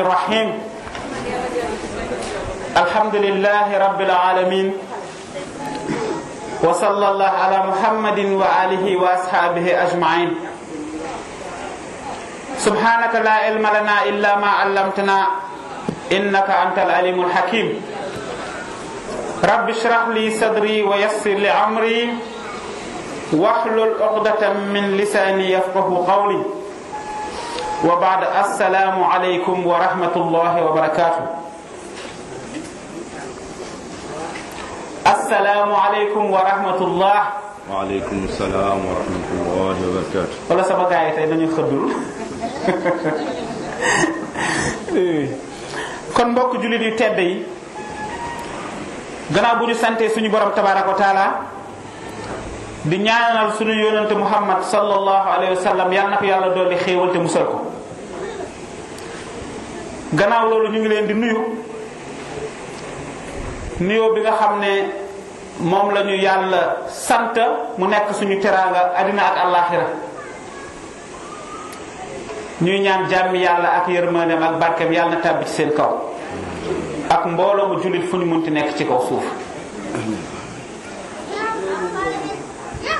الرحمن الرحيم الحمد لله رب العالمين وصلى الله على محمد وآله وأصحابه أجمعين سبحانك لا علم لنا إلا ما علمتنا إنك أنت العليم الحكيم رب اشرح لي صدري ويسر لي أمري واحلل عقدة من لساني يفقه قولي wa baada assalaamu aleykum wa rahmatullahi wala sama gars yi kon mbokk jullit yu tedd yi gannaaw bu ñu sante suñu borom tabaaraka wa di ñaanal suñu yonante muhammad sallallahu alayhi wa sallam yàlla na ko yàlla dolli xéewal te musal ko gannaaw loolu ñu ngi leen di nuyu nuyoo bi nga xam ne moom lañu ñu yàlla sant mu nekk suñu teraanga àddina ak àllaaxira ñuy ñaan jàmm yàlla ak yërmandeem ak barkeem yàlla na tàbbi ci seen kaw ak mbooloo mu jullit fu ñu mënti nekk ci kaw suuf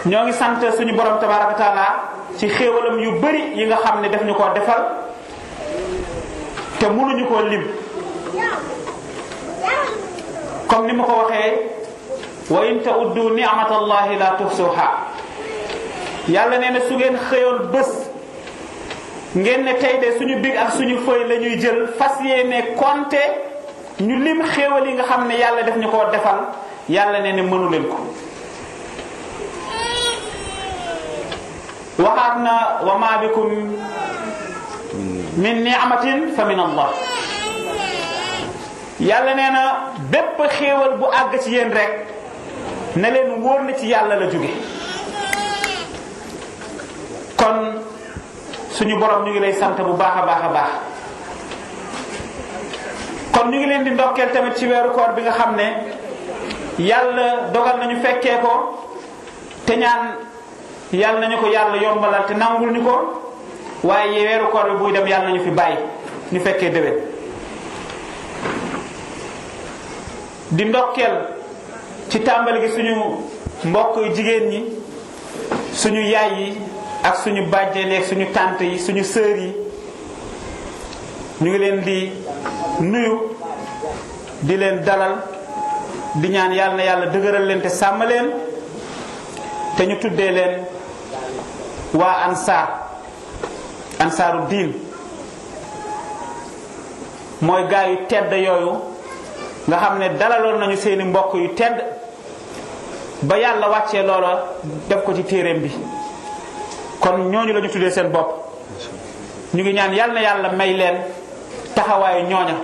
ñoo ngi sant suñu borom tabaraka taala ci xéewalam yu bari yi nga xam ne daf ñu ko defal te mënuñu koo lim comme ni ma ko waxee wa in ta'uddu ni'matallahi la tuhsuha yàlla nee na su ngeen xëyoon bés ngeen ne tey de suñu big ak suñu fëy la ñuy jël fas yéene compter ñu lim xéewal yi nga xam ne yàlla def ñu ko defal yàlla nee na mënu leen ko waxaat na wa ma bikum min ni'matin fa min allah yàlla nee na bépp xéewal bu àgg ci yéen rek na leen wóor na ci yàlla la jóge kon suñu boroom ñu ngi lay sant bu baax a baax a baax kon ñu ngi leen di ndokkeel tamit ci weeru koor bi nga xam ne yàlla dogal nañu fekkee ko te ñaan yàlla nañu ko yàlla yombalal te nangul ñu ko waaye weeru koor bi buy dem yàlla nañu fi bàyyi ñu fekkee déwén di ndokkeel ci tàmbali gi suñu mbokk jigéen ñi suñu yaay yi ak suñu bàjjeen ak suñu tànt yi suñu sœur yi ñu ngi leen di nuyu di leen dalal di ñaan yàlla na yàlla dëgëral leen te sàmm leen te ñu tuddee leen waa ansaar ansaaru diin mooy gaa yu tedd yooyu nga xam ne dalaloon nañu seeni mbokk yu tedd ba yàlla wàccee loola def ko ci téereem bi kon ñooñu lañu ñu tuddee seen bopp ñu ngi ñaan yàlla na yàlla may leen taxawaayu ñooña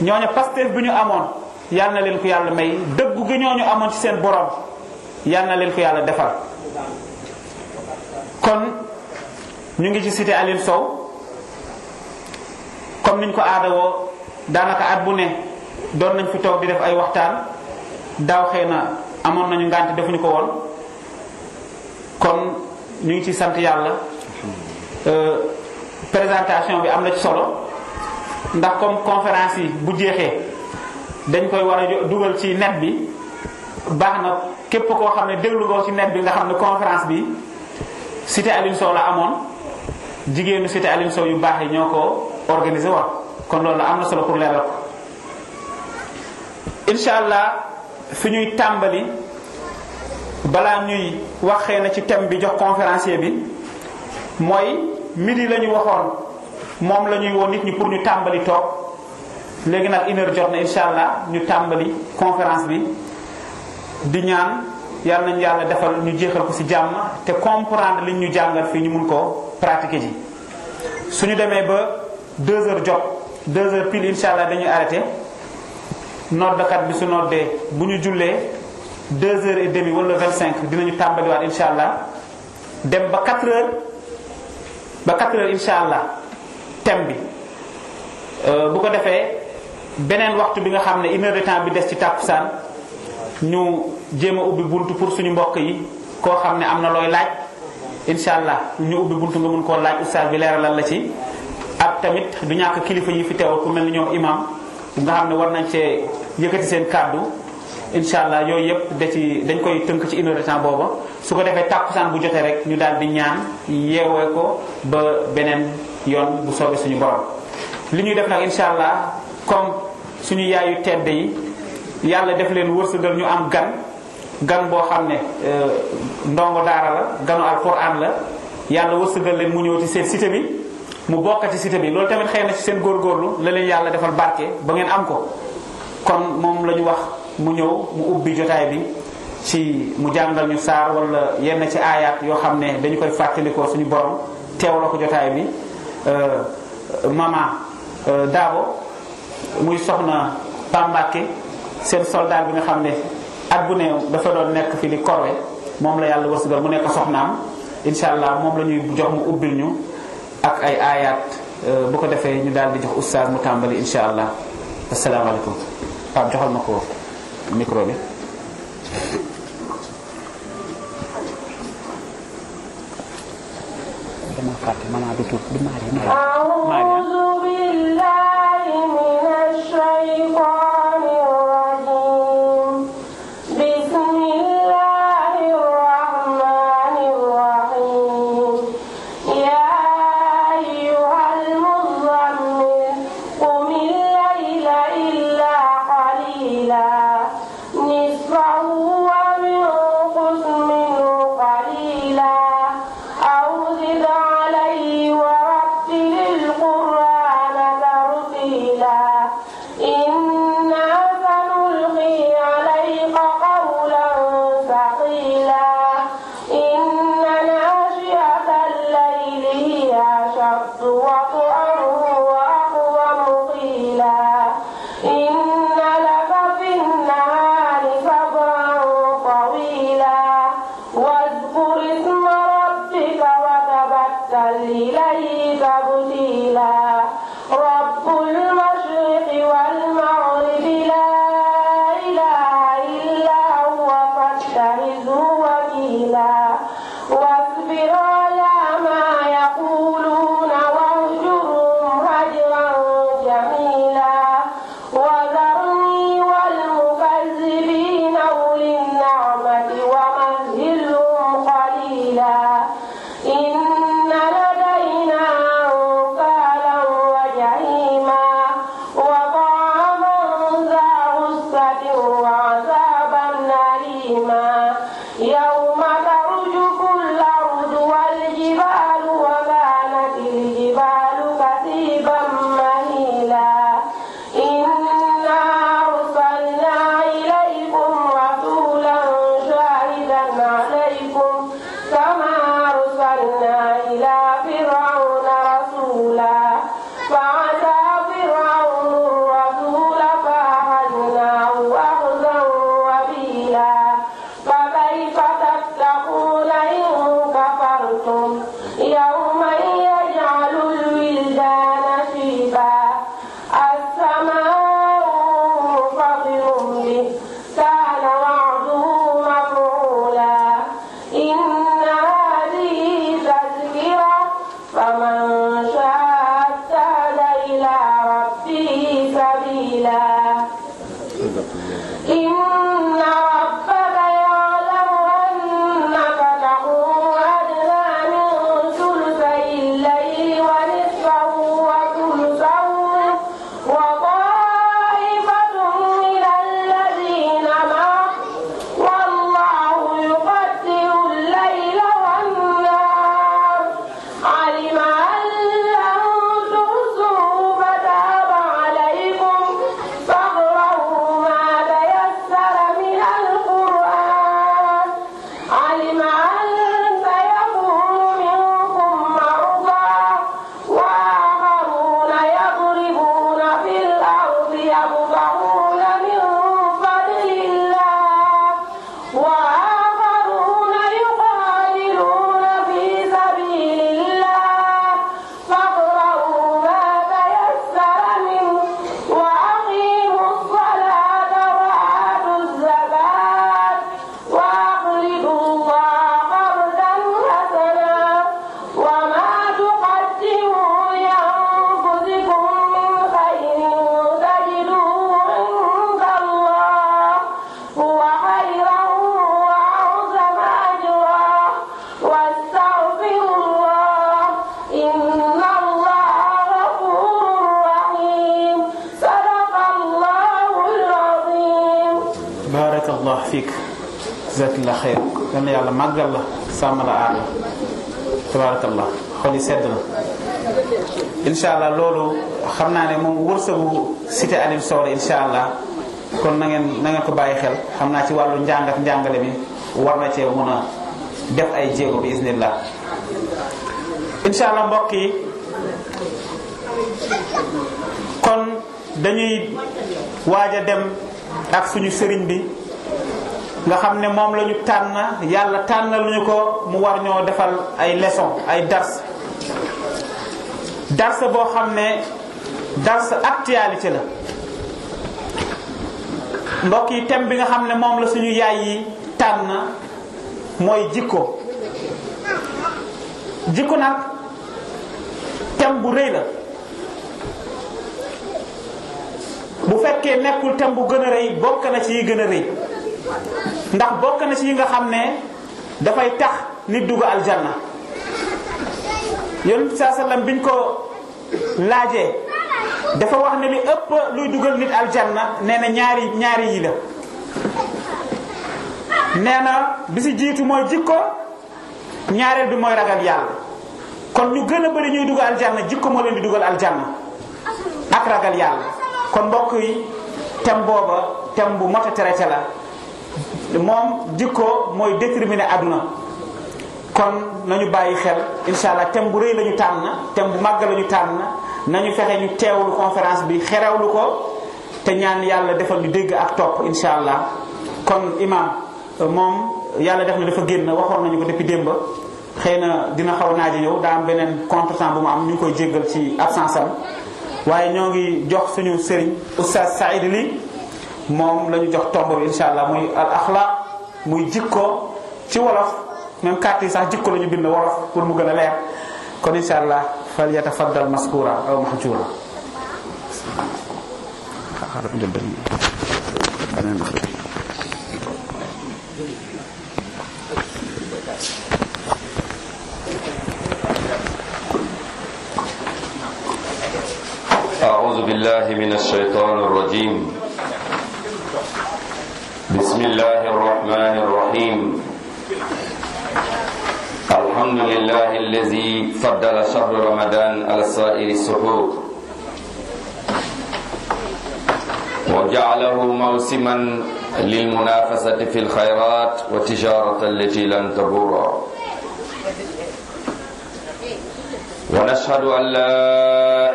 ñooña pasteur bi ñu amoon yàlla na leen ko yàlla may dëggu gi ñooñu amoon ci seen borom yàlla na leen ko yàlla defal kon ñu ngi ci cité Aline Sow comme niñ ko aadawoo daanaka at bu ne doon nañ fi toog di def ay waxtaan daaw xëy na amoon nañu ngànt defuñu ko woon kon ñu ngi ci sant yàlla euh, présentation bi am na ci solo ndax comme conférence yi bu jeexee dañ koy war a dugal ci net bi baax na képp koo xam ne déglu ko ci net bi nga xam ne conférence bi cité Aline Sow la amoon jigéenu cité Aline Sow yu baax yi ñoo ko organisé woon kon loolu am na solo pour leeral ko incha allah fi ñuy tàmbali balaa ñuy waxee na ci thème bi jox conférencier bi mooy midi la ñu waxoon moom la ñuy woon nit ñi pour ñu tàmbali toog léegi nag une jot na incha allah ñu tàmbali conférence bi di ñaan. yàlla nañu yàlla defal ñu jeexal ko ci jàmm te comprendre li ñu jàngal fii ñu mun ko pratiquer ji ñu demee ba deux heures jot deux heures pile incha allah dañuy arrêté noddakat bi su noddee bu ñu jullee deux heures et demie wala vingt cinq dinañu tàmbaliwaat incha allah dem ba quatre heures ba quatre heures incha allah thème bi euh, bu ko defee beneen waxtu bi nga xam ne une heure de temps bi des ci tàkkusaan ñu jéem a ubbi buntu pour suñu mbokk yi koo xam ne am na looy laaj incha allah ñu ubbi buntu nga mun koo laaj ustaas bi leeralal la ci. ak tamit du ñàkk kilifa yi fi teewal ku mel ni ñoom imam nga xam ne war nañ cee yëkkati seen kàddu incha allah yooyu yëpp da ci dañ koy tënk ci une heure booba su ko defee tàkkusaan bu jotee rek ñu daal di ñaan yeewee ko ba beneen yoon bu soobee suñu borom. li ñuy def nag incha comme suñu yaayu tedd yi. yàlla def leen wërsëgal ñu am gan gan boo xam ne euh, ndongo daara la ganu alquran la yàlla wërsëgal leen mu ñëw ci seen cité bi mu bokk ci bi loolu tamit xëy na ci seen góorgóorlu la leen yàlla defal barke ba ngeen am ko kon moom la ñu wax mu ñëw mu ubbi jotaay bi ci mu jàngal ñu saar wala yenn ci aayaat yoo xam ne dañu koy fàttalikoo suñu borom la ko jotaay bi euh, mama euh, Daabo muy soxna Pambake seen soldat bi nga xam ne at bu ne dafa doon nekk fi di korwe moom la yàlla wërsëgal mu nekk soxnaam incha allah moom la ñuy jox mu ubbil ñu ak ay aayaat euh, bu ko defee ñu daal di jox oustaz mu tàmbali incha allah asalaamaaleykum Pape joxal ma ko micro bi. dama fàtte maman bi tur bi Maria Maria. ربي سبيلا màggal la sàmm la xol yi sedd na incha allah loolu xam naa ne moom wërsëgu cité Alioune Sow la incha allah kon na ngeen ko bàyyi xel xam naa ci wàllu njàngat njàngale mi war na cee mun a def ay jéego bi isnillah incha allah mbokk yi kon dañuy waaj dem ak suñu sëriñ bi nga xam ne moom lañu tànn yàlla tànnal ñu ko mu war ñoo defal ay leçon ay dars dars boo xam ne dars actualité la mbokk yi thème bi nga xam ne moom la suñu yaay yi tànn mooy jikko jikko nag tem bu rëy la bu fekkee nekkul thème bu gën a rëy bokk na ci yi gën a rëy ndax bokk na ci yi nga xam ne dafay tax nit dugg aljanna yonent saa sallam biñ ko laajee dafa wax ne li ëpp luy dugal nit aljanna nee na ñaari ñaari yi la nee na bi si jiitu mooy jikko ñaareel bi mooy ragal yàlla kon ñu gën a bëri ñuy dugal aljanna jikko moo leen di dugal aljanna ak ragal yàlla kon mbokk yi tem booba tem bu mot a traité la moom jikko mooy déterminer àdduna kon nañu bàyyi xel incha allah thème bu rëy la tànn thème bu màgg la ñu tànn nañu fexe ñu teewlu conférence bi xeraw lu ko te ñaan yàlla defal ñu dégg ak topp incha allah kon imam euh, moom yàlla def na dafa génn waxoon nañu ko depuis démb xëy na dina xaw naaji yow daa am beneen contretemps bu mu am ñu ngi koy jéggal ci absence am waaye ñoo ngi jox suñu sëriñ oustaz Saïd li moom la jox tomb bi incha allah muy al axlaaq muy jikko ci wolof même carte sax jikko la bind wolof pour mu gën a leer kon incha allah fal yatafaddal maskura aw mahjura أعوذ بالله من الشيطان الرجيم الله الرحمن الرحيم الحمد لله الذي فضل شهر رمضان على سائر السحور وجعله موسما للمنافسة في الخيرات والتجارة التي لن تبور ونشهد أن لا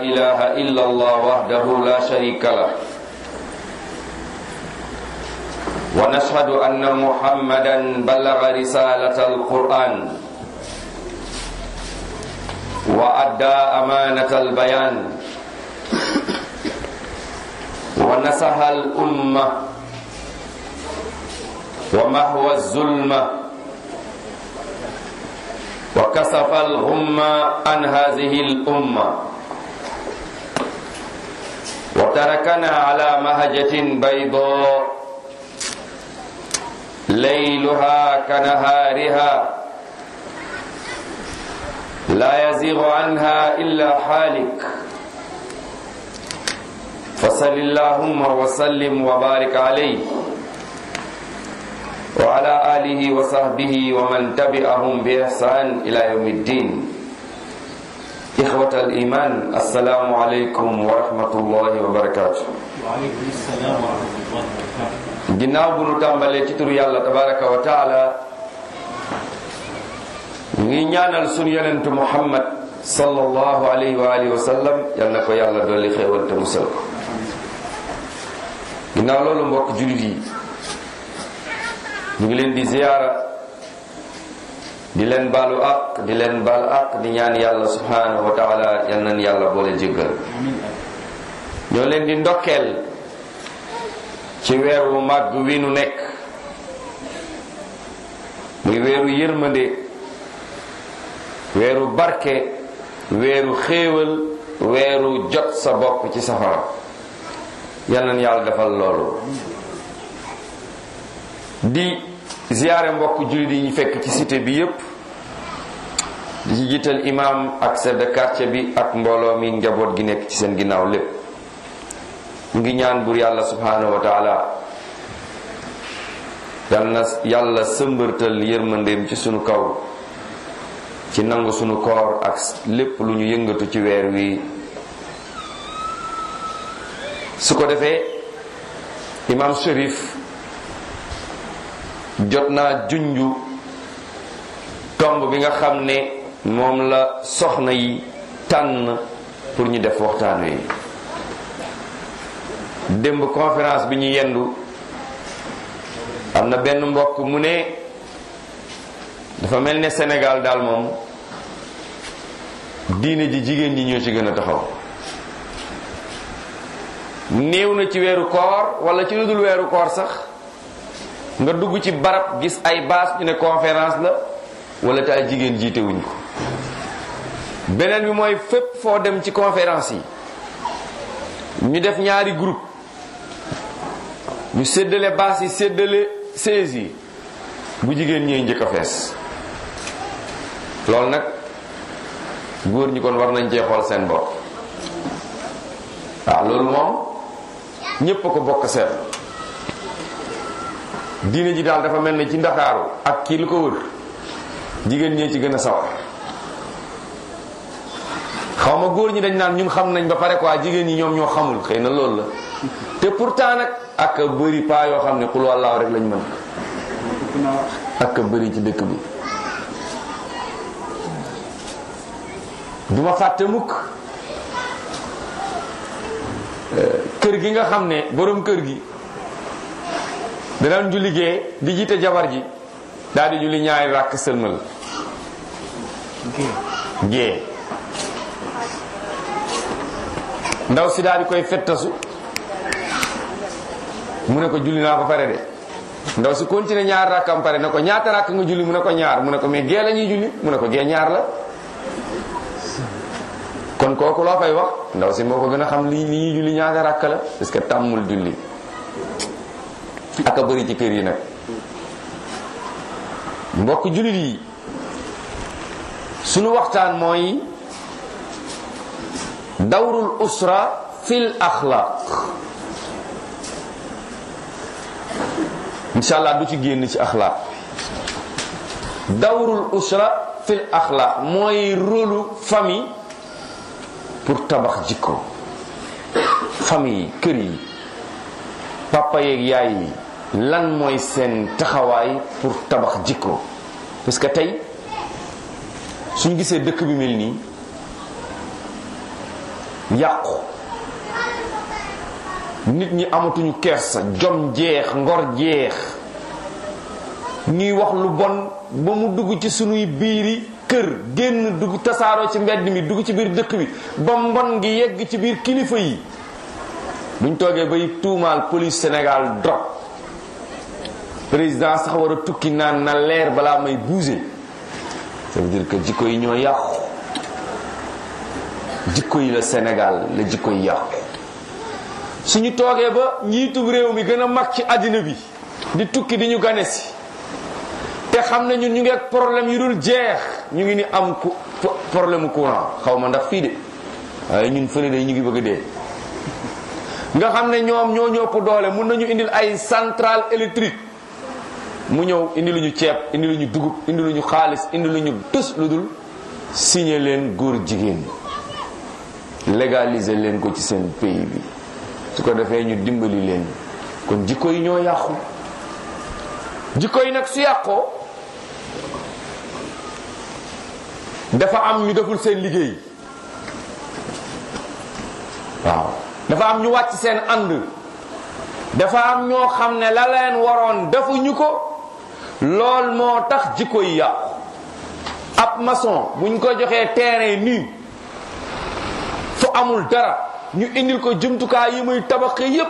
إله إلا الله وحده لا شريك له ونشهد أن محمدا بلغ رسالة القرآن وأدى أمانة البيان ونصح الأمة ومحو الظلمة وكسف الغمة عن هذه الأمة وتركنا على مهجة بيضاء ليلها كنهارها لا يزيغ عنها إلا حالك فصل اللهم وسلم وبارك عليه وعلى آله وصحبه ومن تبعهم بإحسان إلى يوم الدين إخوة الإيمان السلام عليكم ورحمة الله وبركاته وعليكم السلام ورحمة الله ginnaaw bu nu tàmbalee ci turu yàlla tabaraka wa taala ngi ñaanal sunu yonentu muhammad sallallahu alayhi wa alihi wa sallam yal na ko yàlla dolli xéewal te musal ko ginnaaw loolu mbokk jullit yi ñu ngi leen di ziyaara di leen baalu àq di leen baal àq di ñaan yàlla subhanahu wa taala yal nañ yàlla boole jéggal ñoo leen di ndokkeel ci weer wu màgg wi nu nekk muy weeru yërmande weeru barke weeru xéewal weeru jot sa bopp ci safara yal nañ yàlla defal loolu di ziyaare mbokk jullit yi ñu fekk ci cité bi yépp di ci jiital imam ak chef de bi ak mbooloo mi njaboot gi nekk ci seen ginnaaw lépp mu ngi ñaan buur yàlla subhanahu wa yàlla yal na yàlla sëmbërtal yërmandeem ci suñu kaw ci nangu suñu koor ak lépp lu ñu yëngatu ci weer wi su ko defee imaam Cherif jot naa junju tomb bi nga xam ne moom la soxna yi tànn pour ñu def waxtaan wi démb conférence bi ñu yendu am na benn mbokk mu ne dafa mel ne Sénégal daal moom diine ji jigéen ñi ñoo ci gën a taxaw néew na ci weeru koor wala ci lu dul weeru koor sax nga dugg ci barab gis ay baas ñu ne conférence la wala te ay jigéen jiitewuñ ko beneen bi mooy fépp foo dem ci conférence yi ñu def ñaari groupe ñu séddale baas yi séddale sées yi bu jigéen ñee njëkk a fees loolu nag góor ñi kon war nañ cee xool seen bopp waaw loolu moom ñépp a ko bokk seet diine ji daal dafa mel ni ci Ndakaaru ak kii lu ko wër jigéen ñee ci gën a sawar xaw ma góor ñi dañ naan ñun xam nañ ba pare quoi jigéen ñi ñoom ñoo xamul xëy na loolu la te pourtant nag ak bëri paa yoo xam ne xul wallaahu rek lañ mën ak bëri ci dëkk bi duma fàtte mukk eh, kër gi nga xam ne boroom kër gi danañ julli gee di jiite jabar ji daal di julli ñaari ràkk sëlmal gee ndaw si daal koy fettasu mu ne ko julli naa ko pare de ndaw si continué ñaar rakkam pare ne ko ñaata ràkk nga julli mu ne ko ñaar mu ne ko mais gee la ñuy julli mu ne ko gee ñaar la kon kooku loo koy wax ndaw si moo ko gën a xam li li ñuy julli ñaata rakk la parce que tàmmul julli aka bëri ci kër yi nag mbokk jullit yi sunu waxtaan mooy dawrul usra fil axlaq incha allah du ci génn ci axlaaq dawrul usra fil axlaaq mooy roolu famille pour tabax jikko famille yi kër yi papa yaay yi lan mooy seen taxawaay pour tabax jikko parce que tey suñ gisee dëkk bi mel nii yàqu nit ñi amatuñu kersa jom jeex ngor jeex ñuy wax lu bon ba mu dugg ci sunuy yi kër génn dugg tasaaroo ci mbedd mi dugg ci biir dëkk bi ba mbon gi yegg ci biir kilifa yi buñ toogee bay tuumaal police Sénégal drog président sax war a tukki naan na leer balaa may bouger ça veut dire que jikko yi ñoo yàqu jikko yi la Sénégal la jikko yàqu suñu toogee ba njiitum réew mi gën a mag ci àddina bi di tukki di ñu gane si te xam ne ñun ñu ngi ak problème yu dul jeex ñu ngi ni am ku problème courant xaw ma ndax fii de waaye ñun fële de ñu ngi bëgg a dee nga xam ne ñoom ñoo ñëpp doole mun nañu indil ay central électrique mu ñëw indi lu ñu ceeb indi lu ñu dugub indi lu ñu xaalis indi lu ñu tus lu dul signé leen góor jigéen légaliser leen ko ci seen pays bi su ko defee ñu dimbali leen kon jikko yi ñoo yàqu jikko yi nag su yàqoo dafa am ñu deful seen liggéey waaw dafa am ñu wàcc seen ànd dafa am ñoo xam ne la leen waroon defuñu ko lool moo tax jikko yi yàqu ab maçon buñ ko joxee terrain nii fu amul dara ñu indil ko jumtukaay yi muy tabax yépp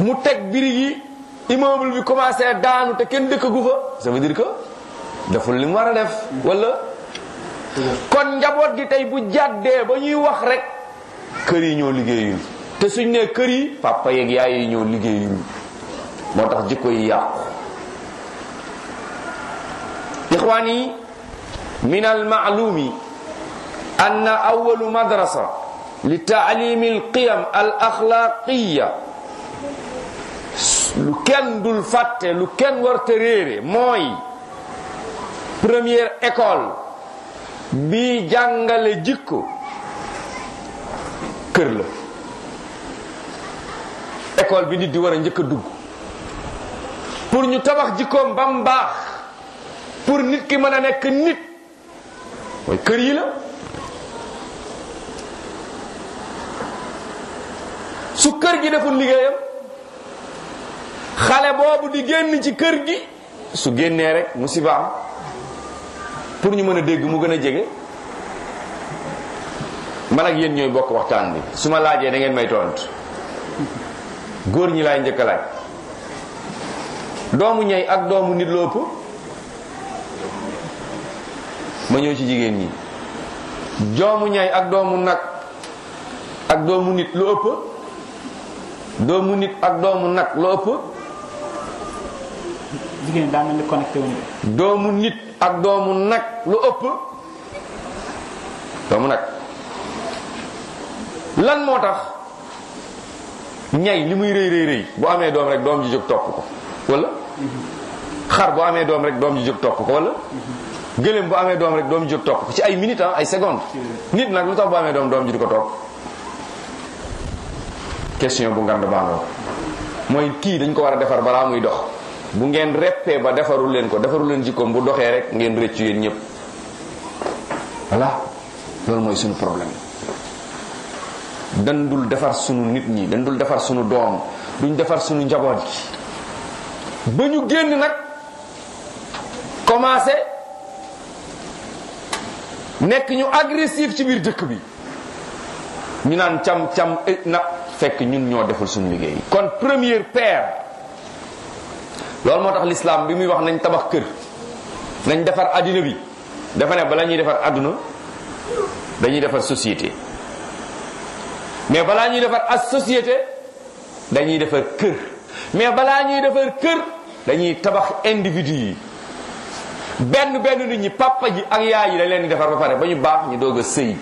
mu teg birig yi immeuble bi commencé daanu te kenn dëkk gu fa ça veut dire que deful li mu war a def wala kon njaboot gi tey bu jàddee ba ñuy wax rekk kër yi ñoo liggéeyul te suñ ne kër yi papa yeeg yaay yi ñoo liggéeyul moo tax jikko yi yàqu ixwaan yi min al maalumi na awalu madrasa li taalimi alqiyam al axlaaqiya lu kenn dul fàtte lu kenn warta réere mooy première école bi jàngale jikko kër la école bi nit di war a njëkk a dugg pour ñu tabax jikkoom ba mu baax pour nit ki mën a nekk nit mooy kër yi la su kër gi deful liggéeyam xale boobu di génn ci kër gi su génnee rek musiba am pour ñu mën a dégg mu gën a jege man ak yéen ñooy bokk waxtaan bi su ma laajee da ngeen may tontu góor ñi laay njëkk doomu ñay ak doomu nit la ëpp ma ñëw ci jigéen ñi doomu ñay ak doomu nag ak doomu nit lu ëpp doomu nit ak doomu nag loo ëpp. jigéen daa mel ni connecté wu doomu nit ak doomu nag lu ëpp doomu nag lan moo tax ñay li muy rëy rëy rëy bu amee doom rek doom ji jóg topp ko wala. xar bu amee doom rek doom ji jóg topp ko wala. gëléem bu amee doom rek doom ji jóg topp ko ci ay minutes ah, ay secondes. nit nag lu tax bu amee doom doom ji di ko topp. question bu ngand baangoo mooy kii dañ ko war a defar balaa muy dox bu ngeen reppee ba defarul leen ko defarul leen jikkoom bu doxee rek ngeen rëccu yéen ñëpp voilà loolu mooy suñu problème dañ dul defar sunu nit ñi dañ dul defar sunu doom duñ defar sunu njaboot gi ba ñu génn nag commencé nekk ñu agressif ci biir dëkk bi ñu naan cam cam eh, na fekk ñun ñoo deful suñu liggéey kon première paire loolu moo tax lislaam bi muy wax nañ tabax kër nañ defar adduna bi dafa ne bala ñuy defar àdduna dañuy defar société mais balaa ñuy defar as société dañuy defar kër mais balaa ñuy defar kër dañuy tabax individu yi benn benn nit ñi papa ji ak yaay yi dañ leen di defar ba pare ba ñu baax ñu doog a sëy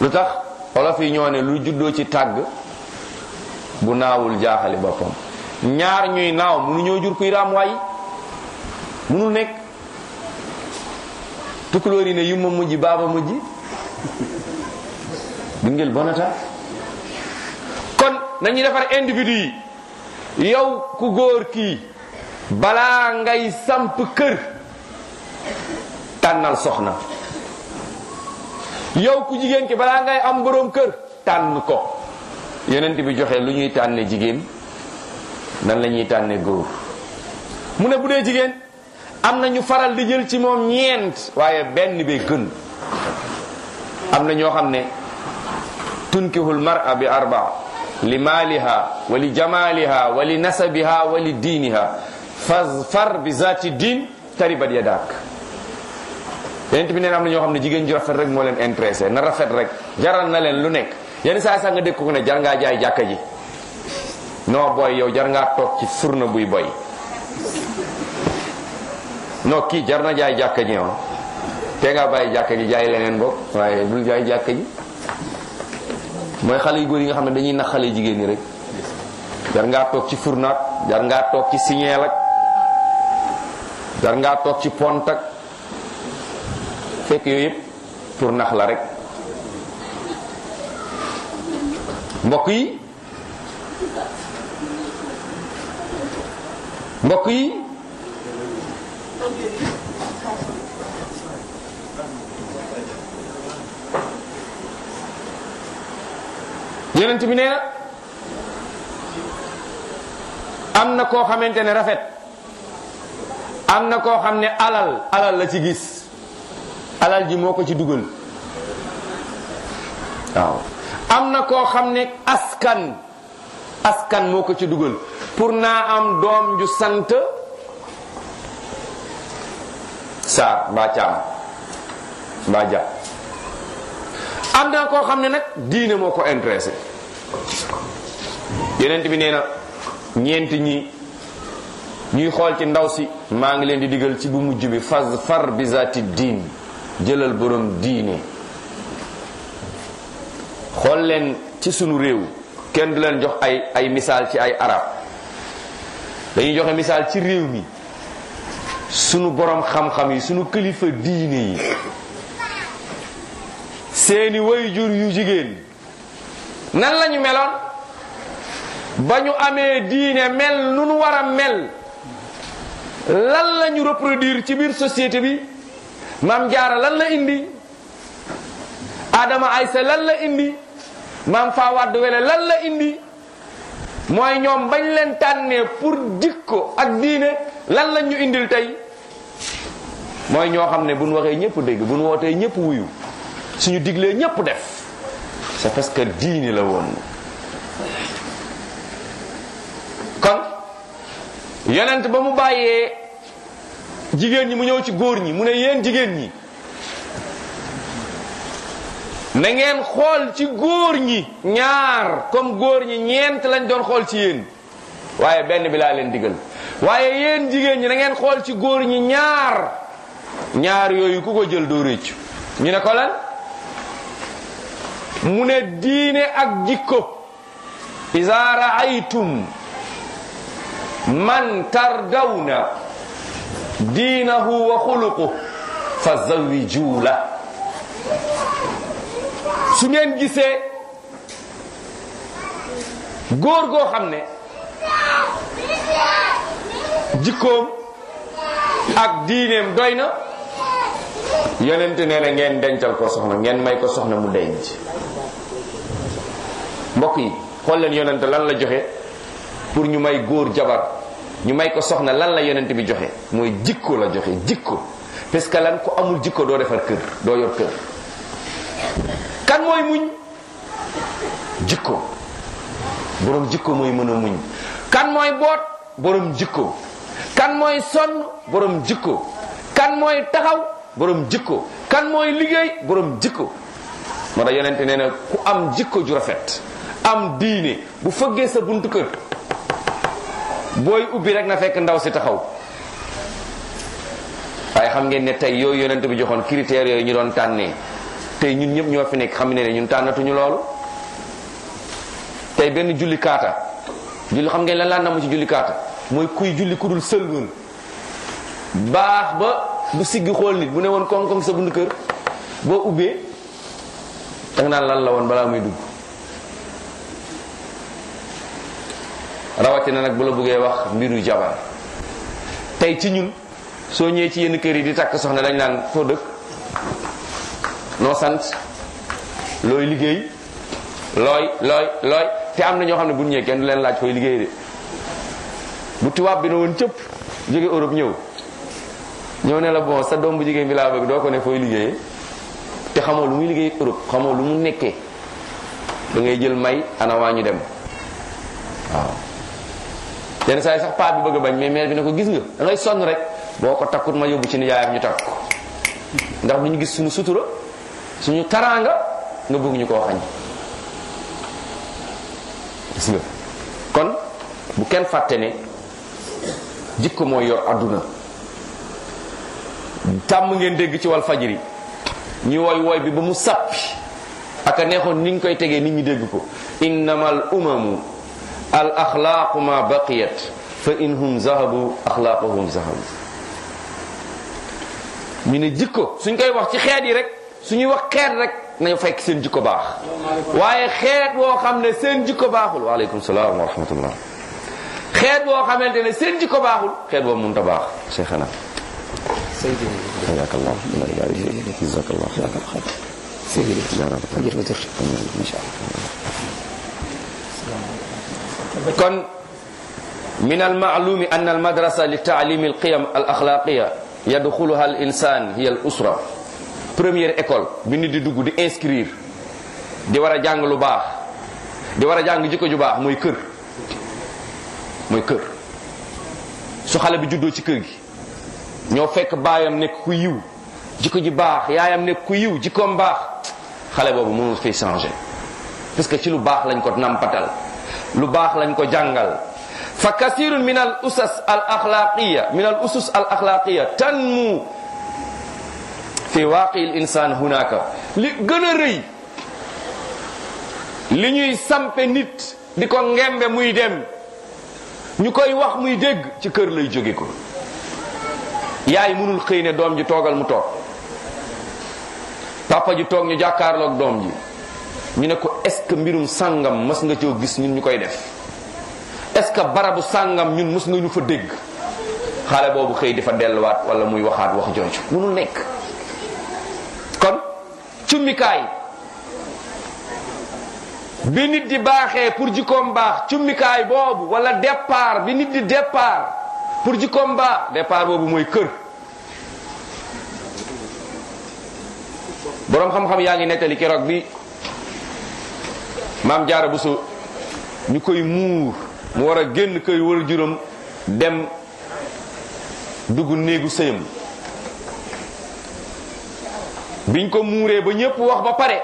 lu tax olof yi ñoo ne lu juddoo ci tàgg bu naawul jaaxali boppam ñaar ñuy naaw munu ñoo jur kuy raam waay nekk tukulóor yi ne yumma mujj baaba mujj dungel bonata kon nañuy defar individu yi yow ku góor kii balaa ngay samp kër tànnal soxna yow ku jigéen ki balaa ngay am boroom kër tànn ko yonent bi joxe lu ñuy tànne jigéen nan la ñuy tànne góor mu ne bu dee jigéen am na ñu faral di jël ci moom ñeent waaye benn bi gën am na ñoo xam ne tunkihul mar'a bi arbaa li maaliha wa li jamaaliha wa li nasabiha wa li diiniha fazfar bi zaati diin taribat yadak yonent bi nee na am ne jigéen ju rafet rek moo leen intéressé na rek jaral na leen lu nekk yenn saa sax nga dégg ko ne jar jàkka ji non yow jar ngaa toog ci furna buy boy non kii jar na jaay jàkka ji yow ah. te ngaa bàyyi jàkka ji jaay leneen boog waaye bul jaay jàkka ji mooy xale yu góor yi nga xam ne dañuy nax xale jigéen ñi rek jar ngaa toog ci furnaak jar ngaa toog ci signeel ak jar ngaa toog ci pont ak fekk yooy yëpp pour nax la rek mbokk yi mbokk yi yonent bi nee na am na koo xamante ne rafet am na koo xam ne alal alal la ci gis alal ji moo ko ci dugal waaw am na koo xam ne askan askan moo ko ci dugal pour naa am doom ju sant Saar mbaa Caam mbaa Ja am na koo xam ne nag diine moo ko intéressé yeneen bi nee na ñeent ñi ñuy xool ci ndaw si maa ngi leen di digal ci bu mujj bi fas far bizaati diin jëlal borom diine xool leen ci sunu réew kenn du leen jox ay ay misaal ci ay arab dañuy joxe misaal ci réew mi sunu boroom xam-xam yi sunu kilifa diine yi seeni wayjur yu jigéen nan lañu meloon ba ñu amee diine mel nu nu war a mel lan lañu reproduire ci biir société bi maam jaara lan la indi aadama aysa lan la indi maam faawaad wele lan la indi mooy ñoom bañ leen tànnee pour ko ak diine lan lañ ñu indil tey mooy ñoo xam ne buñ waxee ñëpp dégg buñ wootee ñëpp wuyu suñu diglee ñëpp def c'est parce que diine la woon kon yonent ba mu bàyyee jigéen ñi mu ñëw ci góor ñi mu ne yéen jigéen ñi na ngeen xool ci góor ñi ñaar comme góor ñi ñeent lañ doon xool ci yéen waaye benn bilaa laa leen digal waaye yéen jigéen ñi na ngeen xool ci góor ñi ñaar ñaar yooyu ku ko jël doo réccu ñu ne ko lan mu ne diine ak jikko iza raaytum man tardawna diinahu wa xuluqu fa zawiju la su ngeen gisee góor goo xam ne jikkoom ak diineem doy na yonent nee na ngeen dencal ko soxna ngeen may ko soxna mu denc mbokk yi xool leen yonent lan la joxe pour ñu may góor jabar ñu may ko soxna lan la yonent bi joxe mooy jikko la joxe jikko parce que lan ku amul jikko doo defar kër doo yor kër kan mooy muñ jikko borom jikko mooy mën a muñ kan mooy boot borom jikko kan mooy sonn borom jikko kan mooy taxaw borom jikko kan mooy liggéey borom jikko moo tax yonent nee na ku am jikko ju rafet am diine bu fëggee sa bunt kër booy ubbi rek na fekk ndaw si taxaw waaye xam ngeen ne tey yooyu yonent bi joxoon critères yooyu ñu doon tànnee tey ñun ñëpp ñoo fi nekk xam ne ne ñun tànnatuñu loolu tey benn julli kaata julli xam ngeen lan laa namm ci julli kaata mooy kuy julli ku dul sëlmun baax ba bu sigg xool nit bu ne woon koŋ-koŋ sa bunt kër boo ubbee danga naan lan la woon balaa muy dugg rawatina nag bu la bëggee wax mbiru jabar tey ci ñun soo ñëwee ci yenn kër yi di takk soxna dañ naan foo dëkk noo sant looy liggéey looy looy looy te am na ñoo xam ne bu ñëwee kenn du leen laaj fooy liggéey de bu tuwaab bi na woon cëpp jóge Europe ñëw ñëw ne la bon sa doom bu jigéen bi laa bëgg doo ko ne fooy liggéeyee te xamoo lu muy liggéey Europe xamoo lu mu nekkee da ngay jël may ana waa dem waaw yenn saa yi sax paa bi bëgg a bañ mais maire bi ne ko gis nga da sonn rek boo ko takkut ma yóbbu ci nijaayam ñu takk ko ndax bu ñu gis suñu sutura suñu taraanga nga bëgg ñu koo xañ gis kon bu kenn fàtte ne jikko mooy àdduna tàmm ngeen dégg ci wal fajiri ñu woy woy bi ba mu sàppi ak a neexoon ni ñu koy tegee nit ñi dégg ko innamal umamu al axlaaqu ma baqiyat fa inhum zahabu axlaaquhum zahabu ñu ne jikko suñ koy wax ci xeet yi rek suñuy wax xeet rek nañu fekk seen jikko baax waaye xeet woo xam ne seen jikko baaxul waaleykum salaam wa rahmatullah xeet woo xamante ne seen jikko baaxul xeet boo mënut a baax cheikhana jazakallah jazakallah jazakallah kon min al maalumi an al madrasa li taalimi al qiyam al axlaqiya yadxuluha al insan hiya école bi nit di dugg di inscrire di war a jàng lu baax di war a jàng jikko ju baax mooy kër mooy kër su xale bi juddoo ci kër gi ñoo fekk baayam nekk ku yiw jikko ji baax yaayam nekk ku yiw jikkoom baax xale boobu mënul fay changer parce que ci lu baax lañ ko nampatal lu baax lañ ko jàngal fa kasirun min al usas al axlaaqiya min al usus al axlaaqiya tanmu fi waaqi l insaan hunaka li gën a rëy li ñuy sampe nit di ko ngembe muy dem ñu koy wax muy dégg ci kër lay jóge ko yaay mënul xëy ne doom ji toogal mu toog papa ji toog ñu jàkkaarlook doom ji ñu ne ko est-ce que mbirum sàngam mës nga coo gis ñun ñu koy def est-ce que barabu sàngam ñun mas nga ñu fa dégg xaale boobu xëy dafa delluwaat wala muy waxaat wax jooju munul nekk kon cummikaay bi nit di baaxee pour jikkoom baax cummikaay boobu wala départ pour jikkoom baax boobu mooy kër boroom xam-xam yaa ngi nettali keroog bi maam jaara Buso ñu koy muur mu war a génn koy wër juróom dem dugg néegu sëyam biñ ko muuree ba ñëpp wax ba pare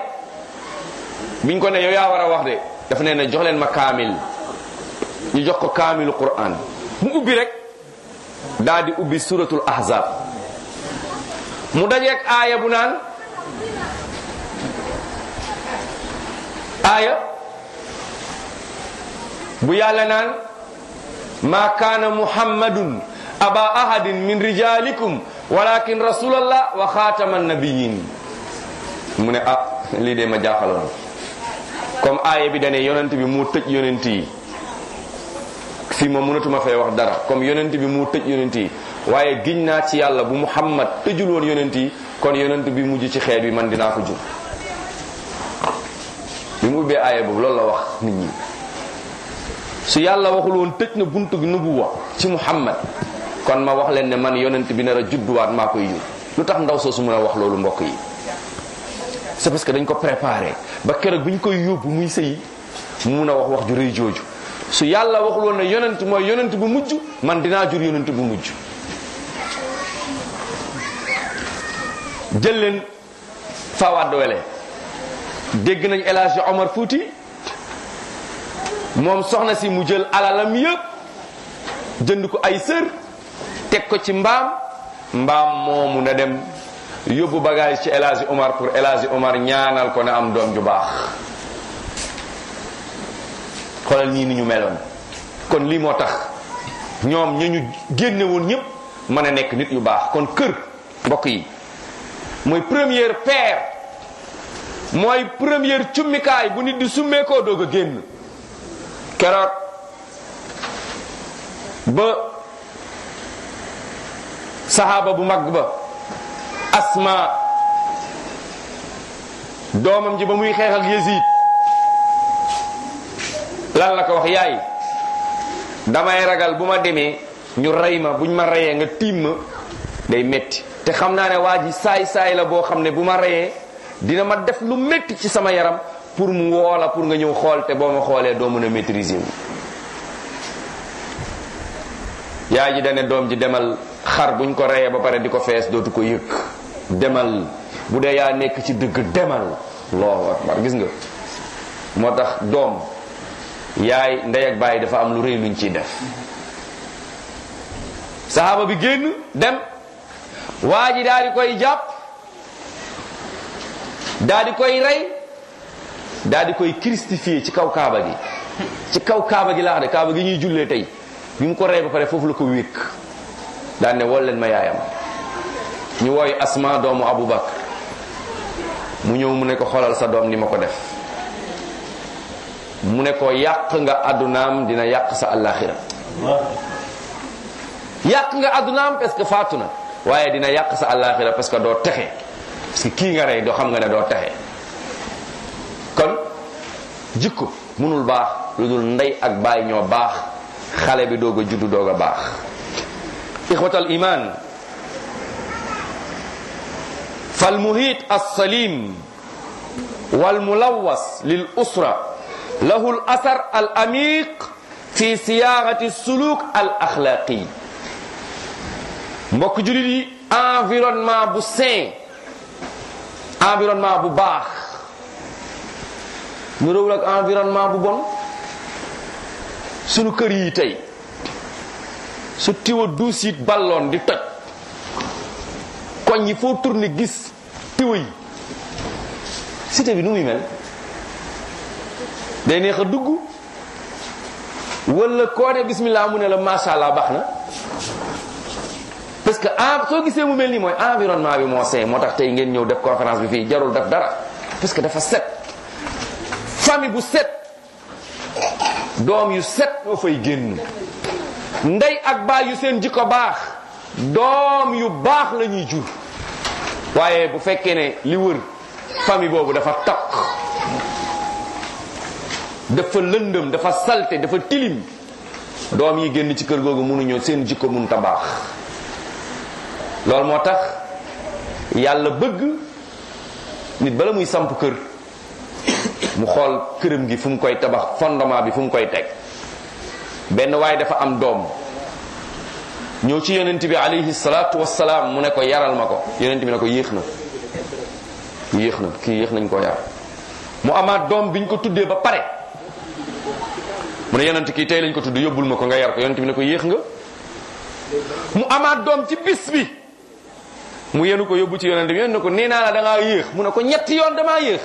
biñ ko ne yow yaa war a wax de dafa ne ne jox leen ma kaamil ñu jox ko kaamilu Qur'an mu ubbi rek daa di ubbi suratul ahzab mu dajeeg aaya bu naan aaya bu yàlla naan maa kaana muhammadun aba ahadin min rijalikum walakin rasulallah wa xaatama nabiyin mu ne ah lii de ma jaaxaloon comme aaya bi dane yonent bi mu tëj yonent yi fii moom mënatuma fee wax dara comme yonent bi moo tëj yonent yi naa ci yàlla bu muhammad tëjul woon yonent yi kon yonent bi mujj ci xeet bi man dinaa ko jur bi mu ubbee aaya boobu loolu la wax nit ñi su yàlla waxul woon tëj na buntu gi nubuwa ci muhammad kon ma wax leen ne man yonent bi nar a judduwaat maa koy yóbbu lu tax ndaw su mën a wax loolu mbokk yi c'est parce que dañ ko préparé ba keroog bi ñu koy yóbbu muy sëy mu mun a wax wax ju jooju su yàlla waxul woon ne yonent mooy yonent bu mujj man dinaa jur yonent bu mujj jël leen Fawad Wele dégg nañ El Hadji Omar Fouti. moom soxna si mu jël alalam yépp jënd ko ay sër teg ko ci mbaam mbaam moomu na dem yóbbu bagage ci El Hadji pour El Hadji Omar ñaanal ko na am doom ju baax xoolal ñii ni ñu meloon kon lii moo tax ñoom ña ñu génne ñépp mën a nekk nit yu baax kon kër mbokk yi mooy première paire mooy première cummikaay bu nit di summee koo doog a génn keroog ba saxaaba bu mag ba asma doomam ji ba muy xeexal ak Yezid lan la ko wax yaay damay ragal bu ma demee ñu rey ma buñ ma reyee nga tiim ma day metti te xam naa ne waa ji saay saay la boo xam ne bu ma reyee dina ma def lu metti ci sama yaram pour mu woo pour nga ñëw xool te boo ma xoolee doo mën a maîtriser wu yaay ji dane doom ji demal xar buñ ko reyee ba pare di ko fees dootu ko yëg demal bu dee yaa nekk ci dëgg demal allahu akbar gis nga moo tax doom yaay ndey ak bàyyi dafa am lu rëy luñ ciy def saxaaba bi génn dem waa ji daal di koy jàpp daal di koy rey daal di koy christifié ci kaw kaaba gi ci kaw kaaba gi laa xam ne kaaba gi ñuy jullee tey bi mu ko rey ba pare foofu la ko wékk daan ne wol leen ma yaayam ñu wooy asma doomu abu abubakar mu ñëw mu ne ko xoolal sa doom ni ma ko def mu ne ko yàq nga àddunaam dina yàq sa àllaaxira yàq nga àddunaam parce que faatu na waaye dina yàq sa àllaaxira parce que doo texe parce kii nga rey doo xam nga ne doo texe jikko mënul baax lu dul ndey ak baay baax xale bi doog a juddu doog baax ixwatal iman fal muhit assalim wal mulawwas lil usra lahu al amiq fi siyaarati suluk al axlaaqi mbokk jullit bu sain environnement bu baax nuróowul ak environnement bu bon sunu kër yi tey su tiwa duus yi balloon di toj koñ yi foo tourné gis tiwa yi cité bi nu muy mel day neex a dugg wala koo ne bismillah mu ne la macha allah baax na parce que en soo gisee mu mel nii mooy environnement bi moo seey moo tax tey ngeen ñëw def conférence bi fii jarul def dara parce que dafa set. famille bu set doom yu set ñoo fay génn ndey ak baay yu seen jikko baax doom yu baax lañuy ñuy jur waaye bu fekkee ne li wër famille boobu dafa takk dafa lëndëm dafa salte dafa tilim doom yi génn ci kër googu mënuñoo seen jikko mënta baax loolu moo tax yàlla bëgg nit bala muy samp kër mu xool këram gi fu mu koy tabax fondement bi fu mu koy teg benn waaye dafa am doom ñëw ci yonent bi alayhi salaatu wassalaam mu ne ko yaral ma ko yonent bi ne ko yéex na yéex na kii yéex nañ ko yar mu amaat doom bi ko tuddee ba pare mu ne kii tey lañ ko tudd yóbbul ma ko nga yar ko yonent bi ne ko yéex nga mu amaat doom ci bis bi mu yenu ko yóbbu ci yonent bi yéen ne ko nee naa la da yéex mu ne ko ñetti yoon damaa yéex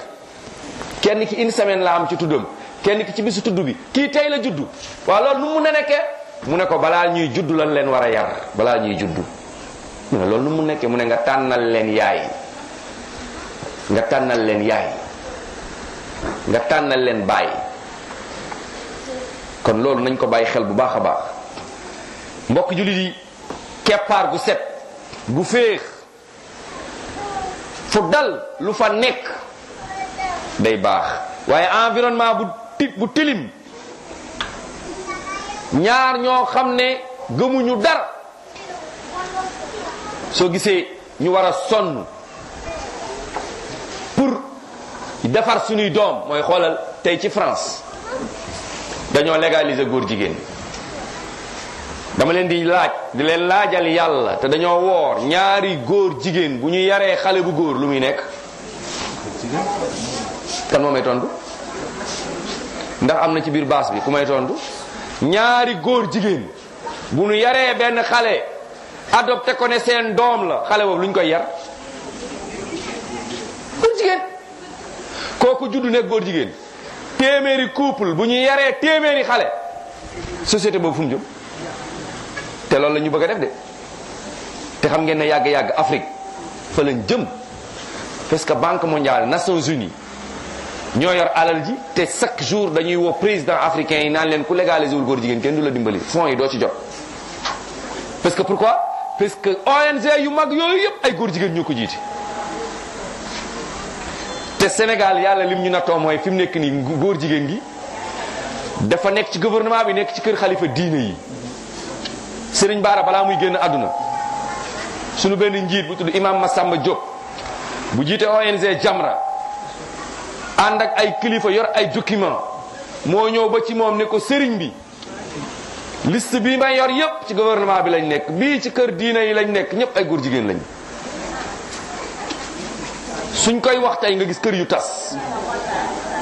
kenn ki une semaine la am ci tuddam kenn ki ci bisu tudd bi kii tey la juddu waaw loolu nu mun nekkee mu ne ko balaa ñuy juddu lan leen war a yar balaa ñuy juddu mu loolu nu mu nekkee mu ne nga tànnal leen yaay nga tànnal leen yaay nga tànnal leen baay kon loolu nañ ko bàyyi xel bu baax a baax mbokk jullit yi keppaar gu set gu féex fu dal lu fa nekk day baax waaye environnement bu ti bu tilim ñaar ñoo xam ne gëmuñu dara soo gisee ñu war a sonn pour defar suñuy doom mooy xoolal tey ci France dañoo légaliser góor jigéen dama leen di laaj di leen laajal yàlla te dañoo woor ñaari góor jigéen bu ñu yaree xale bu góor lu muy nekk kan moo may tontu ndax am na ci biir baas bi ku may tontu ñaari góor jigéen bu nu yaree benn xale adopté ko ne seen doom la xale boobu lu ñu koy yar góor jigéen kooku juddu nekk góor jigéen téeméeri couple bu ñu yaree téeméeri xale société boobu fu mu jëm te loolu la ñu bëgg a def de te xam ngeen ne yàgg-yàgg Afrique fa lañ jëm parce que Banque mondiale Nations Unies ñoo yor alal ji te chaque jour dañuy woo président africain yi naan leen ku légaliser wul góor jigéen kenn du la dimbali fonds yi doo ci jot. parce que pourquoi parce que ONG yu mag yooyu yëpp ay góor jigéen ñoo ko jiite. te Sénégal yàlla lim ñu nattoo mooy fi mu nekk nii góor jigéen gi dafa nekk ci gouvernement bi nekk ci kër xalifa diine yi Serigne Bara balaa muy génn àdduna sunu benn njiit bu tudd Imam Massamba Diop bu jiite ONG Jamra. ànd ak ay kilifa yor ay document moo ñëw ba ci moom ne ko sëriñ bi liste bii may yor yépp ci gouvernement bi lañ nekk bii ci kër diine yi lañ nekk ñépp ay góor jigéen lañ suñ koy wax tey nga gis kër yu tas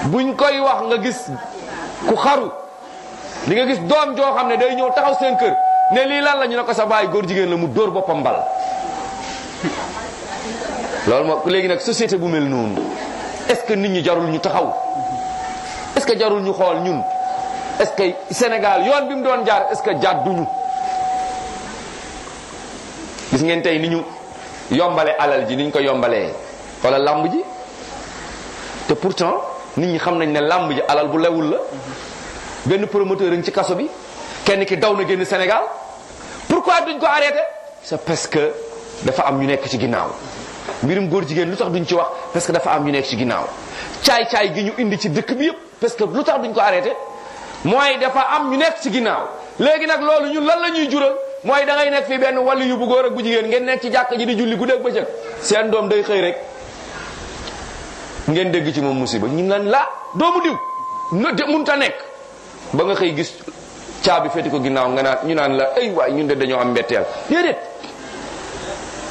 buñ koy wax nga gis ku xaru li nga gis doom joo xam ne day ñëw taxaw seen kër ne lii lan la ñu ne ko sa baay góor jigéen la mu dóor boppam bal loolu moo léegi nag société bu mel noonu est-ce que nit ñi jarul ñu taxaw est-ce que jarul ñu xool ñun est-ce que Sénégal yoon bi mu doon jaar est-ce que jàdduñu gis ngeen tey ni ñu yombale alal ji ni ñu ko yombalee wala làmb ji te pourtant nit ñi xam nañ ne làmb ji alal bu lewul la benn promoteur ngi ci kaso bi kenn ki daw na génn Sénégal pourquoi duñ ko arrêté c'est parce que dafa am ñu nekk ci ginnaaw mbirum góor jigéen lu tax duñ ci wax parce que dafa am ñu nekk ci ginnaaw caay-caay gi ñu indi ci dëkk bi yëpp parce que lu tax duñ ko arrêté mooy dafa am ñu nekk ci ginnaaw léegi nag loolu ñun lan la ñuy jural mooy da nekk fii benn wàllu yu bu góor ak bu jigéen ngeen nekk ci jàkk ji di julli guddeeg bëccëg seen doom day xëy rek ngeen dégg ci moom musiba ñu lan la doomu diw ta nekk ba nga xëy gis caabi féeti ko ginnaaw nga naan ñu naan la ay waay ñun de dañoo am mbetteel déedéet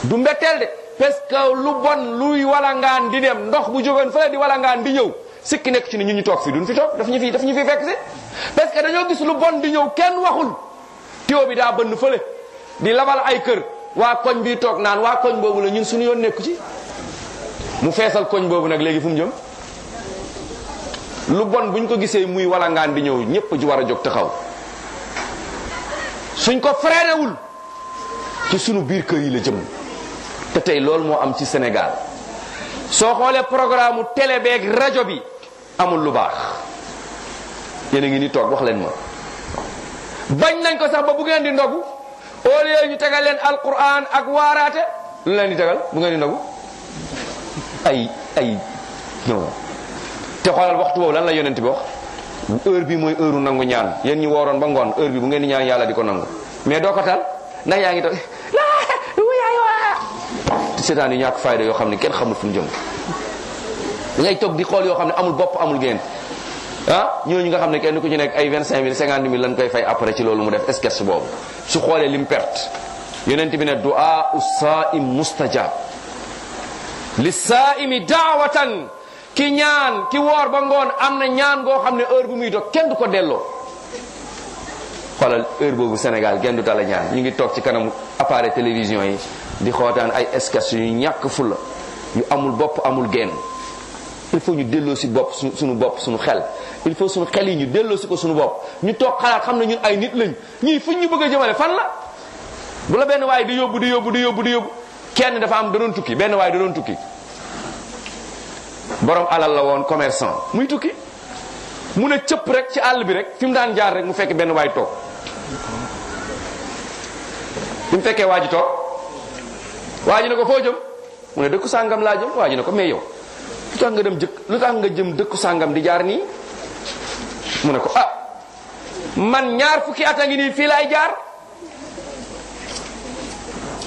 du mbetteel de parce que lu bon luy walangaan di dem ndox bu jógoon fële di walangaan di ñëw sikki nekk ci ni ñu ñu toog fii duñ fi toog daf ñu fi daf ñu fi fekk si parce que dañoo gis lu bon di ñëw kenn waxul tiyo bi daa bënn fële di labal ay kër waa koñ bi toog naan waa koñ boobu la ñun suñu yoon nekku ci mu feesal koñ boobu nag léegi fu mu jëm lu bon buñ ko gisee muy walangaan di ñëw ñëpp ji war a jóg xaw suñ ko freinéwul ci sunu biir kër yi la jëm te tey loolu moo am ci Sénégal soo xoolee programme télé beeg rajo bi amul lu baax yéen a ngi ni toog wax leen ma bañ nañ ko sax ba bu ngeen di ndogu au lieu ñu tegal leen alquran ak waaraate lu leen di tegal bu ngeen di ndogu ay ay non te xoolal waxtu boobu lan la yonent bi wax heure bi mooy heure nangu ñaan yéen ñi wooroon ba ngoon heure bi bu ngeen di ñaan yàlla di ko nangu mais doo ko tal ndax yaa ngi toog waa seetaan yu ñàkk fayda yoo xam ne kenn xamul fu mu jëm toog di xool yoo xam ne amul bopp amul génn ah ñooñu nga xam ne kenn ku ci nekk ay 25 mille 50 mille lañ koy fay après ci loolu mu def sketch boobu su xoolee lim perte yonent bi ne du'a us-sa'im mustajab lis-sa'imi da'watan ki ñaan ki woor ba ngoon am na ñaan goo xam ne heure bu muy dog kenn du ko delloo xoolal heure boobu Sénégal kenn du tala ñaan ñu ngi toog ci kanamu appareil télévision yi di xootaan ay escas yu ñàkk fulla yu amul bopp amul genn il faut ñu delloo si bopp su suñu bopp suñu xel il faut suñu xel yi ñu delloo si ko suñu bopp ñu toog xalaat xam ne ñun ay nit lañ ñii fu ñu bëgg a jëmale fan la bu la benn waaye di yóbbu di yóbbu di yóbbu di yóbbu kenn dafa am da doon tukki benn waaye danoon doon tukki borom alal la woon commerçant muy tukki mu ne cëpp rek ci àll bi rek fi mu daan jaar rek mu fekk benn waay toog bi mu fekkee waa waa ji ne ko foo jëm mu ne dëkku sàngam laa jëm waa ji ne ko mais yow lu tax nga dem jëkk lu tax nga jëm dëkku sàngam di jaar nii mu ne ko ah man ñaar fukki at a ngi nii fii laay jaar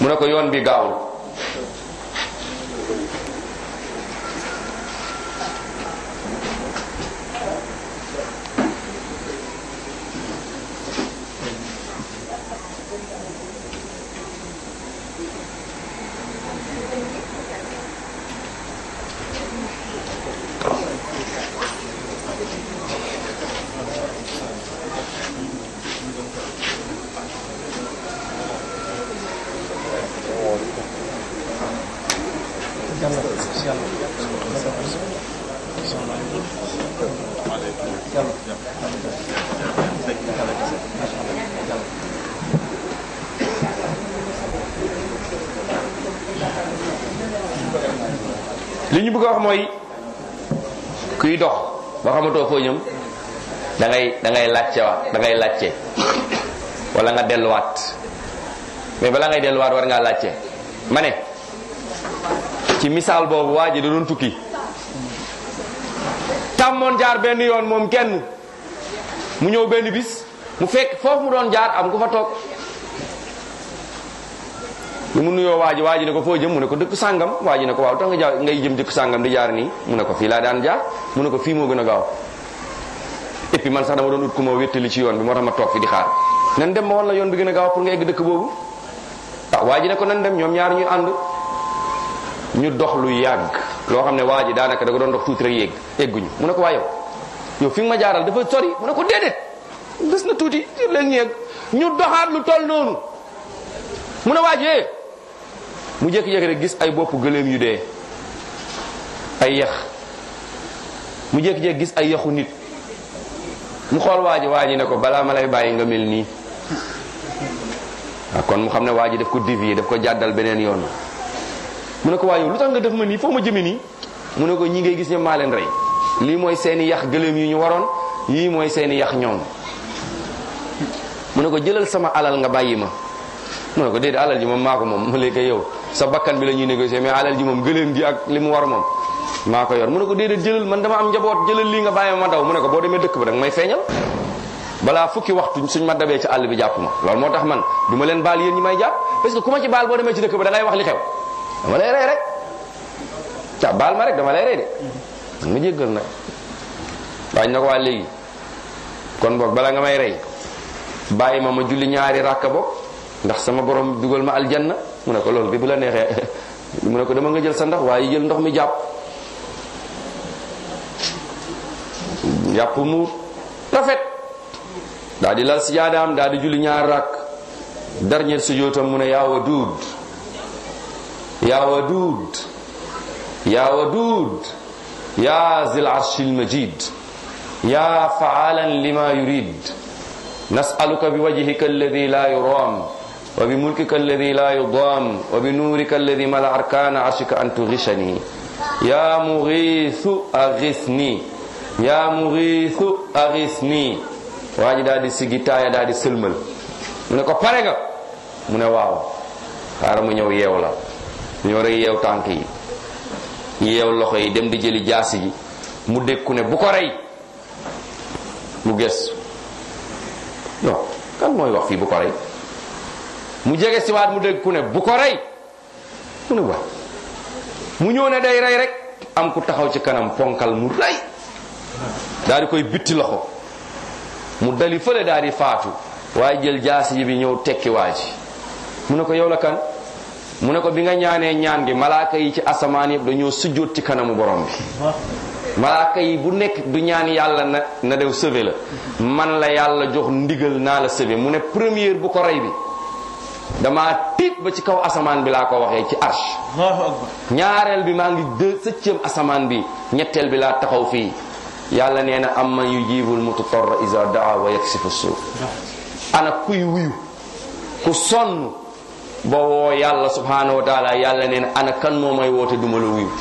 mu ne ko yoon bi gaawul ñu bëgg wax mooy kuy dox boo xamatoo foo ñëm da ngay da ngay laajte wa da nga delluwaat mais balaa ngay delluwaat war ngaa laajte mane ci misaal boobu waa ji da doon tukki tàmmoon jaar benn yoon moom kenn mu ñëw benn bis mu fekk foofu mu doon jaar am ku fa toog lu mu nuyoo waa ji waa ji ne ko foo jëm mu ne ko dëkk sàngam waa ji ne ko waaw tax nga ja ngay jëm dëkk jaar nii mu ne ko fii laa daan jaar mu ne ko fii moo gën a gaaw et sax dama doon ut ku ma yoon bi moo tax di xaar nan ma wan la yoon bi gën a gaaw pour nga ah, ji ne ko dem ñoom ñaar ñu ànd ñu dox lu yàgg loo xam ne waa ji daanaka da ko doon dox tuuti rek yéeg egguñu mu ne ko waa yow yow fi nga ma jaaral dafa sori mu ne ko déedéet des na tuuti léegi ñu egg ñu doxaat lu toll noonu mu ne waa ji eh, mu jékki-jékki rek gis ay bopp gëléem yu dee ay yax mu jékki-jékki gis ay yaxu nit mu xool waaju ji waa ne ko balaa ma lay bàyyi nga mel nii ah, kon mu xam ne waa ji daf ko dévier daf ko jàddal beneen yoon mu ne ko waa yow lu tax nga def ma nii foo ma jëme nii mu ne ko ñi ngay gis ñoom maa leen rey lii mooy seeni yax gëléem yu ñu waroon yii mooy seeni yax ñoom mu ne ko jëlal sama alal nga bàyyi ma mu ne ko déedéet alal ji moom maa ko moom mu léegi yow sa bakkan bi la ñuy négocier mais alal ji moom gëléem gi ak li mu war moom maa ko yor mu ne ko déedéet jëlal man dama am njaboot jëlal lii nga bàyyi ma daw mu ne ko boo demee dëkk ba danga balaa fukki waxtu suñ ma dabee ci àll bi jàpp ma loolu moo tax man du leen baal yéen ñi may jàpp parce que ku ma ci baal boo demee ci dëkk ba da ngay wax li xew dama ma rek dama lay rey de na ko waa léegi kon boog bala nga may rey bàyyi ma ma julli ñaari ràkka boog ndax sama borom dugal ma aljanna mu ne ko loolu bi bu la neexee mu ne ko dama nga jël sa ndox waaye jël ndox mi jàpp jàpp mu rafet daal di lal sijaadaam daal di julli ñaar rakk dernier sujootam mu ne yaa Waduud yaa Waduud yaa Waduud yaa zil arshil majid yaa faalan lima yurid nasaluka bi wajhika alladi la yuram وبملكك الذي لا يضام وبنورك الذي ملا أركان عرشك أن تغشني يا مغيث أغثني يا مغيث أغثني waa ji daal di sigi taaya daal di mu ne ko pare nga mu ne waaw xaaral mu ñëw yeew la mu ñëw rek yeew tànk yi yeew loxo yi dem di jëli jaasi yi mu dékku ne bu ko rey mu gës non kan mooy wax fii bu ko rey mu jege siwaat mu dégg ku ne bu ko rey mu ne waay mu ñëw ne day rey rek am ku taxaw ci kanam ponkal mu rey daadi koy bitti loxo mu dali fële daal di faatu waaye jël jaasi yi bi ñëw tekki waa ji mu ne ko yow la kan mu ne ko bi nga ñaanee ñaan gi malaaka yi ci asamaan yëpp dañoo sujjóot ci kanamu borom bi malaaka yi bu nekk du ñaan yàlla na na dew sëbe la man la yàlla jox ndigal naa la sëbe mu ne première bu ko rey bi damaa tiit ba ci kaw asamaan bi laa ko waxee ci arsh ñaareel bi maa ngi deux asamaan bi ñetteel bi laa taxaw fii yàlla nee na am man yujibul mutatarra iza daa wa yaksifu suu ana kuy woo yàlla subhanahu woote duma la wuyu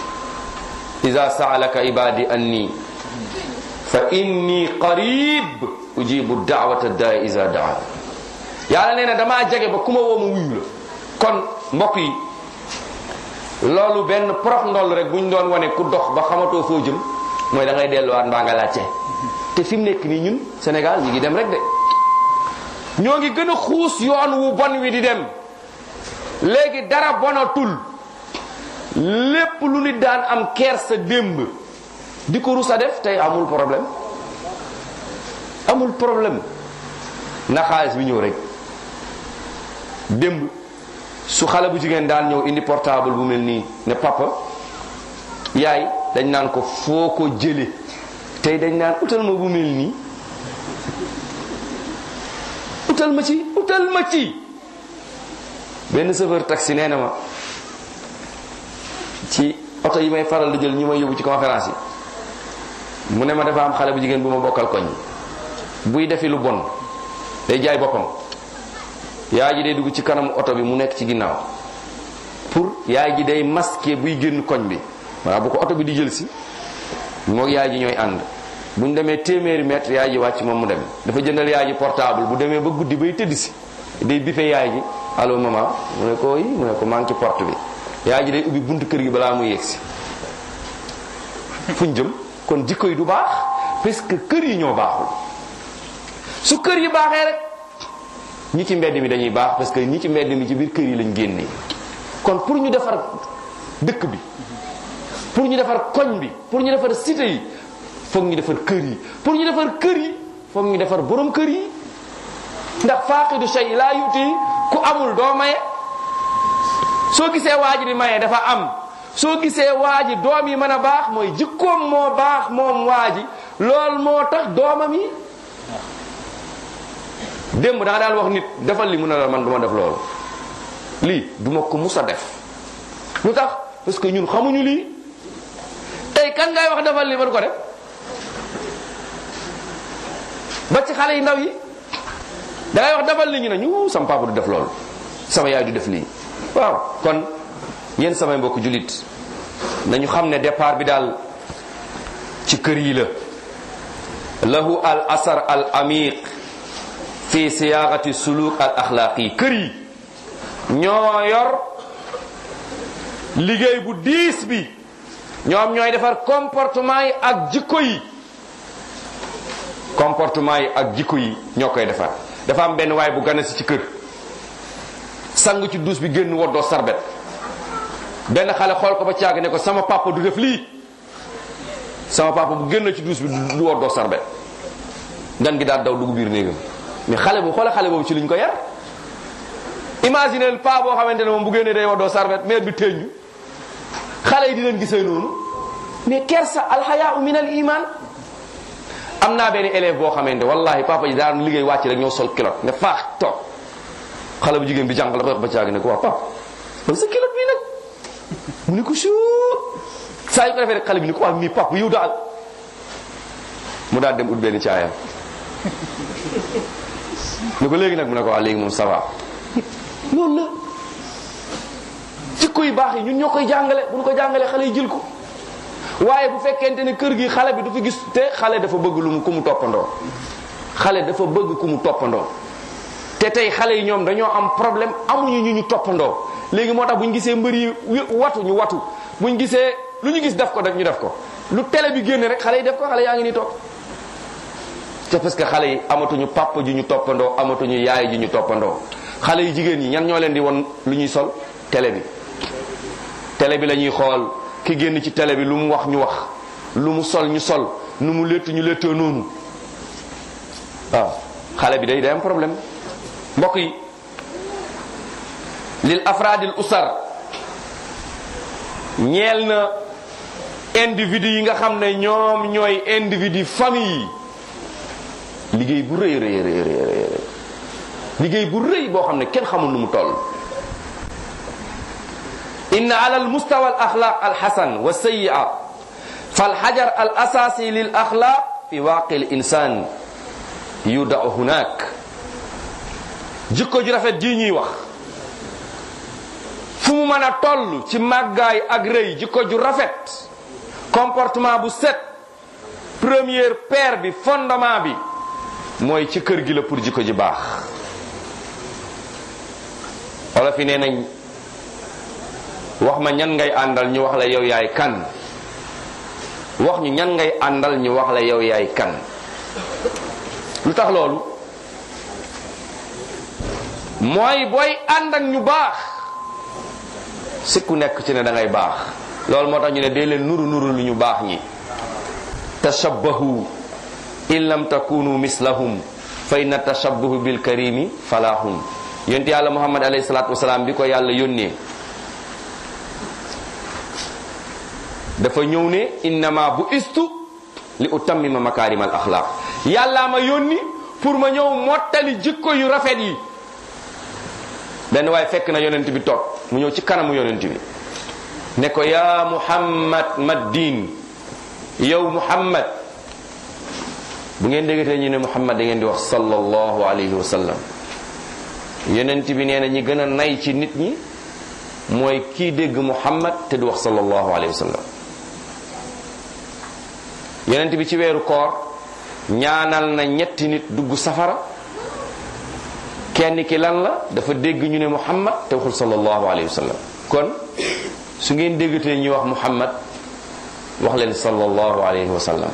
iza saalaka ibadi anni fa inni qarib ujibu daawata daa iza daa yàlla nee na damaa jege ba ku ma woo ma wuyu la kon mbokk yi loolu benn prof ndoll rek bu ñu doon wane ku dox ba xamatoo foo jëm mooy da delluwaat mbaa nga laajte te fi mu nekk nii ñun Sénégal ñu ngi dem rek de ñoo ngi gën a xuus yoon wu bon wi di dem léegi dara bonatul lépp lu nit daan am kersa démb di ko rusa def tey amul problème amul problème na xaalis bi ñëw rek démb su xale bu jigéen daan ñëw indi portable bu mel nii ne papa yaay dañ naan ko foo ko jële tey dañ naan utal ma bu mel nii utal ma ci utal ma ci benn chauffeur taxi nee na ma ci oto yi may faral di jël ñu may yóbbu ci conférence yi mu ne ma dafa am xale bu jigéen bu ma bokkal koñ buy defi lu bon day jaay boppam yaay ji day dugg ci kanamu oto bi mu nekk ci ginnaaw pour yaay ji day masqué buy génn koñ bi waaw bu ko oto bi di jël si moog yaay ji ñooy ànd bu ñu demee téeméeri mètre yaay ji wàcc moom mu dem dafa jëndal yaay ji portable bu demee ba guddi bay tëdd si day bife yaay ji allo maman mu ne ko yi mu ne ko maa ngi bi yaay ji day ubbi buntu kër gi balaa muy yegg si fu ñu jëm kon jikko yi du baax parce kër yi ñoo baaxul su kër yi baaxee rek. ñi ci mbedd mi dañuy baax parce que ñi ci mbedd mi ci biir kër yi lañ génnee kon pour ñu defar dëkk bi pour ñu defar koñ bi pour ñu defar cité yi foog ñu defar kër yi pour ñu defar kër yi foog ñu defar borom kër yi ndax faaqidu shay laa yuti ku amul doo maye soo gisee waa bi di maye dafa am soo gisee waa doom yi mën a baax mooy jikkoom moo baax moom waa ji loolu moo tax doomam yi démb da daal wax nit defal li mun ne la man du def loolu lii du ma ko mus a def lu tax parce que ñun xamuñu lii tey kan ngay wax defal li ba du ko def ba ci xale yi ndaw yi da wax defal li ñu ne ñu sama papa du def loolu sama yaay du def lii waaw kon yéen samay mbokk jullit nañu xam ne départ bi daal ci kër yi la lahu al asar al amiq fi siyaaqati suluk al axlaaqi kër yi ñoo yor liggéey bu diis bi ñoom ñooy defar comportement yi ak jikko yi comportement yi ak jikko yi ñoo koy defar dafa am benn waay bu gane ci kër sang ci duus bi génn woddoo sarbet benn xale xool ko ba caag ne ko sama papa du def lii sama papa bu génn ci duus bi du woddoo sarbet ngan gi daal daw dugg biir néegam mais xale boobu xoola xale boobu ci liñ ko yar imaginez pas boo xamante ne moom bu génnee day waddoo sarbet maire bi teñu xale yi di leen gisee noonu mais kersa alxayaa min al iman am naa benn élève boo xamante wallahi papa yi daan liggéey wàcc rek ñoo sol kilot ne faax to xale bu jigéen bi jàng la ko wax ba caag ne ko waa papa man sa ne ko suur saa bi ni ko waa mii papa yow daal mu daal dem ut benn caayam ni ko léegi nag mu ne ko wax léegi moom ça va la jikko yu baax yi ñun ñoo koy jàngale bu ñu ko jàngalee xale yi jël ko waaye bu fekkente ne kër gi xale bi dafa gis te xale dafa bëgg lu mu ku mu toppandoo xale dafa bëgg ku mu toppandoo te tey xale yi ñoom dañoo am problème amuñu ñu ñu toppandoo léegi moo tax bu ñu gisee mbër yi watu ñu watu bu ñu gisee lu ñu gis def ko def ñu def ko lu télé bi génne rek xale yi def ko xale yaa ngi ni too te parce que xale yi amatuñu papa ju ñu toppandoo amatuñu yaay ju ñu toppandoo xale yi jigéen ñi ñan ñoo leen di won lu ñuy sol tele bi télé bi lañuy xool ki génn ci tele bi lu mu wax ñu wax lu mu sol ñu sol nu mu léttu ñu léttoo noonu waaw xale bi day day am problème mbokk yi lil afraadil usar ñeel na individu yi nga xam ne ñoom ñooy individu famille yi liggéey bu rëy rëy liggéey bu boo xam ne kenn xamul nu mu toll inna ala al mustawa al axlaq al xasan wa sayia fal xajar al asaasi lil fi waaqi al insan yudaw hunaak jikko ju rafet ji ñuy wax fu mu mën a toll ci màggaay ak rëy jikko ju rafet comportement bu set premier paire bi fondement bi mooy ci kër gi la pour jikko ji baax wala fi nee nañ wax ma ñan ngay àndal ñu wax la yow yaay kan wax ñu ñan ngay àndal ñu wax la yow yaay kan lu tax loolu mooy booy ànd ñu baax si ku nekk ci ne dangay baax loolu moo tax ñu ne dee leen nuru nuru lu ñu baax ñi tashabbahu in lam takunu mislahum fa inna tashabbuhu bil karimi falahum yonti yàlla muhammad alayhi salaatu wasalaam bi ko yàlla yónnee dafa ñëw ne innama bu istu li utammima makaarimal axlaaq yàllaa ma yónni pour ma ñëw mottali jikko yu rafet yi benn waaye fekk na yonent bi toog mu ñëw ci kanamu yonent bi ne ko yaa muhammad maddiin yow muhammad bu ngeen déggatee ñu ne Muhammad da ngeen di wax sallallahu alayhi wa sallam yonent bi nee na ñi gën a nay ci nit ñi mooy kii dégg Muhammad te du wax sallallahu alayhi wa sallam yonent bi ci weeru koor ñaanal na ñetti nit dugg safara kenn ki lan la dafa dégg ñu ne Muhammad te waxul sallallahu alayhi wa sallam kon su ngeen déggatee ñuy wax Muhammad wax leen sallallahu alayhi wa sallam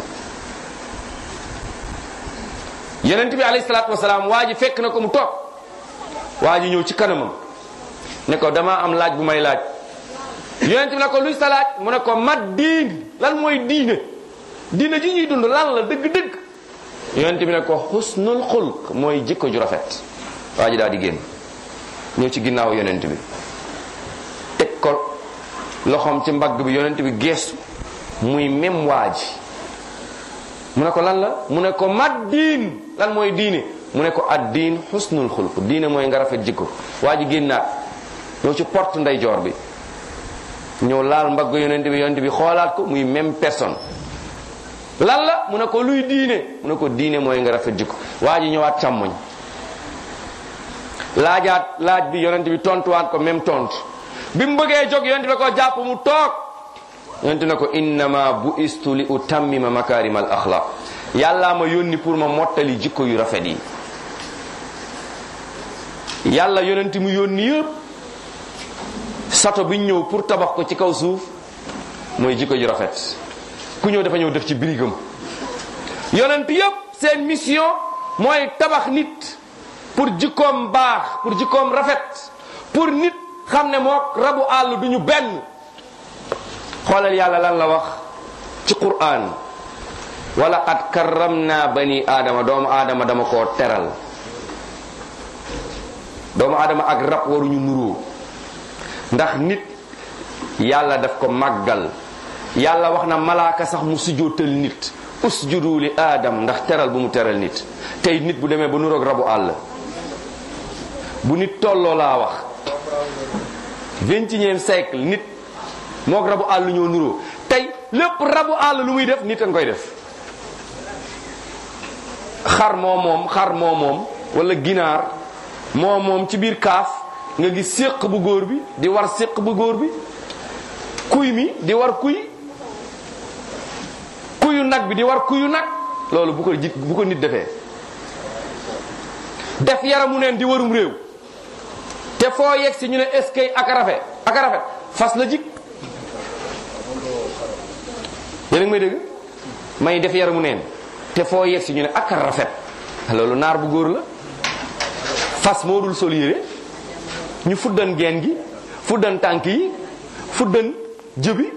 yonent bi alayhi salaatu wasalaam waa ji fekk na ko mu toog waa ji ñëw ci kanamam ne ko damaa am laaj bu may laaj yonent bi ne ko luy sa laaj mu ne ko mat diin lan mooy diine diine ji ñuy dund lan la dëgg-dëgg yonent bi ne ko xusnul xulq mooy jikko ju rafet waa ji daal di génn ñëw ci ginnaaw yonent bi teg ko loxoom ci mbagg bi yonent bi geestu muy même waa ji mu ne ko lan la mu ne ko mat lan mooy diine mu ne ko ad diin xusnul xulq diine mooy nga rafet jikko waa ji génnaat ñëw ci porte ndeyjoor bi ñëw laal mbagg yonente bi yonente bi xoolaat ko muy même personne lan la mu ne ko luy diine mu ne ko diine mooy nga rafet jikko waa ji ñëwaat càmmoñ laajaat laaj bi yonente bi tontuwaat ko même tontu bi mu bëggee jóg yonente bi ko jàpp mu toog yonente ne ko innama bu istu li utammima makaarimal axlaq yàllaa ma yónni pour ma mottali jikko yu rafet yi yàlla yonenti mu yónni yëpp sato bi ñëw pour tabax ko ci kaw suuf mooy jikko ju rafet ku ñëw dafa ñëw def ci birigam yonent yëpp seen mission mooy tabax nit pour jikkoom baax pour jikkoom rafet pour nit xam ne mook rabu àll du ñu benn xoolal yàlla lan la wax ci Qur'an wala qad ba bani aadama doomu aadama dama koo teral doomu aadama ak rab waruñu nuroo ndax nit yàlla daf ko màggal yàlla wax na malaaka sax mu sujjóotal nit usjudu li aadam ndax teral bu mu teral nit tey nit bu demee ba nuroog rabu àll bu nit tolloo laa wax vingt-et-unième nit moog rabu àll ñoo nuroo tey lépp rabu àll lu muy def nit a koy def xar moo moom xar moo moom wala ginaar moo moom ci biir kaaf nga gis séq bu góor bi di war séq bu góor bi kuy mi di war kuy kuyu nag bi di war kuyu nag loolu bu ko ji bu ko nit defee def yaramu neen di warum réew te foo yegg si ñu ne est-ce que ak rafet ak rafet fas la jig yéen a ngi may dégg may def yaramu neen te foo yegg si ñu ne ak rafet loolu naar bu góor la fas moo dul sol yére ñu fuddan geen gi fuddan tànk yi fuddan jëbi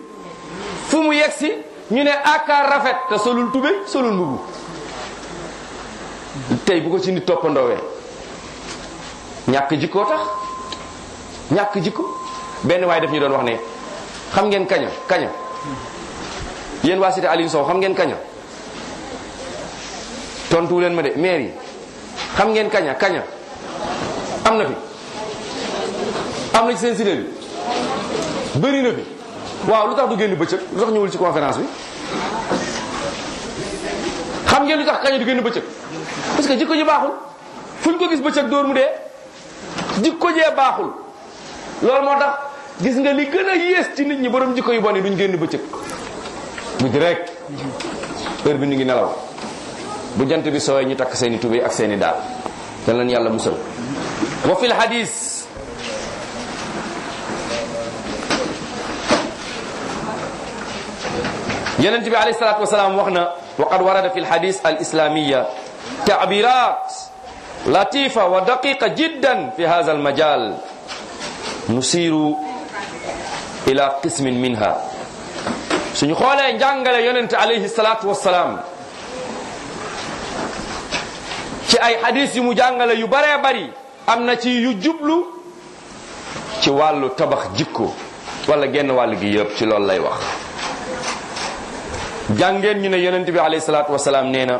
fu mu yegg ñu ne ak rafet te solul tubéy solul mbubu tey bu ko ci nit toppandoowee ñàkk jikkoo tax ñàkk jikko benn waaye daf ñu doon wax ne xam ngeen kaña kaña yéen waa cité Aliou Sow xam ngeen kaña tontu leen ma de maire yi xam ngeen kaña kaña am na fi am na ci seen ciné bi bëri na fi waaw lu tax du génn bëccëg lu tax ñëwul ci conférence bi xam ngeen lu tax kaña du génn bëccëg parce que jikko ji baaxul fu ñu ko gis bëccëg dóor mu dee jikko jee baaxul loolu moo tax gis nga ni gën a yées ci nit ñi borom jikko yu bon yi duñ génn bëccëg bu direct heure bi ñu ngi nelaw bu jant bi sooyee ñu takk seeni tubi ak seeni daal dan leen yàlla musal wa fil hadis yonent bi alayhi salaatu wax na waqad warada fi lhadis al islamiya taabirat latifa wa daqiqa jiddan fi hadha al majal ila qismin minha suñu xoolee njàngale yonent alayhi salaatu wasalaam ci ay hadis yu mu jàngale yu baree bari am na ci yu jublu ci wàllu tabax jikko wala genn wàll gi yëpp ci loolu lay wax jàngeen ñu ne yonent bi alayhi salaatu wasalaam nee na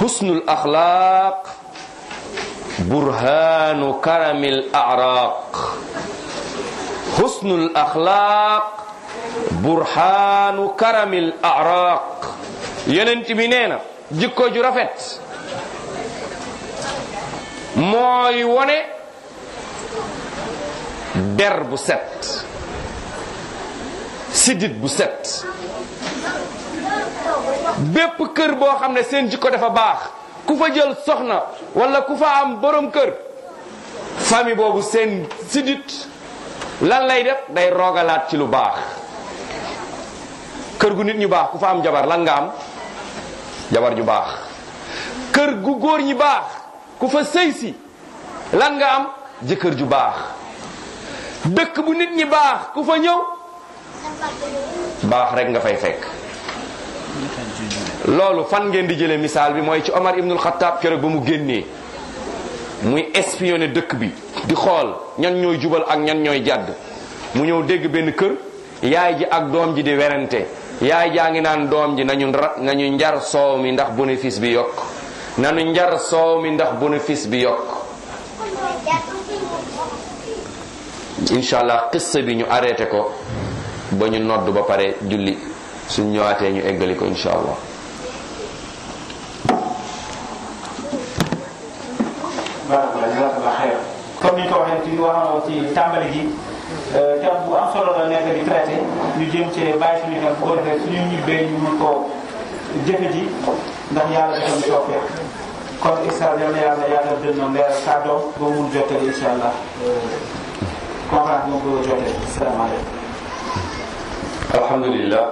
husnul axlaaq burhaanu karamil araq husnul axlaaq burhaanu karamil araq yonent bi nee na jikko ju rafet mooy wone der bu set sidit bu set bépp kër boo xam ne seen jikko dafa baax ku fa jël soxna walla ku fa am boroom kër famille boobu seen sidit lan lay def day roogalaat ci lu baax kër gu nit ñu baax ku fa am jabar lan nga am jabar ju baax kër gu góor ñi baax ku fa sëy si lan nga am jëkkër ju baax dëkk bu nit ñi baax ku fa ñëw baax rek nga fay fekk loolu fan ngeen di jële misaal bi mooy ci Omar ibnul Xattaab keroog ba mu génnee muy espionné dëkk bi di xool ñan ñooy jubal ak ñan ñooy jàdd mu ñëw dégg benn kër yaay ji ak doom ji di werante yaay jaa ngi naan doom ji nañu nañu njar soow mi ndax bénéfice bi yokk nanu njar soow mi ndax bénéfice bi yokk incha allah qissa bi ñu arrêté ko ba ñu nodd ba pare julli suñ ñëwaatee ñu eggali ko incha comme ni ñu ko waxee ci waxamoon ci tàmbali gi thème euh, bu am solo la nekk di traité ñu jëm cee bàyyi suñu thème bu ko suñu ñibbee ñu mun koo jëfe ji ndax yàlla defal ñu tawfeex kon isaan yal na yàlla yàlla dënnam leeral kàddoom ba mu mun jottali incha allah conférence moom bëgg a jottali salaamaaleykum. alhamdulilah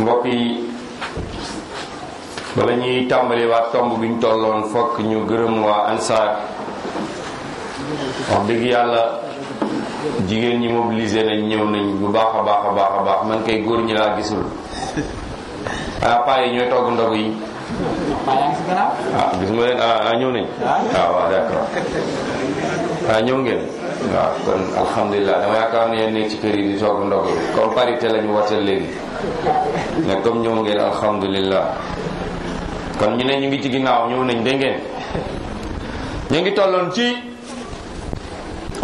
mbokk yi bala ñuy tàmbali waat tomb bi ñu tolloon fokk ñu gërëm waa ansaar wax dëgg yàlla jigéen ñi mobilisé nañ ñëw nañ bu baax a baax a baax a baax man kay góor ñi laa gisul. ah paa yi ñooy togg ndogu yi. ah gis nga leen ah, ah ñëw nañ ah? ah, waaw ngeen waaw kon alhamdulilah yaakaar ne yéen ci kër yi di togg ndogu yi comme parité la ñu wateel kon ñu ne ñu ngi ci ginnaaw ñëw nañ dégg ngi tolloon ci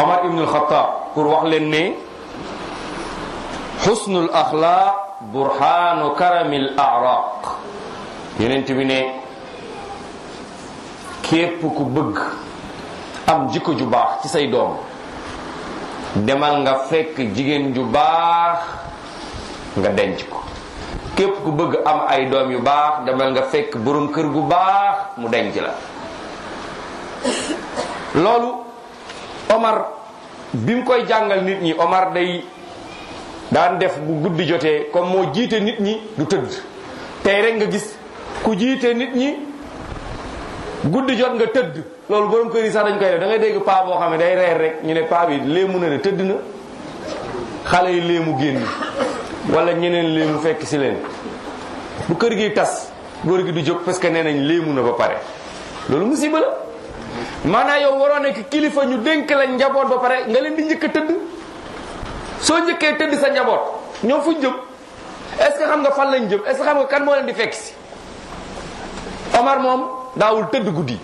Omar ibnul Xattaab pour wax leen ne xusnul axlaaq burhaanu karamil araq yonent bi ne képp ku bëgg am jikko ju baax ci say doom demal nga fekk jigéen ju baax nga denc ko képp ku bëgg am ay doom yu baax demal nga fekk boroom kër gu baax mu denc la loolu Omar bi mu koy jàngal nit ñi Omar day daan def bu guddi jotee comme moo jiite nit ñi du tëdd tey rek nga gis ku jiite nit ñi guddi jot nga tëdd loolu borom kër yi sax dañ koy def da ngay dégg paa boo xam ne day reer rek ñu ne paa bi léemu na de tëdd na xale yi léemu génn wala ñeneen léemu fekk si leen bu kër gi tas góor gi du jóg parce que nee nañ léemu na ba pare loolu musiba la maanaam yow waroon nekk kilifa ñu dénk la njaboot ba pare nga leen di njëkk a tëdd soo njëkkee tëdd sa njaboot ñoom fuñ jëm est-ce que xam nga fan lañ jëm est-ce que xam nga kan moo leen di fekk si Omar moom daawul tëdd guddi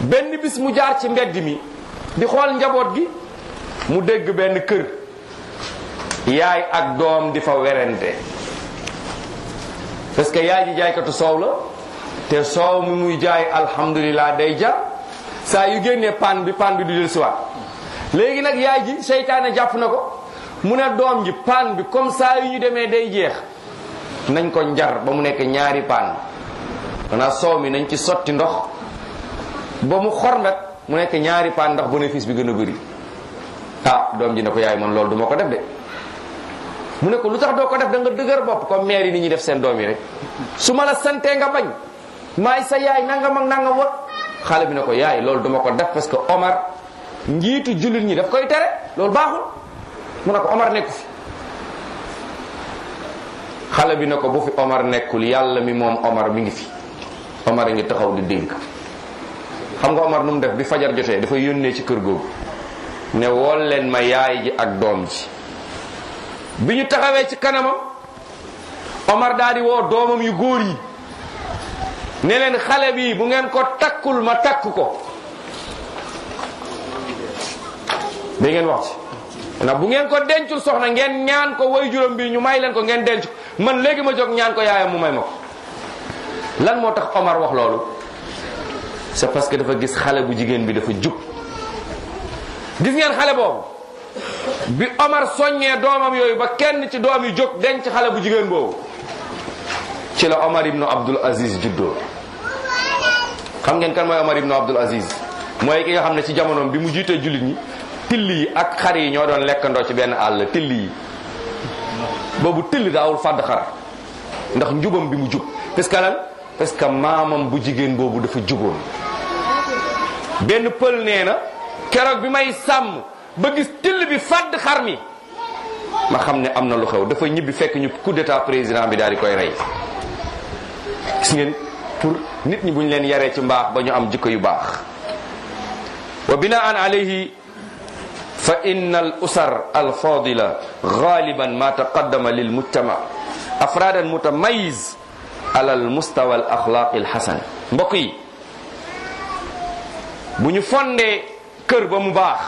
benn bis mu jaar ci mbedd mi di xool njaboot gi mu dégg benn kër yaay ak doom di fa werante parce que yaay ji jaaykatu soow la te soow mi muy jaay alhamdulilah day jar saa yu génnee pan bi pan bi du jël siwaat léegi nag yaay ji seytaane jàpp na ko mu ne doom ji paan bi comme saa yu ñu demee day jeex nañ ko njar ba mu nekkee ñaari paan maanaam soow mi nañ ci sotti ndox ba mu xormet mu nekk ñaari paan ndax bénéfice bi gën a bëri ah doom ji ne ko yaay man loolu duma ko def mu ne lu tax doo ko def da nga dëgër bopp comme mère yi ni ñuy def seen doom rek su ma la santee nga bañ maay sa yaay nangam ak nangam wat xale bi ne yaay loolu duma ko def parce que Omar njiitu jullit ñi daf koy tere loolu baaxul mu ne ko Omar bi ne ko bu nekkul yàlla mi moom Omar mi ngi fi Omar a ngi taxaw di dénk xam nga Omar nu mu def bi fajar jotee dafa yónnee ci kër googu ne wool leen ma yaay ji ak doom ji bi ñu taxawee ci kanamam Omar daal di woo doomam yu góor yi ne leen xale bi bu ngeen ko takkul ma takk ko da ngeen wax ci na bu ngeen ko dencul soxna ngeen ñaan ko way juróom bi ñu may leen ko ngeen denc man léegi ma jóg ñaan ko yaayam mu may ma ko lan moo tax Omar wax loolu c'est parce que dafa gis xale bu jigéen bi dafa jub gis ngeen xale boobu bi Omar soññee doomam yooyu ba kenn ci doom yi jóg denc xale bu jigéen boobu ci la Omar ibnu Abdul Aziz juddoo xam ngeen kan mooy Omar ibnu Abdul Aziz mooy ki nga xam ne ci jamonoom bi mu jiitee jullit ñi till yi ak xar yi ñoo doon lekkandoo ci benn àll till yi boobu till daawul fàdd xar ndax njubam bi mu jub parce que lan parce que maamam bu jigéen boobu dafa juboon benn pël nee na keroog bi may sàmm ba gis till bi fàdd xar mi ma xam ne am na lu xew dafa ñibbi fekk ñu coup président bi daal di koy rey gis ngeen pour nit ñi bu ñu leen yaree ci mbaax ba ñu am jikko yu baax wa binaan alayhi fa inna al usar al fadila galiban ma taqaddama lil mujtama afradan mutamayiz ala al mustawa al al xasan mbokk yi bu ñu fondee kër ba mu baax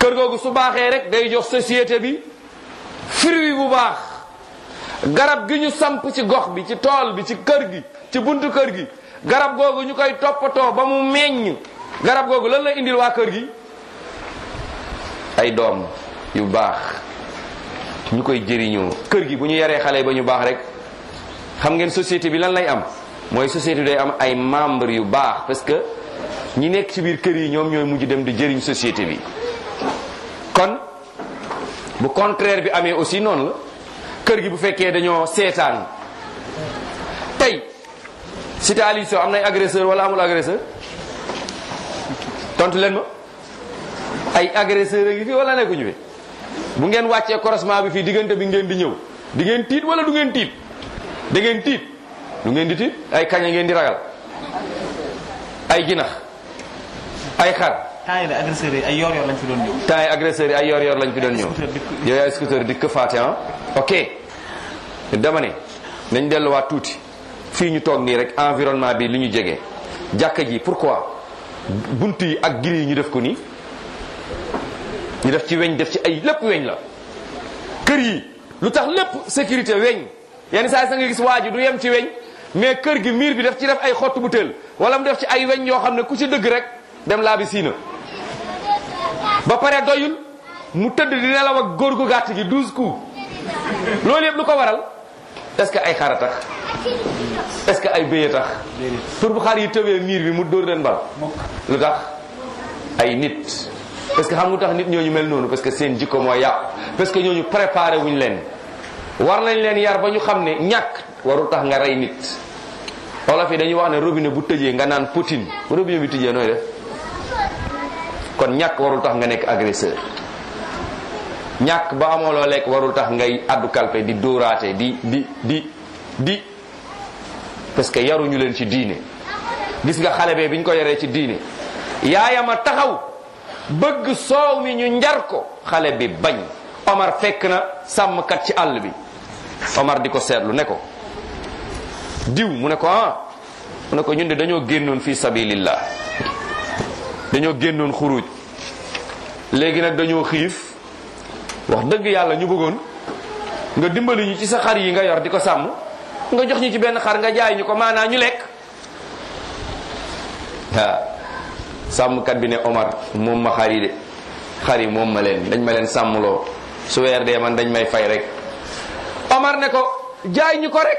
kër googu su baaxee rek day jox société bi fruit bu baax garab gi ñu samp ci gox bi ci tool bi ci kër gi ci buntu kër gi garab googu ñu koy toppatoo ba mu meññ garab googu lan la indil waa kër gi ay doom yu baax ñu koy jëriñoo kër gi bu ñu yaree xale yi ba ñu baax rek xam ngeen société bi lan lay am mooy société day am ay membres yu baax parce que ñi nekk ci biir kër yi ñoom ñooy mujj dem di jëriñ société bi kon bu contraire bi amee aussi noonu la kër gi bu fekkee dañoo seetaan tey cité Aliou Sow am nay agresseur wala amul agresseur tontu leen ma ay agresseur a ngi fi wala nekkuñu bi bu ngeen wàccee croisement bi fii diggante bi ngeen di ñëw di ngeen tiit wala du ngeen tiit da ngeen tiit du ngeen di tiit ay kaña ngeen di ragal ay jinax ay xar. temps yii agresseurs yi ay yor-yor lañ fi doon ñëw. temps yii ay yor-yor lañ fi doon ñëw. yow yaay scooter di këfaate ah. ok dama ne nañ delluwaat tuuti fii ñu toog nii rek environnement bi li ñu jege jàkka ji pourquoi bunt yi ak giri yi ñu def ko nii. ñu def ci weñ def ci ay lépp weñ la kër yi lu tax lépp sécurité weñ yenn saa yi sa nga gis waa ji du yem ci weñ mais kër gi miir bi def ci def ay xottu bu teel wala mu def ci ay weñ yoo xam ne ku ci dëgg rek dem laa bi siina ba pare doyul mu tëdd di nelaw ak góor gu gàtt gi douze coups loolu yëpp lu ko waral est-ce que ay xara tax est-ce que ay béye tax pour bu xar yi tëwee miir bi mu dóor leen bal lu tax ay nit parce que xam nga tax nit ñooñu mel noonu parce que seen jikko mooy yàqu parce que ñooñu préparé wuñ leen war nañ leen yar ba ñu xam ne ñàkk warul tax nga rey nit olof yi dañuy wax ne robinet bu tëjee nga naan poutine robinet bi tëjee nooy def kon ñàkk warul tax nga nekk agresseur ñàkk ba amoo loo lekk warul tax ngay addu kalpe di dóoraate di di di di parce que yaruñu leen ci diine gis nga xale bee biñ ko yaree ci diine a taxaw bëgg soow mi ñu njar ko xale bi bañ Omar fekk na sàmmkat ci àll bi Omar di ko seetlu ne ko diw mu ne ko ah mu ne ko ñun de dañoo génnoon fi sabilillah dañoo génnoon xuruj léegi nag dañoo xiif wax dëgg yàlla ñu bëggoon nga dimbali ñu ci sa xar yi nga yor di ko sàmm nga jox ñu ci benn xar nga jaay ñu ko maanaa ñu lekk waaw sàmmkat bi ne Omar moom ma yi de xari moom ma leen dañ ma leen sàmmloo su weer dee man dañ may fay rek Omar ne ko jaay ñu ko rek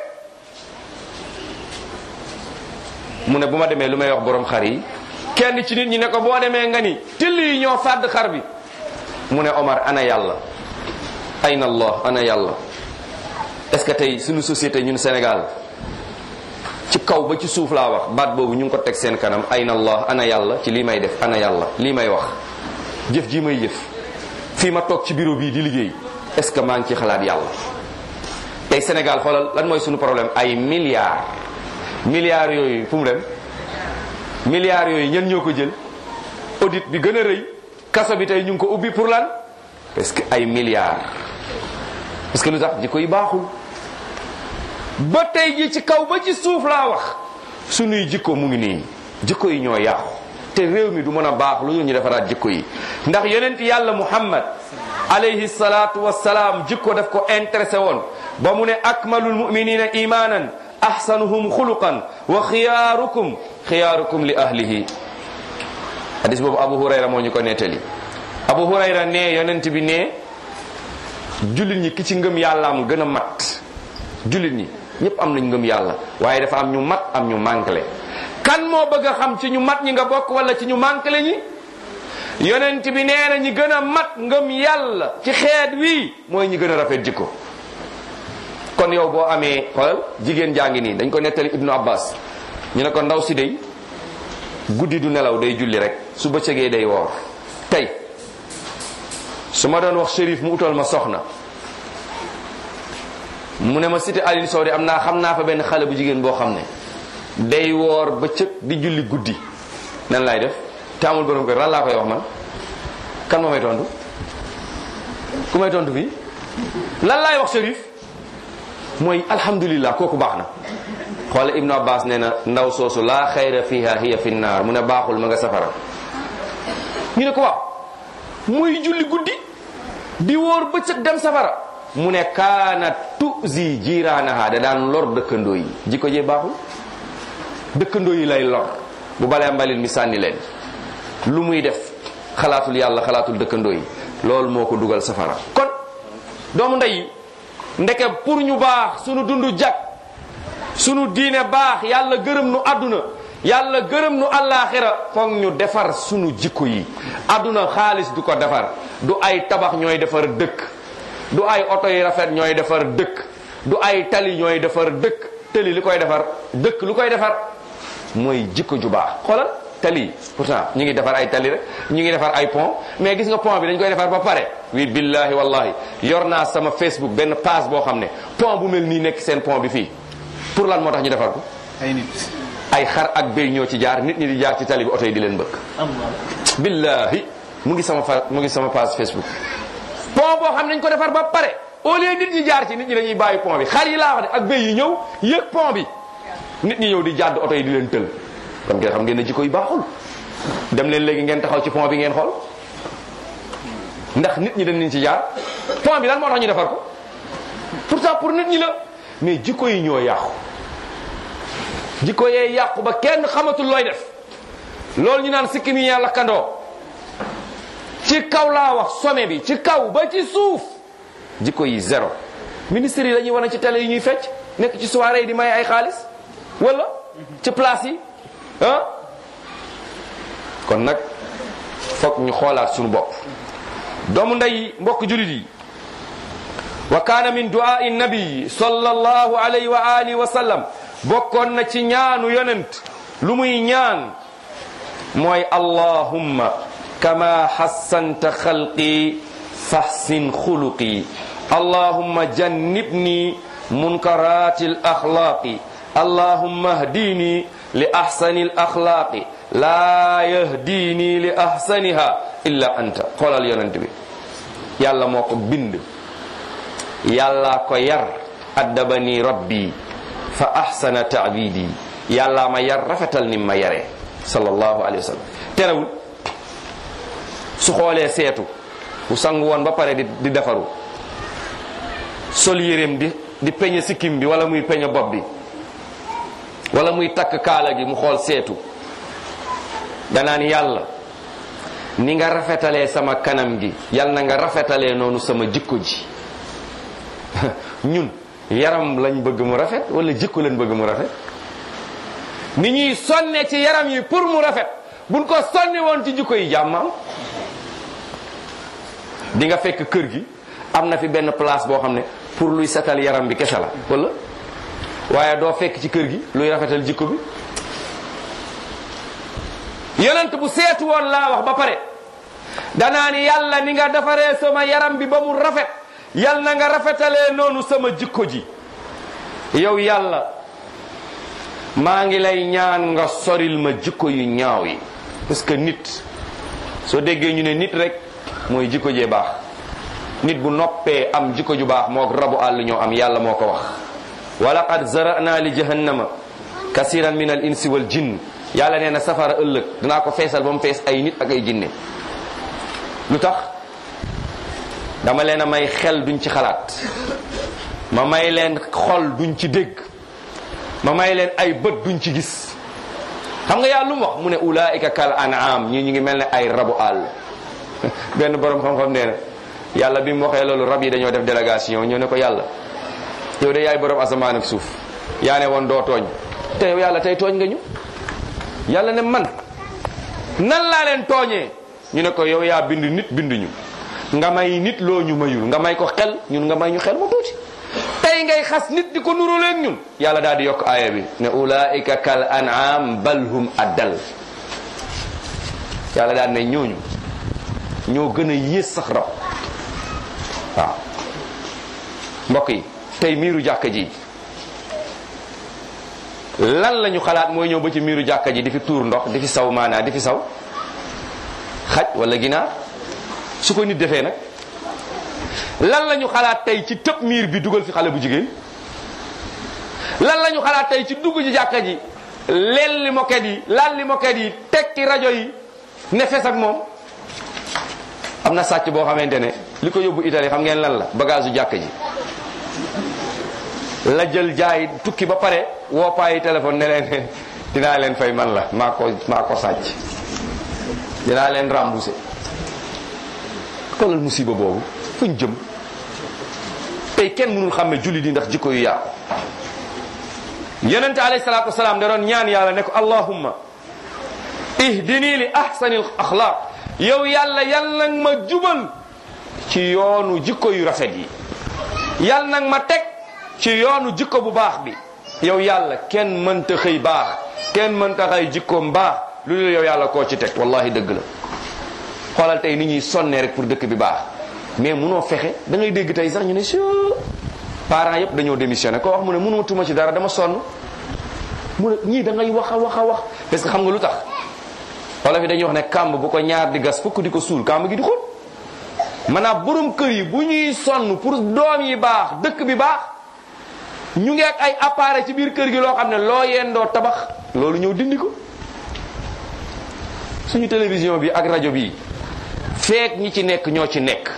mu ne bu ma demee lu may wax borom xar yi kenn ci nit ñi ne ko boo demee nga ni till yi ñoo fàdd xar bi mu ne Omar ana yàlla ayna allah ana yàlla est que tey suñu société ñun Sénégal ci kaw ba ci suuf laa wax baat boobu ñu ngi ko teg seen kanam ayna allah ana yàlla ci lii may def ana yàlla lii may wax jëf jii may jëf fii ma toog ci bureau bii di liggéey est-ce que maa ngi ci xalaat yàlla tey Sénégal xoolal lan mooy suñu problème ay milliards milliards yooyu fu mu dem milliards yooyu ñen ñoo ko jël audit bi gën a rëy kaso bi tey ñu ngi ko ubbi pour lan parce que ay milliards parce que lu tax di koy baaxul ba tey ji ci kaw ba ci suuf laa wax sunuy jikko mu ngi nii jikko yi ñoo yàqu te réew mi du mën a baax lu ñu defaraat jikko yi ndax yonent yàlla muhammad alayhi salaatu wassalaam jikko daf ko intéressé woon ba mu ne akmalul muminina imanan ahsanuhum xuluqan wa xiyaarukum xiyaarukum li ahlihi hadis boobu abu hurayra moo ñu ko nettali abu hurayra ne yonent bi ne jullit ñi ki ci ngëm yàllaam gën a mat jullit ñi ñépp am nañ ngëm yàlla waaye dafa am ñu mat am ñu manqué kan moo bëgg a xam ci ñu mat ñi nga bokk walla ci ñu manqué ñi yonent bi nee na ñi gën mat ngëm yàlla ci xeet wii mooy ñi gën a rafet jikko kon yow boo amee xoolal jigéen jaa ngi nii dañ ko nettali ibnu abbas ñu ne ko ndaw si day guddi du nelaw day julli rek su bëccëgee day woor tey su ma doon wax shérif mu utal ma soxna mu ne ma cité Aline Sow de am naa xam naa fa benn xale bu jigéen boo xam ne day woor bëccëg di julli guddi nan laay def te amul borom kër lan laa koy wax man kan moo may tontu ku may tontu fii lan laay wax Chérif mooy alhamdulilah kooku baax na xoole Ibnu Abbas nee na ndaw soosu laa xayra fiha hiya fi mu ne baaxul ma nga safara ñu ne ko waaw julli guddi di wóor bëccëg dem safara mu ne kaana tuzi jiiraanaha da daan lor dëkkandoo yi jikko jee baaxul dëkkandoo yi lay lor bu balee mbalit mi sànni leen lu muy def xalaatul yàlla xalaatul dëkkandoo yi loolu moo ko dugal safara kon doomu ndey ndeke pour ñu baax sunu dundu jag sunu diine baax yàlla gërëm nu àdduna yàlla gërëm nu àllaaxira foog ñu defar sunu jikko yi àdduna xaalis du ko defar du ay tabax ñooy defar dëkk du ay oto yi rafet ñooy defar dëkk du ay tali ñooy defar dëkk tali li koy defar dëkk lu koy defar mooy jikko ju baax xoolal tali pourtant ñu ngi defar ay tali rek ñu ngi defar ay pont mais gis nga pont bi dañ koy defar ba pare wi billahi wallahi yor naa sama Facebook benn page boo xam ne pont bu mel nii nekk seen pont bi fii pour lan moo tax ñu defar ko ay xar ak béy ñoo ci jaar nit ñi di jaar ci tali bi oto yi di leen bëgg billahi mu ngi sama fa mu ngi sama page Facebook pont boo xam ne dañ ko defar ba pare au lieu nit ñi jaar ci nit ñi dañuy bàyyi pont bi xar yi laa wax ak béy yi ñëw yëg pont bi nit ñi ñëw di jàdd oto yi di leen tël kon ngeen xam ngeen ne jikko yi dem leen léegi ngeen taxaw ci pont bi ngeen xool ndax nit ñi dañ leen ci jaar pont bi lan moo tax ñu defar ko pourtant pour nit ñi la mais jikko yi ñoo yàqu jikko yee yàqu ba kenn xamatul looy def loolu ñu naan sikki mi yàlla kandoo ci kaw laa wax sommet bi ci kaw ba ci suuf jikko yi zéro ministère yi la ñuy wane ci télé yi ñuy fecc nekk ci soirée yi di may ay xaalis wala ci place yi ah. kon nag fokk ñu xoolaat suñu bopp doomu ndey mbokk julit yi wa kaana min du'aa'i nabi sallallahu alayhi wa alihi wa sallam bokkoon na ci ñaanu yonent lu muy ñaan mooy allahumma kama xassanta xalqi fahsin xuluqi allahumma jannibni munkarati l axlaaqi allahumma hdini li axsani l axlaaqi laa yahdini li axsaniha illa anta xoolal yonent bi yàlla moo ko bind yàllaa ko yar addabani rabbi fa axsana taabidi yàllaa ma yar rafetal ni ma yare sallallahu alayhi wa sallam terewul su xoolee seetu bu sangu woon ba pare di di defaru sol yéreem di di peñe sikkim bi wala muy peñe bopp bi wala muy takk kaala gi mu xool seetu danaan yàlla ni nga rafetalee sama kanam gi yal na nga rafetalee noonu sama jikko ji ñun yaram lañ bëgg mu rafet wala jikko lañ bëgg mu rafet ni ñuy sonne ci yaram yi pour mu rafet buñ ko sonne woon ci jikko yi jàmmaam di nga fekk kër gi am na fi benn place boo xam ne pour luy setal yaram bi kese la wala waaye doo fekk ci kër gi luy rafetal jikko bi yonent bu seetu woon laa wax ba pare danaa ni yàlla ni nga defaree sama yaram bi ba mu rafet yàlla na nga rafetalee noonu sama jikko ji yow yàlla maa ngi lay ñaan nga soril ma jikko yu ñaaw yi parce que nit soo déggee ñu ne nit rek mooy jikko jee baax nit bu noppee am jikko ju baax mook rabu àll ñoo am yàlla moo ko wax wa laqad zara'na li jahannama kasiran min al insi wal jinn yàlla nee na safara ëllëg danaa ko feesal ba mu fees ay nit ak ay jinne lu tax dama leen may xel duñ ci xalaat ma may leen xol duñ ci dégg ma may leen ay bët duñ ci gis xam nga yàlla mu wax mu ne ulaika kal an'am ñii ñu ngi mel ne ay rabu àll benn borom xam-xam nee na yàlla bi mu waxee loolu rab yi dañoo def délégation ñoo ne ko yàlla yow de yaay borom asamaan ak suuf yaa ne woon doo tooñ te yow yàlla tey tooñ nga ñu yàlla ne man nan laa leen tooñee ñu ne ko yow yaa bind nit binduñu nga may nit loo ñu mayul nga may ko xel ñun nga may ñu xel mu tuuti tey ngay xas nit di ko nuru leen ñun yàlla daal di yokk aaya bi ne ulaika kal an'am balhum addal yàlla daal ne ñooñu ñoo gën a yées sax rab waaw mbokk yi tey miiru jàkka ji lan lañu xalaat mooy ñëw ba ci miiru jàkka ji di fi tuur ndox di fi saw maanaa di fi saw xaj wala ginaar su ko nit defee nag lan la ñu xalaat tey ci tëb miir bi dugal fi xale bu jigéen lan lañu ñu xalaat tey ci dugg ci jàkka ji leen li moket yi lan li moket yi tekki rajo yi ne fes ak moom am na sàcc boo xamante ne li ko yóbbu Italie xam ngeen lan la bagage u jàkk ji la jël jaay tukki ba pare woo paayi téléphone ne leen dinaa leen fay man la maa ko maa ko sàcc dinaa leen remboursé xoolal musiba boobu fuñ jëm tey kenn mënul xàmme julli di ndax jikko yu yàqu yonente alayhi salaatu wasalaam da doon ñaan yàlla ne ko allahumma li ahsani al yow yàlla yal nag ma jubal ci yoonu jikko yu rafet yi yàlla nag ma teg ci yoonu jikko bu baax bi yow yàlla kenn mënta xëy baax kenn mënta xëy jikkoom baax lu dul yow yàlla koo ci teg wallahi dëgg la xoolal tey ni ñuy sonnee rek pour dëkk bi baax mais munoo fexe da dégg tey sax ñu ne si parents yëpp dañoo démissionné ko wax mu ne mënoo tuma ci dara dama sonn mu ne ñii da ngay wax wax a wax parce que xam nga lu tax wala bi dañuy wax ne kàmb bu ko ñaar di gas fukk di ko suul kàmb gi di xóot maanaam borom kër yi bu ñuy sonn pour doom yi baax dëkk bi baax ñu ngi ak ay appareil ci biir kër gi loo xam ne loo yendoo tabax loolu ñëw dindi ko suñu télévision bi ak rajo bi feek ñi ci nekk ñoo ci nekk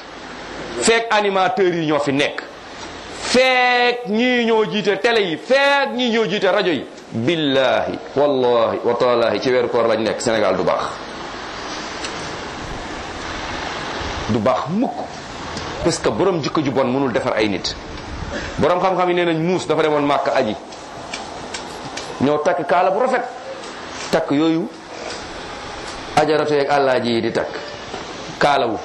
feek animateurs yi ñoo fi nekk feek ñii ñoo jiite tele yi feek ñii ñoo jiite rajo yi billaahi wallaahi wa taalaahi ci weeru koor lañ nekk senegal du baax du baax mukk parce que borom jikko ju bon mënul defar ay nit boroom xam-xam yi nee nañ muus dafa demoon màkk aji ñoo takk kaala bu rafet takk yooyu ajaratu yeeg ji yi di takk kaalawu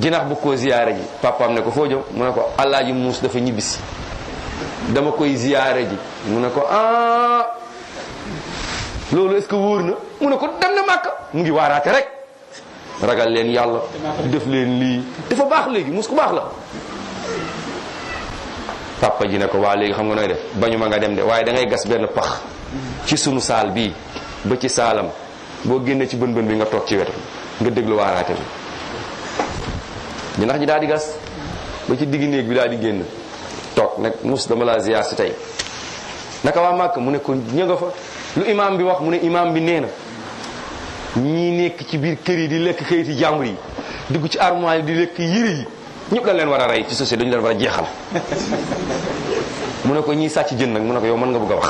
jinax bu ko ziyaare ji papaam ne ko foo jëm mu ne ko àllaaji muus dafa ñibbisi dama koy ziyaare ji mu ne ko ah loolu est-ce wóor na mu ne ko dem na màkk mu ngi waaraate rek ragal leen yàlla def leen lii dafa baax léegi mus ko baax la papa ji ne ko waa léegi xam nga nooy def bañu ma nga dem de waaye dangay gas benn pax ci sunu saal bi ba ci saalam boo génnee ci bën bën bi nga toog ci wetu nga déglu waaraate bi jinax ji daal di gas ba ci digg néeg bi daal di génn toog nag mus dama laa ziyaar si tey naka ma màkk mu ne ko ña nga bi wax mu ne imaam bi nee na ñii nekk ci biir kër yi di lekk xëyti jàmbur yi dugg ci armoire yi di lekk yi ñëpp dañ leen war a rey ci société dañu leen war a jeexal mu ne ko sàcc jën nag mu ne ko yow mën nga bëgg a wax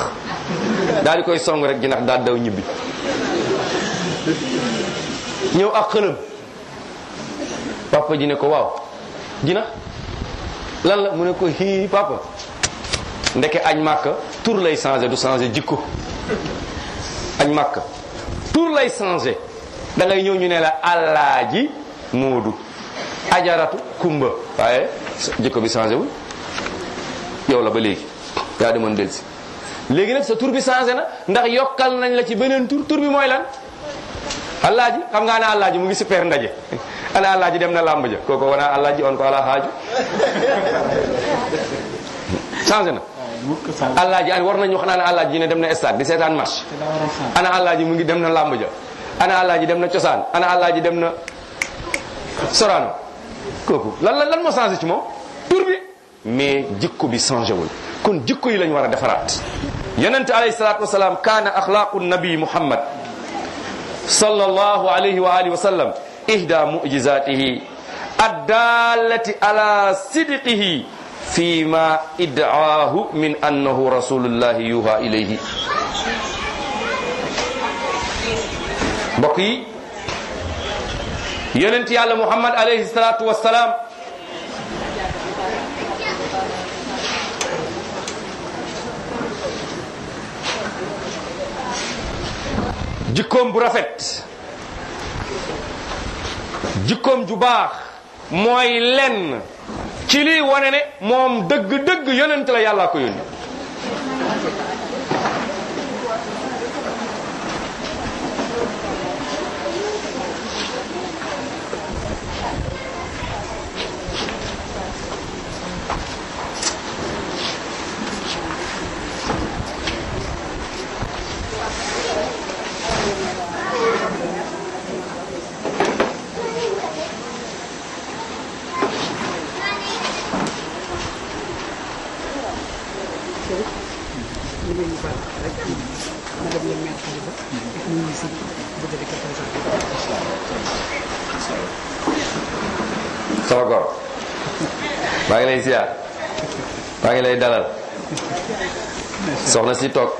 daal koy song rek jinax daal daw ñibbi ñëw ak xëlam papa ji ne ko waaw jinax lan la mu ne ko hii papa ndeke añ màkk tur lay changé du changé jikko añ màkk tur lay changé da ngay ñëw ñu ne la alaaji moodu ajaratu kumba waaye jikko bi changé wul yow la ba léegi yaa demoon delsi léegi nag sa tur bi changé na ndax yokkal nañ la ci beneen tur tur bi mooy lan alaaji xam nga ana alaaji mu ngi super ndaje ana alaaji dem na làmb ja kooku wana alaaji on ko ala haaju changé na alaaji an war nañu wax na ana alaaji ne dem na stade di seetaan mu ngi dem na làmb ja ana alaaji dem na cosaan ana alaaji dem na soraano kooku lan lan lan ci moom tur bi mais jikko bi changé wul kon jikko yi lañ war a defaraat yonente alayhi salaatu wasalaam kaana axlaaqu nabi muhammad sallallahu alayhi wa alihi wa sallam ihda mu'jizatihi addalati ala fi ma idaahu min annahu rasulullahi yuha ilayhi mbokk yi yonent yàlla muhammad alayhi salatu wasalaam jikkoom bu rafet jikkoom ju baax mooy lenn ci lii wane ne moom dëgg-dëgg yonent la yàllaa ko may sama góor maa ngi lay ziar maa ngi lay dalal soxna si toog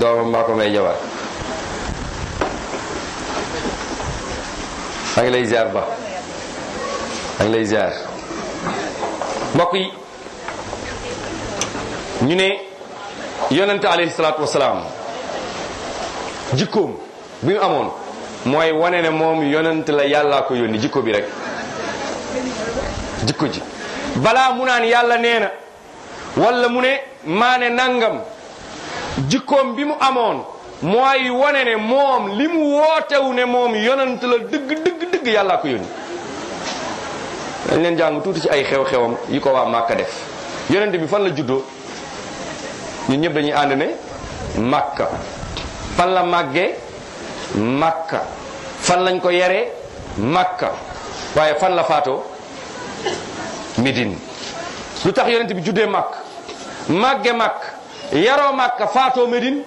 doomam maa ko may jabar maa ngi lay ziar ba maa ngi lay ziar mbokk yi ñu ne. yonente alayhi salaatu salaam jikkoom bi mu amoon mooy wane ne moom yonente la yàllaa ko yónni jikko bi rek jikko ji balaa mu naan yàlla nee na wala mu ne maane nangam jikkoom bi mu amoon mooy wane ne moom li mu wootewu ne moom yonent la dëgg dëgg dëgg yàllaa ko yónni dañ leen jàng tuuti ci ay xew-xewam yi ko waa Màkka def yonent bi fan la juddoo ñun ñëpp dañuy ànd ne Makka fan la màggee Makka fan lañ ko yare Makka waaye fan la faatoo medin lu tax yonent bi juddee màkk màgge màkk yaroo màkk faatoo Médine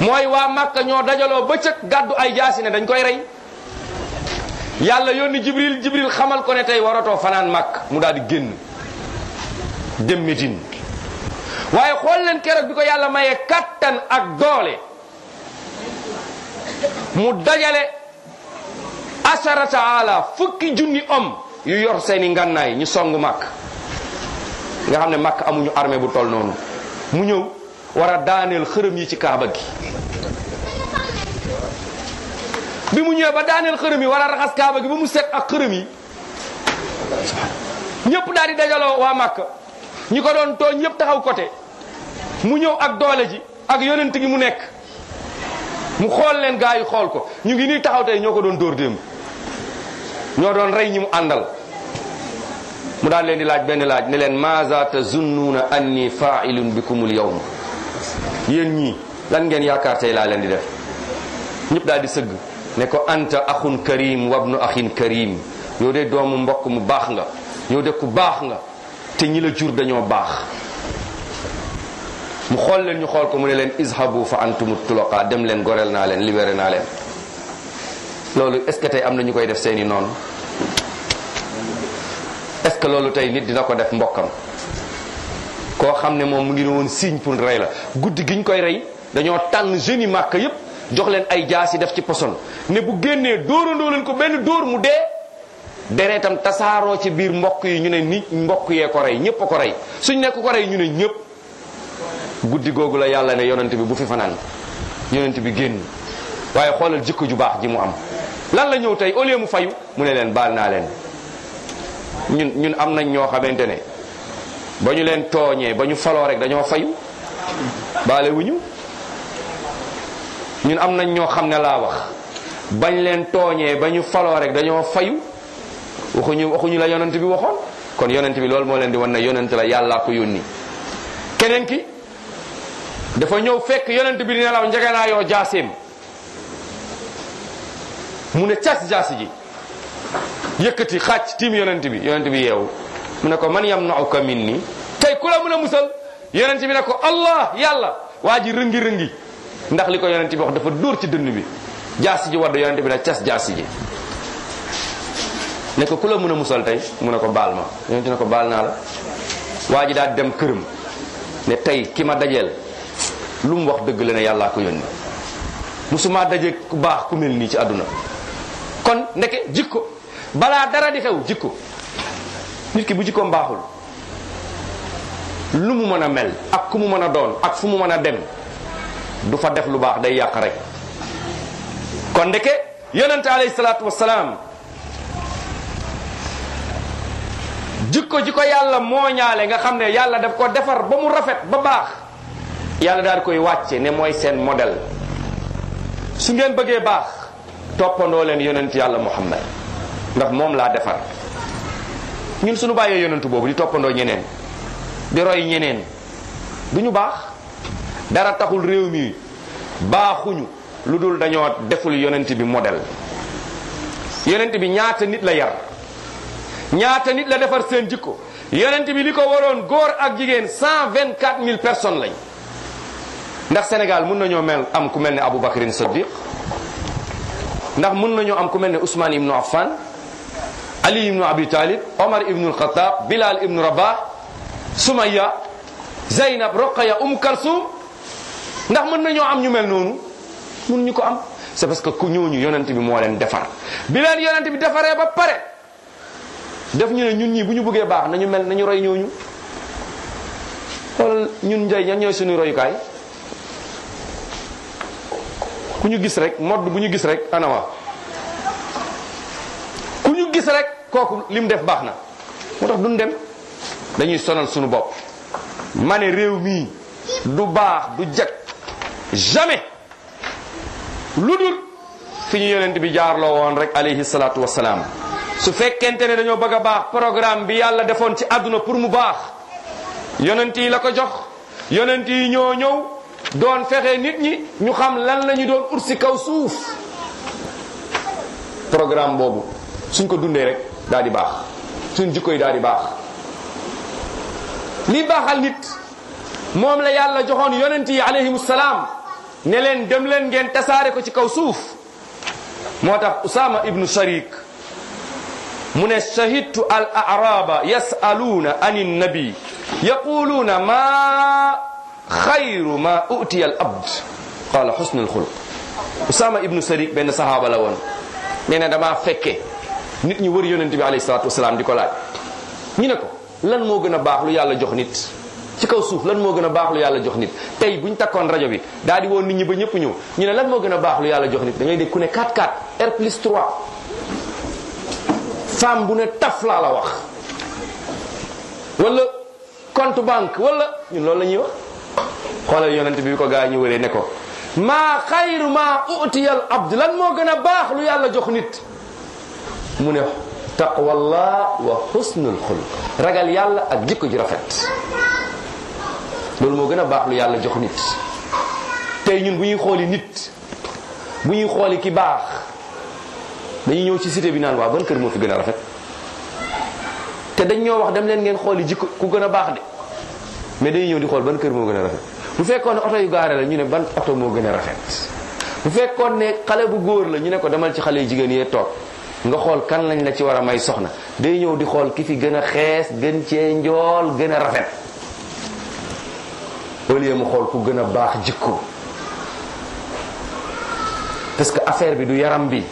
mooy waa màkk ñoo dajaloo bëccëg gàddu ay jaasi ne dañ koy rey yàlla yónni Jibril Jibril xamal ko ne tey waratoo fanaan màkk mu daal di génn dem Médine waaye xool leen keroog bi ko yàlla mayee kattan ak doole mu dajale asharata ala fukki junni om yu yor seeni ngànnaay ñu song màkk nga xam ne màkk amuñu armée bu toll noonu mu ñëw war a daaneel xërëm yi ci kaaba gi bi mu ñëwee ba daaneel xërëm yi war a raxas kaaba gi ba mu set ak xërëm yi ñëpp daal di dajaloo waa màkk ñi ko doon tool ñëpp taxaw côté mu ñëw ak doole ji ak yonent gi mu nekk mu xool leen gaa yi xool ko ñu ngi nii taxaw tey ñoo ko doon dóor démb ñoo doon rey ñi mu àndal mu daal leen di laaj benn laaj ne leen maa maaza tazunnuuna anni faailun bikumul yawm yéen ñii lan ngeen yaakaar tey laa leen di def ñëpp daal di sëgg ne ko anta axun karim ak axin karim yow de doomu mbokk mu baax nga yow de ku baax nga te ñi la jur dañoo baax mu xool leen ñu xool ko mu ne leen izhabu fa antumu tuloqa dem leen goreel naa leen libéré naa leen loolu est ce que tey am na ñu koy def seeni noon est ce que loolu tey nit dina ko def mbokkam koo xam ne moom mu ngi ne woon signe pour rey la guddi gi koy rey dañoo tànn jeunes yi màkk jox leen ay jaas yi def ci poson ne bu génnee dóorandoo leen ko benn dóor mu dee deretam tasaaroo ci biir mbokk yi ñu ne nit mbokk yee ko rey ñépp a ko rey suñ nekk ko rey ñu ne ñëpp guddi googu la yàlla ne yonent bi bu fi fanaan yonent bi génn waaye xoolal jikko ju baax ji mu am lan la ñëw tey au mu fayu mu ne leen baal naa leen ñun ñun am nañ ñoo xamante ne ba ñu leen tooñee ba ñu faloo rek dañoo fayu baale wuñu ñun am nañ ñoo xam ne laa wax bañ leen tooñee ba ñu faloo rek dañoo fayu waxuñu waxuñu la yonent bi waxoon kon yonent bi loolu moo leen di wan na yonent la yàllaa ko yónni keneen ki dafa ñëw fekk yonent bi di nelaw njeganaa yoo jaaseem mu ne cas jaasi ji yëkkati xàcc tiim yonent bi yonent bi yeewu mu ne ko man yam nauka min nii tey ku la mën a musal yonent bi ne ko allah yàlla waa ji rëngi-rëngi ndax li ko yonent bi wax dafa dóor ci dënn bi jaasi ji wadd yonent bi ne cas jaasi ji ne ko ku la mën a musal tey mu ne ko baal ma yonent ne ko baal naa la waa ji daal dem këram ne tey ki ma dajeel lu mu wax dëgg la ne yàllaa ko yónni musuma daje ku baax ku mel nii ci àdduna kon ndeke jikko balaa dara di xew jikko nit ki bu jikkoom baaxul lu mu mën a mel ak ku mu mën a doon ak fu mu mën a dem du fa def lu baax day yàq rek kon ndeke yonente alayhi salaatu wasalaam jikko ji ko yàlla mooñaale nga xam ne yàlla daf ko defar ba mu rafet ba baax yàlla daal di koy wàcce ne mooy seen modèle su ngeen bëggee baax toppandoo leen yonent yàlla muhammad ndax moom laa defar ñun suñu bàyyee yonentu boobu di toppandoo ñeneen di roy ñeneen du ñu baax dara taxul réew mi baaxuñu lu dul dañoo deful yonent bi modèle yonent bi ñaata nit la yar ñaata nit la defar seen jikko yonent bi li ko waroon góor ak jigéen 124 000 personnes lañ ndax Sénégal mun nañoo mel am ku mel ni abu Aboubacar Saddiq ndax mun nañoo am ku mel ne Ousmane Ibnu Affan Ali Ibnu Abi Talib Omar Ibnu Alxataab Bilal Ibnu Rabah Sumaya Zeynab Roqaya Um Kalsum ndax mën nañoo am ñu mel noonu ko am c'est parce que ku ñooñu yonent bi moo leen defar bi leen yonent bi defaree ba pare def ñu ne ñun ñii bu ñu buggee baax nañu mel nañu roy ñooñu xool ñun njay ñan ñooy suñu royukaay ku ñu gis rek modd bu ñu gis rek anama ku ñu gis rek kooku lim def baax na moo tax duñ dem dañuy sonal sunu bopp mane réew mii du baax du jëkk jamais lu dul fi ñu yonent bi jaarloo woon rek alayhi salaatu wasalaam su fekkente ne dañoo bëgg a baax programme bi yàlla defoon ci àdduna pour mu baax yonent yi la ko jox yonent yi ñoo ñëw doon fexe nit ñi ñu xam lan la doon ut si kaw suuf programme boobu suñ ko dundee rek daal baax suñ jikko yi daal di baax li baaxal nit moom la yàlla joxoon yonent yi alayhimu salaam ne leen dem leen ngeen tasaare ko ci kaw suuf moo tax Usaama ibnu Sharik mu ne shahidtu al araba yasaluuna an innabi yaquluuna ma xayru ma utiya al abd qaala xusnul xuluq Usaama ibnu Sarik benn sahaaba la woon nee na damaa fekke nit ñi wër yonent bi alayhi salaatu wasalaam di ko laaj ñu ne ko lan moo gën a baax lu yàlla jox nit ci kaw suuf lan moo gën a baax lu yàlla jox nit tey bu ñu takkoon rajo bi daa di woon nit ñi ba ñëpp ñëw ñu ne lan moo gën a baax lu yàlla jox nit da ngay dégg ku ne 4 4 R plus 3 femme bu ne taf laa la wax wala compte banque wala ñun loolu la ñuy wax xoolal yonent bi ko gaa ñu wëree ne ko maa xayru maa utiyal abd lan moo gën a baax lu yàlla jox nit mu ne taqwallah wa xusnul xuluq yàlla ak jikko ji rafet moo gën a baax yàlla jox nit tey ñun bu ñuy xooli nit bu ñuy xooli ki baax dañuy ñëw ci site bi naan waa ban kër moo fi gën a rafet te dañ ñoo wax dem leen ngeen xooli jikko ku gën a baax de mais dañuy ñëw di xool ban kër moo gën a rafet bu fekkoon ne oto yu gaare la ñu ne ban oto moo gën a rafet bu fekkoon ne xale bu góor la ñu ne ko demal ci xale yu jigéen yee toog nga xool kan lañ la ci war a may soxna day ñëw di xool ki fi gën a xees gën cee njool gën a rafet au mu xool ku gën a baax jikko parce que affaire bi du yaram bi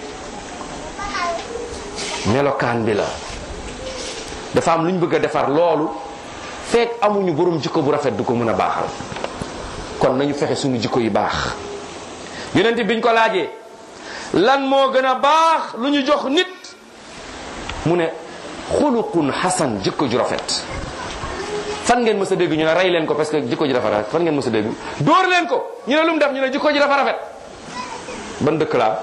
melokaan bi la dafa am lu ñu bëgg a defar loolu fekk amuñu borom jikko bu rafet du ko mën a baaxal kon nañu fexe suñu jikko yi baax yonent biñ ko laajee lan moo gën a baax lu ñu jox nit mu ne xuluqun xasan jikko ju rafet fan ngeen mës dégg ñu ne rey leen ko parce que jikko ji dafa rafet fan ngeen mës a dégg dóor leen ko ñu ne lu mu ñu ne jikko ju dafa rafet ban dëkk laa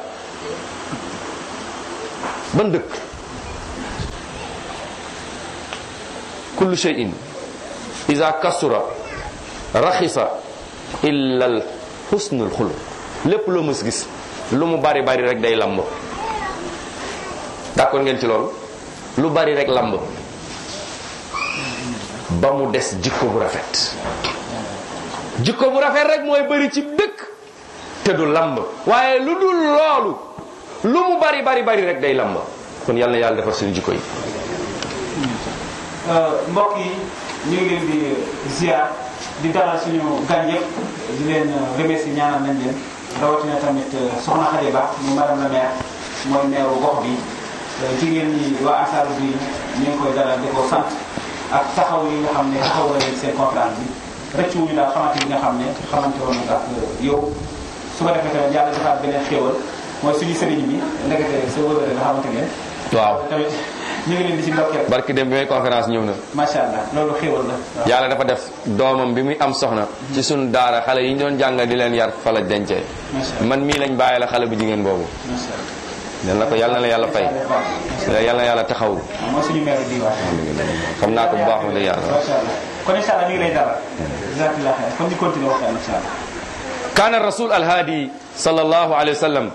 ban dëkk kullu shay'in iza kasura raxisa illal xusnul xulu lépp loo mës gis lu mu bari bari rek day lamb d'accord ngeen ci loolu lu bari rek lamb ba mu des jikko bu rafet jikko bu rafet rek mooy bari ci dëkk te du lamb waaye lu dul loolu lu mu bari bari bari rek day lamb kon yàlla yàlla defar suñu jikko yi euh, di dalal suñu gan yëpp di leen euh, remercier ñaanal nañ leen rawatina tamit euh, soxna Xadi Ba ñu ma la maire mooy maire gox bi jigéen euh, ñi waa Ansaaru bi ñu ngi koy dalal di ko sant ak taxaw yi nga xam ne taxaw na leen seen conférence bi rëccu wuñu daal xamante yi nga xam ne xamante woon ak yow su ko defee tamit yàlla defaat beneen xéewal mooy suñu sëriñ bi ndekete sa wëlëre nga xamante ne waaw ñu ngi leen di barki dem bi may conférence ñëw na macha allah loolu xéwal la dafa def doomam bi muy am soxna ci suñu daara xale yi ñu doon jàngal di leen yar fala la man mii lañ bàyyi la xale bu jigéen boobu yal na ko yal la yàlla fay yal yàlla taxaw xam naa ko bu baax ma da yàlla kon incha allah ñu ngi lay dara jazakallah alhaadi sallallahu alayhi wa sallam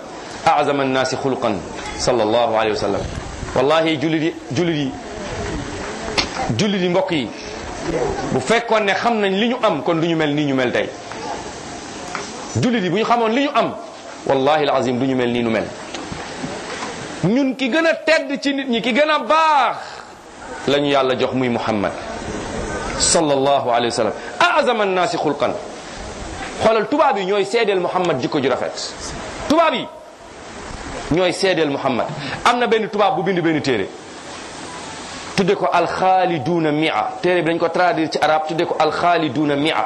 aazama annaasi xuluqan sallallahu wallahi jullit yi jullit yi jullit yi mbokk yi bu fekkoon ne xam nañ li ñu am kon du ñu mel nii ñu mel tey jullit yi bu ñu xamoon li ñu am wallahi alazim du ñu mel nii ñu mel ñun ki gën a tedd ci nit ñi ki gën a baax la ñu yàlla jox muy muhammad sallallahu alayhi wa sallam azama annaasi xulqan xoolal tubaab yi ñooy seedeel muhammad jikko ju rafet tubaab yi ñooy seedeel Muhammad am na benn tubaab bu bind benn téere tudde ko alxaaliduuna mia téere bi dañ ko traduire ci arabe tudde ko alxaaliduuna mia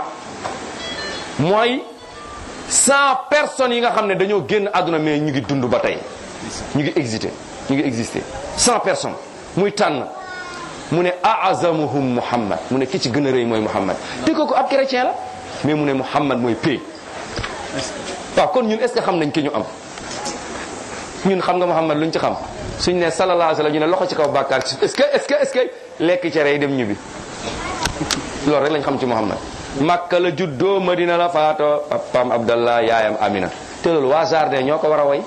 mooy cent personnes yi nga xam ne dañoo génn àdduna mais ñu ngi dund ba tey ñu ngi existé ñu ngi existé cent personnes muy tànn mu ne aazamuhum Muhammad mu ne ki ci gën a rëy mooy Muhammad te ko ab chrétien la mais mu ne Muhammad mooy pay waaw kon ñun est ce que xam nañ ki ñu am ñun xam nga Muhammad luñ ci xam suñ ne sallallahu alayhi wa ñu ne loxo ci kaw bàkkaar ci est-ce que que lekk cere yi dem ñibbi loolu rek lañ xam ci Muhammad makk la juddoo Madina la faato papam Abdallah yaayam Amina te loolu waa jardin ñoo ko war a way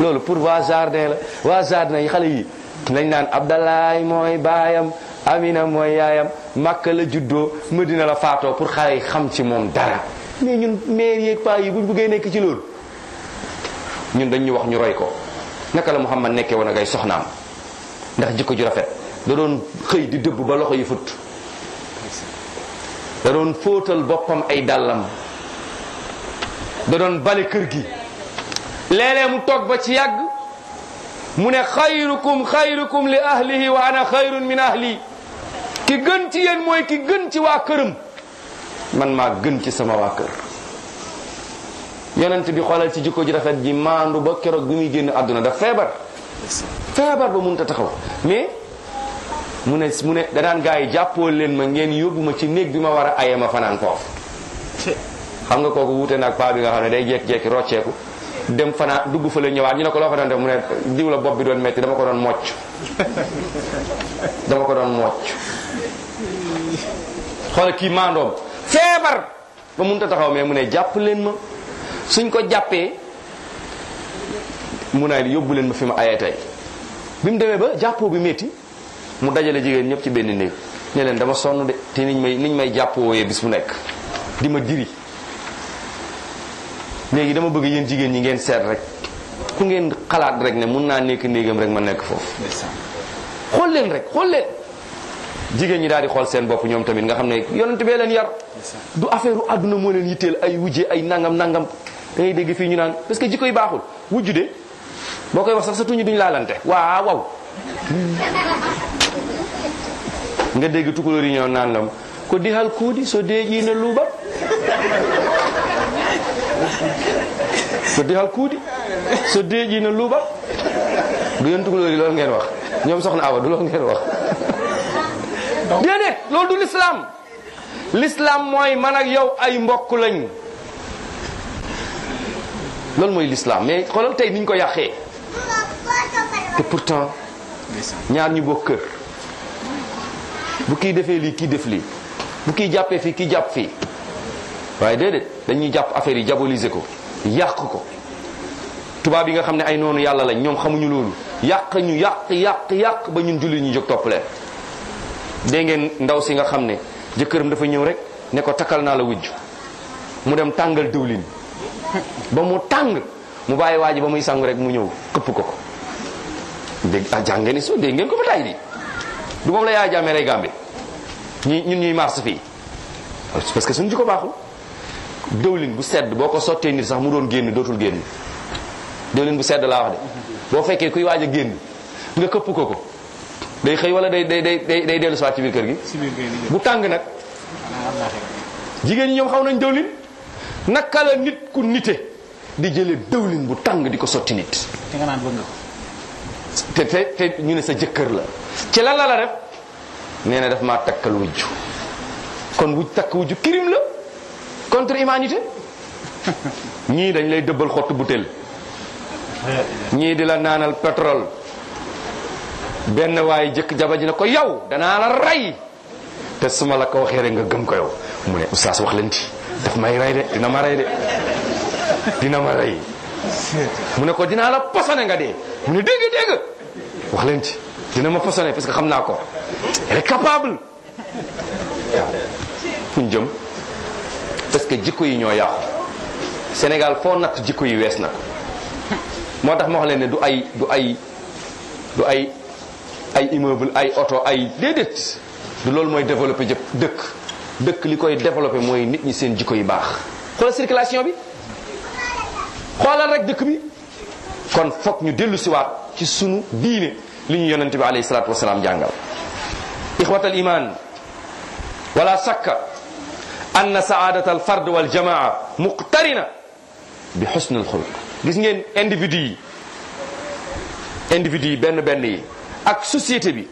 loolu pour waa jardin la waa jardin yi xale yi nañ naan Abdallah mooy baayam Amina mooy yaayam Makka la juddoo Madina la faatoo pour xale yi xam ci moom dara mais ñun mère yeeg paa yi buñ bëggee nekk ci loolu ñun dañ wax ñu roy ko naka la mu xam Muhammad nekkee woon ak ay soxnaam ndax jikko ju rafet da doon xëy di dëbb ba loxo yi fut da doon fóotal boppam ay dàllam da doon bale kër gi léeg mu toog ba ci yàgg mu ne xayrukum xayrukum li ahlihi wa ana xayrun min ahli ki gën ci yéen mooy ki gën ci waa këram man maa gën ci sama waa kër yonent bi xoolal ci jikko ji rafet ji maandu ba keroog bi muy génn àdduna daf feebar feebar ba mënut taxaw mais mu ne mu ne danaan gars yi jàppoo leen ma ngeen yóbbu ma ci néeg bi ma war a aye ma fanaan foofu xam nga kooku wuute naag paa bi nga xam ne day jekki-jekki rocceeku dem fanaan dugg fa la ñu ne ko loo ko mu ne la bopp bi doon metti dama ko doon mocc dama ko doon mocc xoolal taxaw mais mu ne jàpp leen ma suñ ko jàppee mu naa yóbbu leen ma fi ma ayee bi mu demee ba jàppoo bi métti mu dajale jigéen ñëpp ci benn néeg ne leen dama sonn de te niñ may niñ may jàppooyee bis mu nekk di ma diri léegi dama bëgg yéen jigéen ñi ngeen seet rek ku ngeen xalaat rek ne mun naa nekk néegam rek ma nekk foofu xool leen rek xool leen jigéen ñi daal di xool seen bopp ñoom tamit nga xam ne yonent bee leen yar du affaire àdduna moo leen yitteel ay wujje ay nangam nangam da ngay dégg fii ñu naan parce que jikko yi baaxul wujju de boo koy wax sax sa tuñu duñ laalante waaw waaw nga dégg tukulóor yi naan la ko dihal kuudi so deeƴi no luuɓa so dihal kuudi so deeƴi no luuɓa du yéen tukulóor yi loolu ngeen wax ñoom soxna Awa du loolu ngeen wax déedéet loolu du l'islam l'islam mooy man ak yow ay mbokk lañ loolu mooy l'islam mais xoolal tey ni ñu ko yàqee te pourtant ñaar ñu bokk kër bu kii defee lii kii def lii bu kii jàppee fii kii jàpp fii waaye déedéet dañuy jàpp affaire yi diaboliser ko yàq ko tubaab yi nga xam ne ay noonu yàlla lañ ñoom xamuñu loolu yàq ñu yàq yàq yàq ba ñu jullit ñu jóg topp de ngeen ndaw si nga xam ne jëkkëram dafa ñëw rek ne ko takkal naa la wujj mu dem tàngal diwlin ba mu tàng mu bàyyi waa ji ba muy sangu rek mu ñëw këpp ko ko dégg ah jàng ngeen so dégg ngeen ko ba tay di du moom la yaa jaamee rey gambe ñi ñun ñuy mars fii parce que suñu jikko baaxul dëwlin bu sedd boo ko sottee nit sax mu doon génn dootul génn dëwlin bu sedd laa wax de boo fekkee kuy waaj a génn nga këpp ko ko day xëy wala day day day day dellu si ci biir kër gi bu tàng nag jigéen ñi ñoom xaw nañ dëwlin naka la nit ku nite di jële dëwlin bu tàng di ko sotti nit. te nga naan bëgg ñu ne sa jëkkër la ci lan la la def nee na daf ma takkal wujju kon wuj takk wujju crime la contre humanité ñii dañ lay dëbbal xottu butéel ñii di la naanal pétrole benn waaye jëkk jabar ji na ko yow danaa la rey te su ma la ko waxee rek nga gëm ko yow mu ne oustaz wax leen ci. daf may rey de dina ma rey de dina ma rey mu ne ko dinaa la posone nga dee mu ne dégg dégg wax leen ci dina ma posone parce que xam naa ko elle capable fu ñu jëm parce que jikko yi ñoo yàqu Sénégal foo natt jikko yi wees na ko moo tax ma wax leen ne du ay du ay du ay ay immeuble ay oto ay déedéet du loolu mooy développé jëpp dëkk dëkk li koy développé mooy nit ñi seen jikko yu baax xoolal circulation bi xoolal rek dëkk bi kon foog ñu dellu siwaat ci sunu diine li ñu yonente bi alayhi salaatu wasalaam jàngal ixwatal iman wala sakka ann saadata al fard wal bi xusnul ngeen individu yi individu yi benn benn yi ak société bi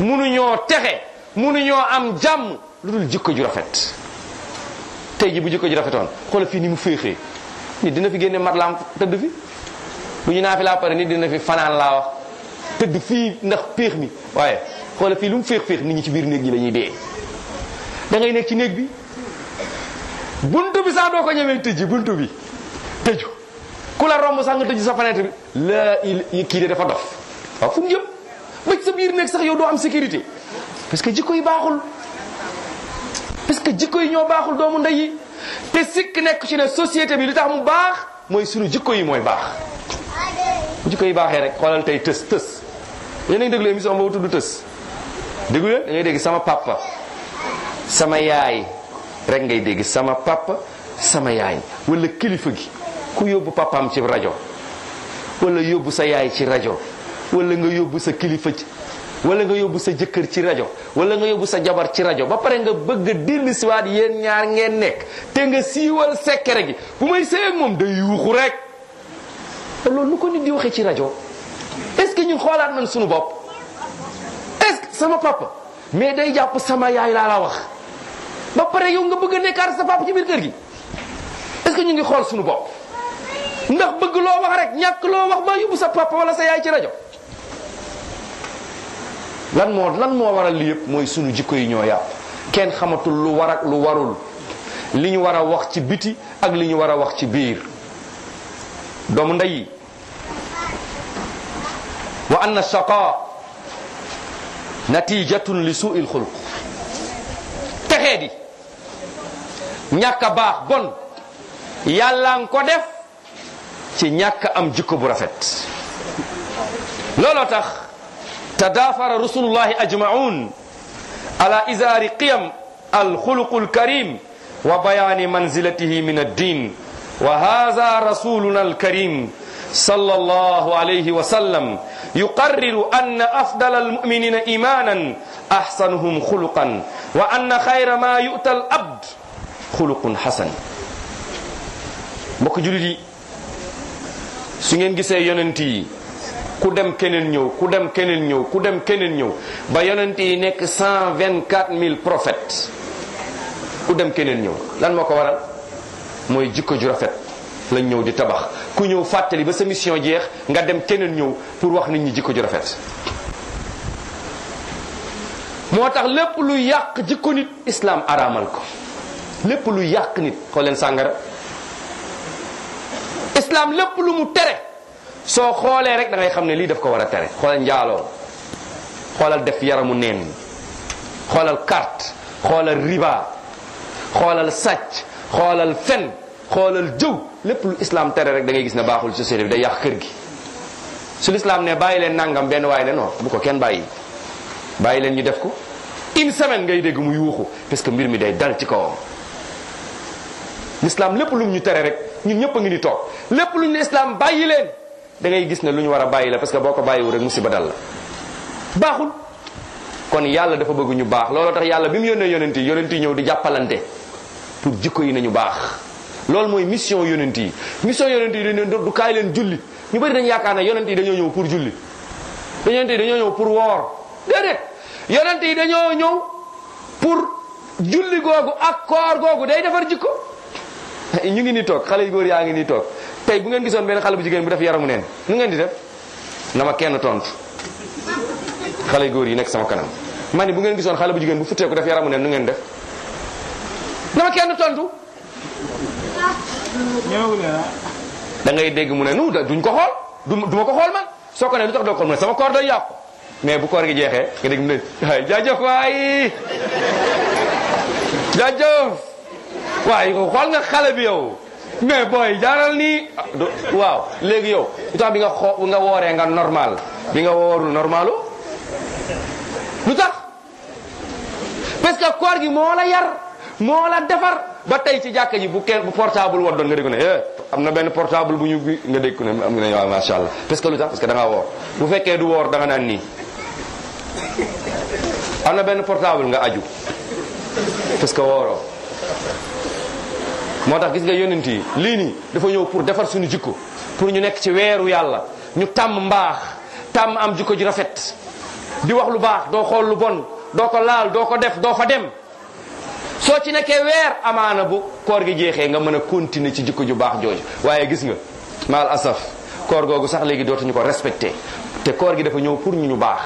munuñoo texe munuñoo am jàmm lu dul jikko ju rafet tey ji bu jikko ju rafetoon xoolal fii ni mu féexee nit dina fi génne matlaam tëdd fi bu ñu naa fi laa pare nit dina fi fanaan laa wax tëdd fii ndax péex mi waaye xoolal fii lu mu féex féex nit ñi ci biir néeg ñi la ñuy dee da nekk ci néeg bi buntu bi sax doo ko ñemee tëjji buntu bi tëju ku la romb sax nga tëj sa fenêtre bi la il kii de dafa dof waaw fu mu jëm sa biir néeg sax yow doo am sécurité parce que jikko yi baaxul parce que jikko yi ñoo baaxul doomu ndey yi te sikk nekk ci ne société bi li tax mu baax mooy sunu jikko yi mooy baax bu jikko yi baaxee rek xoolal tey tës tës yéen a ngi déglu émission boobu tudd tës déglu leen da dégg sama papa sama yaay rek ngay dégg sama papa sama yaay wala kilifa gi ku yóbbu papam ci rajo wala yóbbu sa yaay ci rajo wala nga yóbbu sa kilifa ci wala nga yóbbu sa jëkkër ci rajo wala nga yóbbu sa jabar ci rajo ba pare nga bëgg a dellusiwaat yéen ñaar ngeen nekk te nga siiwal sekkere gi bu may seeg moom day yuuxu rek loolu lu ko nit di waxee ci rajo est-ce que ñun xoolaat nañ suñu bopp est sama papa mais day jàpp sama yaay laa la wax ba pare yow nga bëgg a nekkaat sa papa ci biir gi est ñu ngi xool sunu bopp ndax bëgg loo wax rek ñàkk loo wax ba yóbbu sa papa wala sa yaay ci rajo. lan moo lan moo waral li yëpp mooy sunu jikko yi ñoo yàqu kenn xamatul lu war lu warul li ñu war a wax ci biti ak li ñu war a wax ci biir doomu ndey yi wa anna shaqa natijatun li suu'il xulq texee di ñàkk a baax bon yàlla nga ko def ci ñàkk am jikko bu rafet looloo tax tadaafara rusulullahi ajmaun ala izaari qiyam alxuluqu alkarim wa bayaani manzilatihi min addin wa hada rasuluna alkarim صلى الله عليه وسلم يقرر أن أفضل المؤمنين إيمانا أحسنهم خلقا وأن خير ما يؤتى الأبد خلق حسن mbokk jullit yi su ngeen gisee yonent yi ku dem keneen ñëw ku dem keneen ñëw ku dem keneen ñëw ba yonent yi nekk cent vingt mille prophètes ku dem keneen ñëw lan moo ko waral mooy jikko ju rafet lañ ñëw di tabax ku ñëw fàttali ba sa mission jeex nga dem keneen ñëw pour wax nit ñi jikko ju rafet moo tax lépp lu yàq jikko nit islaam araamal ko lépp lu yàq nit xooleen sàngara islam lépp lu mu tere soo xoolee rek da ngay xam ne lii daf ko war a tere xoolal njaaloo xoolal def yaramu neen xoolal carte xoolal riba xoolal sàcc xoolal fen xoolal jëw lépp lu islaam tere rek da gis ne baaxul société bi day yàq kër gi su lislaam ne bàyyi leen nangam benn waaye ne non bu ko kenn bàyyi bàyyi leen ñu def ko une semaine ngay dégg mu yuuxu parce que mbir mi day dal ci kawam lislaam lépp lu ñu tere rek ñun ñëpp a ngi ni toog lépp lu ñu ne islaam bàyyi dangay gis ne lu ñu war a bàyyi la parce que boo ko bàyyiwu rek musiba dal la baaxul kon yàlla dafa bëgg ñu baax looloo tax yàlla bi mu yónnee yonent yi yonent ñëw di jàppalante pour jikko yi nañu baax loolu mooy mission yonent yi mission yonent yi dañu du kaay leen julli ñu bëri dañu yaakaar ne yonent yi dañoo ñëw pour julli yonent dañoo ñëw pour woor déedéet yonent dañoo ñëw pour julli googu ak koor googu day defar jikko ñu ngi ni toog xale yu góor yaa ngi ni toog tey bu ngeen gisoon benn xale bu jigéen bu def yaramu neen nu ngeen di def na ma kenn tontu xale góor yi nekk sama kanam ma ni bu ngeen gisoon xale bu jigéen bu futteeku def yaramu neen nu ngeen def na ma kenn tontu. dangay dégg mu ne nu duñ ko xool duma ko xool man soo ko nee lu tax doo ko xool mu ne sama koor day yàqu mais bu koor gi jeexee nga dégg mu ne ay waay jaajëf waay xool nga xale bi yow. mais booy jaaral nii ah, waaw léegi yow lu tax bi nga xoo wooree nga normal bi nga woorul normalu lu tax parce que koor gi moo la yar moo la defar ba tey ci jàkka ji bu kenn bu portable war doon nga dégg ne eh, am na benn portable bu ñu nga dégg ko ne am nga ne waaw macha allah parce que lu tax parce bu fekkee du woor da nga na benn portable nga aju parce que wooroo moo tax gis nga yonent yi lii nii dafa ñëw pour defar suñu jikko pour ñu nekk ci weeru yàlla ñu tàmm mbaax tàmm am jikko ji rafet di wax lu baax doo xool lu bon doo ko laal doo ko def doo fa dem soo ci nekkee weer amaana bu koor gi jeexee nga mën a ci jikko ju baax jooju waaye gis nga maal asaf koor googu sax léegi dootuñu ko respecté te koor gi dafa ñëw pour ñu ñu baax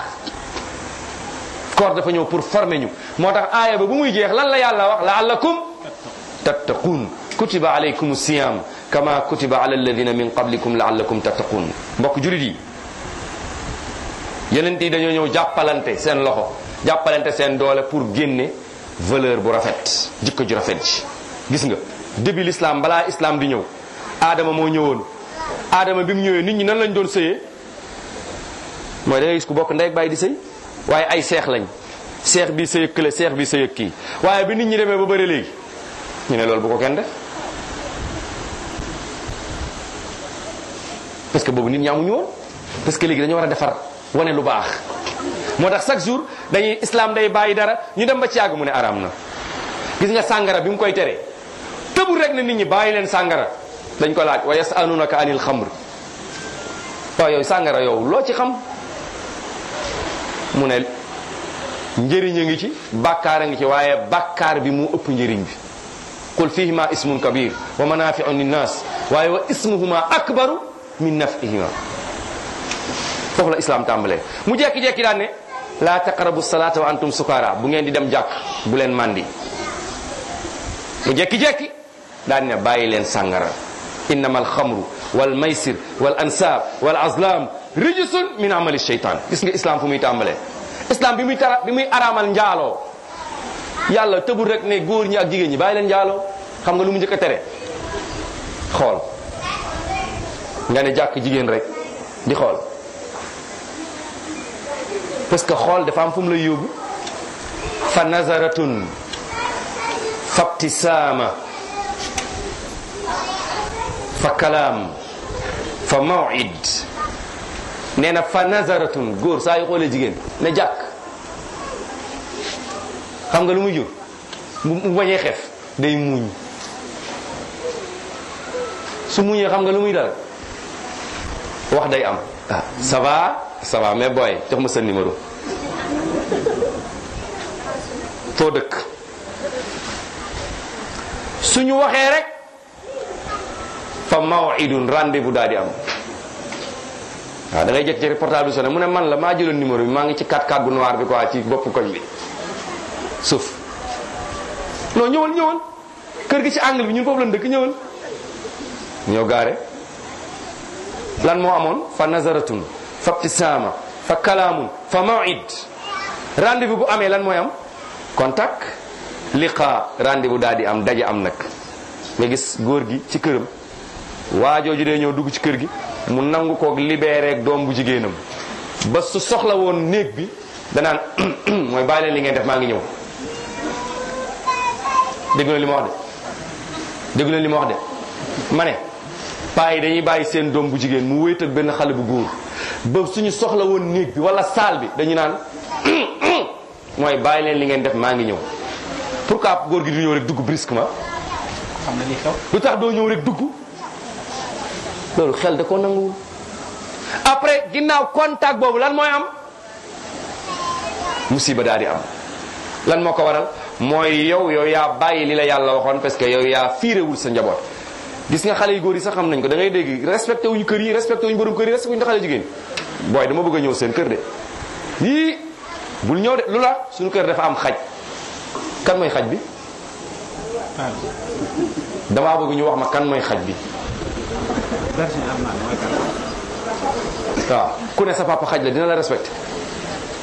koor dafa ñëw pour former ñu moo tax aaya ba bu muy jeex lan la yàlla wax la allakum tattaqun kutiba alaykum siyam kama kutiba ala alladina min qablikum laallakum tattaqun mbokk julit yi yeneen yi dañoo ñëw jàppalante seen loxo jàppalante seen doole pour génne valeur bu rafet jikko ju rafet ji gis nga début l'islam balaa islam di ñëw aadama moo ñëwoon aadama bi mu ñëwee nit ñi nan lañ doon sëyee mooy da gis ku bokk ndey ak baay di sëy waaye ay seex lañ seex bi sëy ak kële seex bi sëy ak kii waaye bi nit ñi demee ba bëri léegi ñu ne loolu bu ko kenn parce que boobu nit ñi amuñu woon parce que léegi dañoo war a defar wane lu baax moo tax chaque jour dañu islam day bàyyi dara ñu dem ba ci yàgg mu ne araam na gis nga sàngara bi mu koy tere tëbul rek na nit ñi bàyyi leen sàngara dañ ko laaj wa yasalunaka anil xamr waaw yow sàngara yow loo ci xam mu ne njëriñ a ngi ci bàkkaar ngi ci waaye bàkkaar bi mu ëpp njëriñ bi qul fihima ismun kabir wa manafiu linnas waaye wa ismuhuma akbaru min nafihima foofu la mu jekki-jekki daan ne taqrabu salaata wantu antum sukaara bu ngeen di dem jàkk bu leen mandi mu jekki-jekki daan ne bàyyi leen sàngara innama alxamru wal maysir wal ansaab wal azlam rijisun min amali sheytan gis nga islam muy tàmbalee islam bi muy tara bi muy araamal njaaloo yàlla tëbul rek ne góor ñi ak jigéen ñi bàyyi leen njaaloo xam nga lu mu njëkk a tere xool nga ne jàkk jigéen rek di xool parce que xool dafa am fu mu lay yóbbu fa nazaratun fa ibtisaama fa kalaam fa mawid nee na fa nazaratun góor saa yu xoolee jigéen ne jàkk xam nga lu muy jur mu bañee xef day muuñ su muñee xam nga lu muy dal wax day am saba ah. ça va ça booy jox ma sa numéro foo dëkk suñu waxee rek fa mawidun rendez-vous daal di am waaw ah, da ngay jékki-jékki portable bi sonné mu ne man la maa jëloon numéro bi maa ngi ci 4-4 bu noir bi quoi ci bopp koñ bi suuf non ñëwal ñëwal kër gi ci angle bi ñun foofu lañ dëkk ñëwal ñëw gaare lan moo amoon fa nazaratun fa ibtisaama fa kalaamun fa mawid rendez bu amee lan mooy am contact liqa rendez-vous daal di am daje am nag nga gis góor gi ci këram waajooju dee ñëw dugg ci kër gi mu nangu kook libéré ak doom bu jigéenam ba su soxla woon néeg bi danaan mooy bàyyi li ngeen def maa ngi ñëw dégg leen li ma de dégg leen de ma paa dañuy bàyyi seen doom bu jigéen mu wéet ak benn xale bu góor ba suñu soxla woon néeg bi walla saal bi dañu naan mooy bàyyi leen li ngeen def maa ngi ñëw pour pourquoi góor gi du ñëw rek dugg brusquement xam lu tax doo ñëw rek dugg loolu xel da ko nanguwul après ginnaaw contact boobu lan mooy am musiba daal di am lan moo ko waral mooy yow yow yaa bàyyi li la yàlla waxoon parce que yow yaa fiirewul sa njaboot gis nga xale yu góor yi sax xam nañ ko da ngay dégg respecté wuñu kër yi respecté wuñu borom kër yi respecté wuñu xale jigéen booy dama bëgg a ñëw seen kër de bul ñëw de lu la suñu dafa am xaj kan mooy xaj bi damaa bëgg wax ma kan mooy xaj bi waaw ku ne sa papa xaj la dina la respecté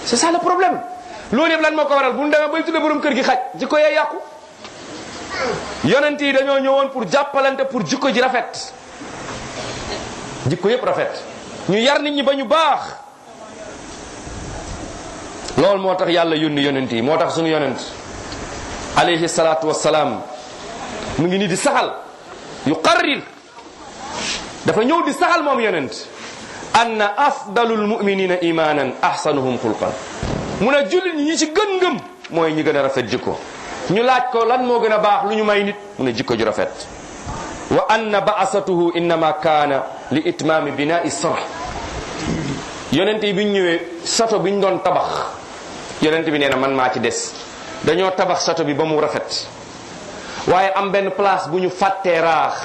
c'est ça le problème loolu yëpp lan moo ko waral bu ñu demee bay tudde borom kër gi xaj jikko yee yàqu yonent yi dañoo ñëwoon pour jàppalante pour jikko ji rafet jikko yépp rafet ñu yar nit ñi ba ñu baax loolu moo tax yàlla yónni yonent moo tax suñu yonent alayhi salaatu wassalaam mu ngi nii di saxal yu qarrir dafa ñëw di saxal moom yonent anna afdalul muminina imanan ahsanuhum xulqan mun a jullit ñi ci gën ngëm mooy ñi gën a rafet jikko ñu laaj ko lan moo gën a baax lu ñu may nit mu ne jikko ju rafet wa anna baasatuhu innama kaana li itmaami binaa sarh yonent yi bi ñëwee sato bi ñu tabax yonent bi nee na man maa ci des dañoo tabax sato bi ba mu rafet waaye am benn place bu ñu fàttee raax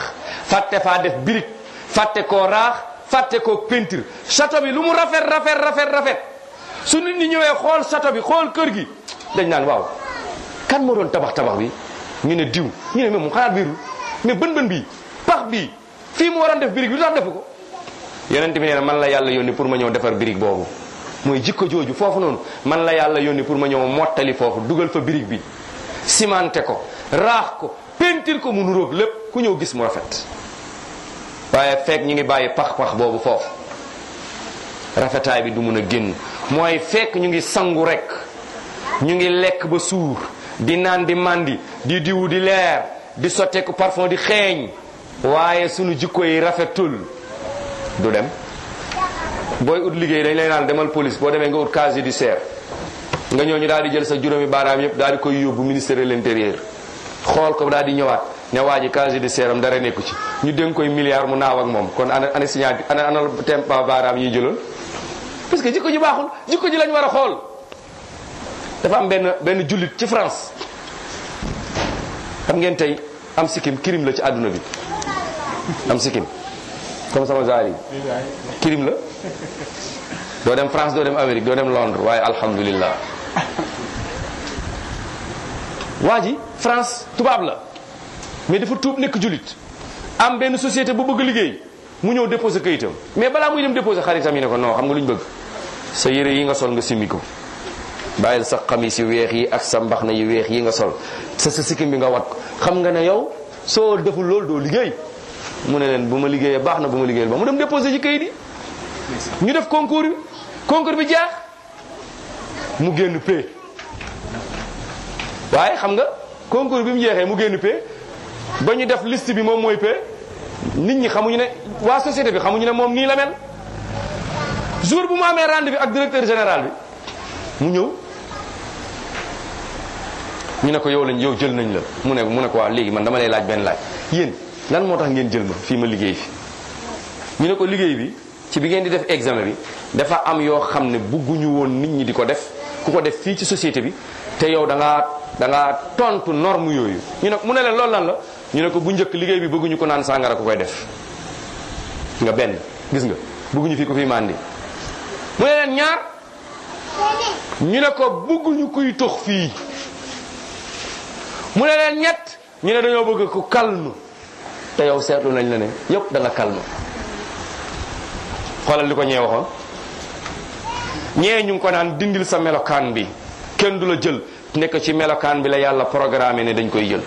fàtte faa def brique fàtte koo raax fàtte koo peinture sato bi lu mu rafet rafet rafet rafet su nit ñi ñëwee xool sato bi xool kër gi dañ naan waaw kan moo doon tabax tabax bi ñu ne diw ñu ne mais moom xalaat biirul mais bën bën bii pax bii fii mu waroon def birig bi lu tax defu ko yonent bi nee man la yàlla yoon yónni pour ma ñëw defar birig boobu mooy jikko jooju foofu noonu man la yàlla yoon yónni pour ma ñëw mottali foofu dugal fa birig bi cimenté ko raax ko peinture ko mu nuróog lépp ku ñëw gis mu rafet waaye fekk ñu ngi bàyyi pax-pax boobu foofu rafetaay bi du mun a génn mooy fekk ñu ngi sangu rek ñu ngi lekk ba suur di naan di màndi di diwu di leer di sotteeku parfum di xeeñ waaye sunu jikko yi rafetul du dem booy ut liggéey dañ lay naan demal police boo demee nga ut casier judiciaire nga ñëw ñu daal di jël sa juróomi baaraam yëpp daal di koy yóbbu ministère de xool ko daal di ñëwaat ne waa ji casier judiciaire am dara nekku ci ñu dénk koy milliard mu naaw ak moom kon ana ana signat ana ana tempa baaraam yi jëloon parce que jikko ji baaxul jikko ji lañ war a xool dafa am benn benn jullit ci France xam ngeen tey am sikkim kirim la ci àdduna bi am sikkim comme sama genre yi kirim la doo dem France doo dem Amérique doo dem Londres waaye alhamdulillah waa ji France tubaab la mais dafa tuub nekk jullit am benn société bu bëgg liggéey mu ñëw déposé kayitam mais balaa muy dem déposé xaritam yi ne ko non xam nga lu ñu bëgg sa yére yi nga sol nga simmi ko bàyyil sa xamis yu weex yi ak sa mbaxna yu weex yi nga sol sa sa sikkim bi nga wat ko xam nga ne yow soo deful loolu doo liggéey mu ne leen bu ma liggéeyee baax na bu ma liggéeyal ba mu dem déposé ci kayit ñu def concours bi concours bi mu génn pee waaye xam nga concours bi mu jeexee mu génn pee ba ñu def liste bi moom mooy pee nit ñi xamuñu ne waa société bi xamuñu ne moom nii la mel jour bu mu amee rendez bi ak directeur général bi mu ñëw ñu ne ko yow lañ yow jël nañ la mu ne mu ne ko waaw léegi man dama lay laaj benn laaj yéen lan moo tax ngeen jël ma fii ma liggéey fi ñu ne ko liggéey bi ci bi ngeen di def examen bi dafa am yoo xam ne bugguñu woon nit ñi di ko def ku ko def fii ci société bi te yow da ngaa da tontu norme yooyu ñu ne mu ne leen loolu lan la ñu ne ko bu njëkk liggéey bi bëgguñu ko naan sàngara ku koy def nga benn gis nga bëgguñu fii ko fi màndi mu ne leen ñaar ñu ne ko bëgguñu kuy tox fii mu ne leen ñett ñu ne dañoo bëgg ku calme te yow seetlu nañ la ne yëpp da nga xoolal li ko ñee waxoon ñee ñu ngi ko naan dindil sa melokaan bi kenn du la jël nekk ci melokaan bi la yàlla programme ne dañ koy jël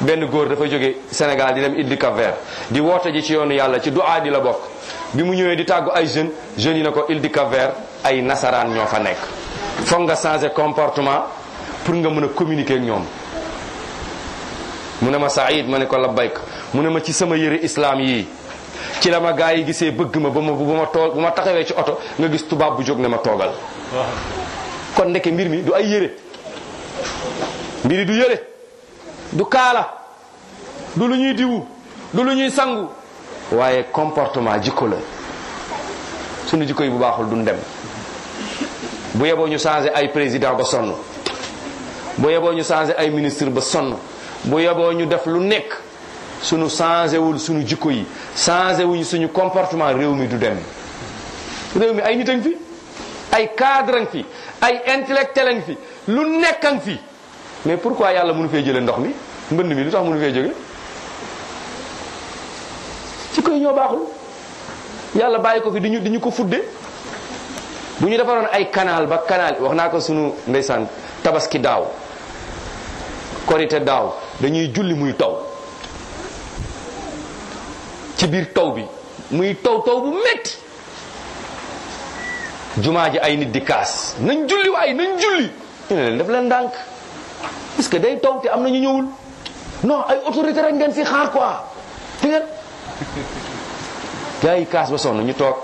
benn góor dafa jóge Sénégal di dem Iddi Cap Vert di woote ji ci yoonu yàlla ci duaa di la bokk bi mu ñëwee di tàggu ay jeunes jeunes yi ne ko Iddi Cap Vert ay nasaraan ñoo fa nekk foog nga changer comportement pour nga mën a communiquer ak ñoom mu ne ma Saïd ma ne ko labbayk mu ne ma ci sama yére islaam yii ci la ma gaa yi gisee bëgg ma ba ma bu ma tool bu ma taxawee ci oto nga gis tubaab bu jóg ne ma toogal kon ndeke mbir mi du ay yére mbiri du yëre du kaala du lu ñuy diwu du lu ñuy sangu waaye comportement jikko la sunu jikko yi bu baaxul duñ dem bu yeboo ñu changé ay président ba sonn bu yeboo ñu changé ay ministre ba sonn bu yoboo ñu def lu nekk suñu changé wul suñu jikko yi changé wuñu suñu comportement réew mi du dem réew mi ay nit a fi ay cadre fi ay intellectuel a fi lu nekk a ngi fi mais pourquoi yàlla munu fee jëlee ndox mi mbënn mi lu tax munu fee jóge jikko yi ñoo baaxul yàlla bàyyi ko fi di ñu di ñu ko fudde bu ñu defaroon ay canal ba canal wax naa ko sunu ndeysaan tabaski daaw korite daaw dañuy julli muy taw ci biir taw bi muy taw taw bu metti jumaa ji ay nit di kaas nañ julli waaye nañ julli ñu ne leen def leen dànk parce que day taw te am na ñu ñëwul no ay autorité rek ngeen fi xaar quoi te ngeen gars yi kaas ba sonn ñu toog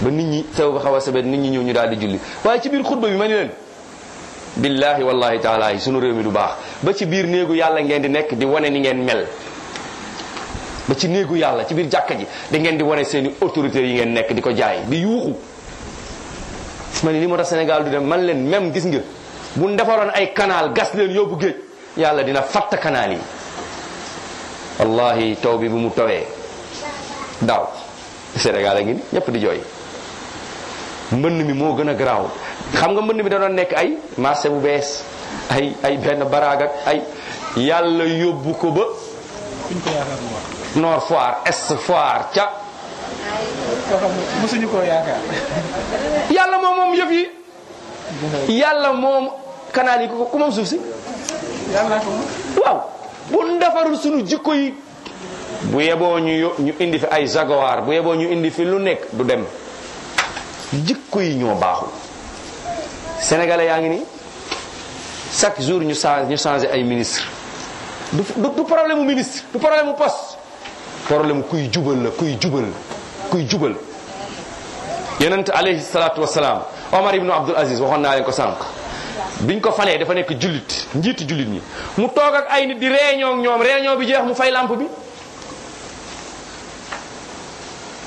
ba nit ñi sew ba xaw a sebet nit ñi ñëw ñu daal di julli waaye ci biir xutba bi ma ni leen billahi wallahi taala yi sunu réew mi du baax ba ci biir néegu yàlla ngeen di nekk di wane ni ngeen mel ba ci néegu yàlla ci biir jàkka ji dangeen di wane seeni autorités yi ngeen nekk di ko jaay di yuuxu ma ni li moo tax Sénégal du dem man leen même gis nga bu defaroon ay kanaal gas leen yóbbu géej yàlla dina fatt kanaal yi wallahi taw bi bu mu tawee daaw Sénégal a ngi ñépp di jooy mbënn mi moo gën a garaaw xam nga mbënn bi da nekk ay marché bu bees ay benn baraag ay yàlla yóbbu ko ba nord foire ca mësuñu yàlla moom moom yëf yi yàlla moom kanaal yi ko ku moom suuf si waaw bu defarul suñu jikko yi bu yeboo ñu ñu indi fi ay jaguar bu yeboo ñu indi fi lu nekk du dem jikko yi ñoo baaxul sénégalais yaa ngi ni chaque jour ñu changé ñu changé ay ministre du du problème mu ministre du problème mu poste problème kuy jubal la kuy jubal kuy jubal yonent alayhi salaatu wasalaam Omar ibnu Abdul Aziz waxoon naa leen ko sànq biñ ko falee dafa nekk jullit njiitu jullit ñi mu toog ak ay nit di réunion ñoom réunion bi jeex mu fay làmp bi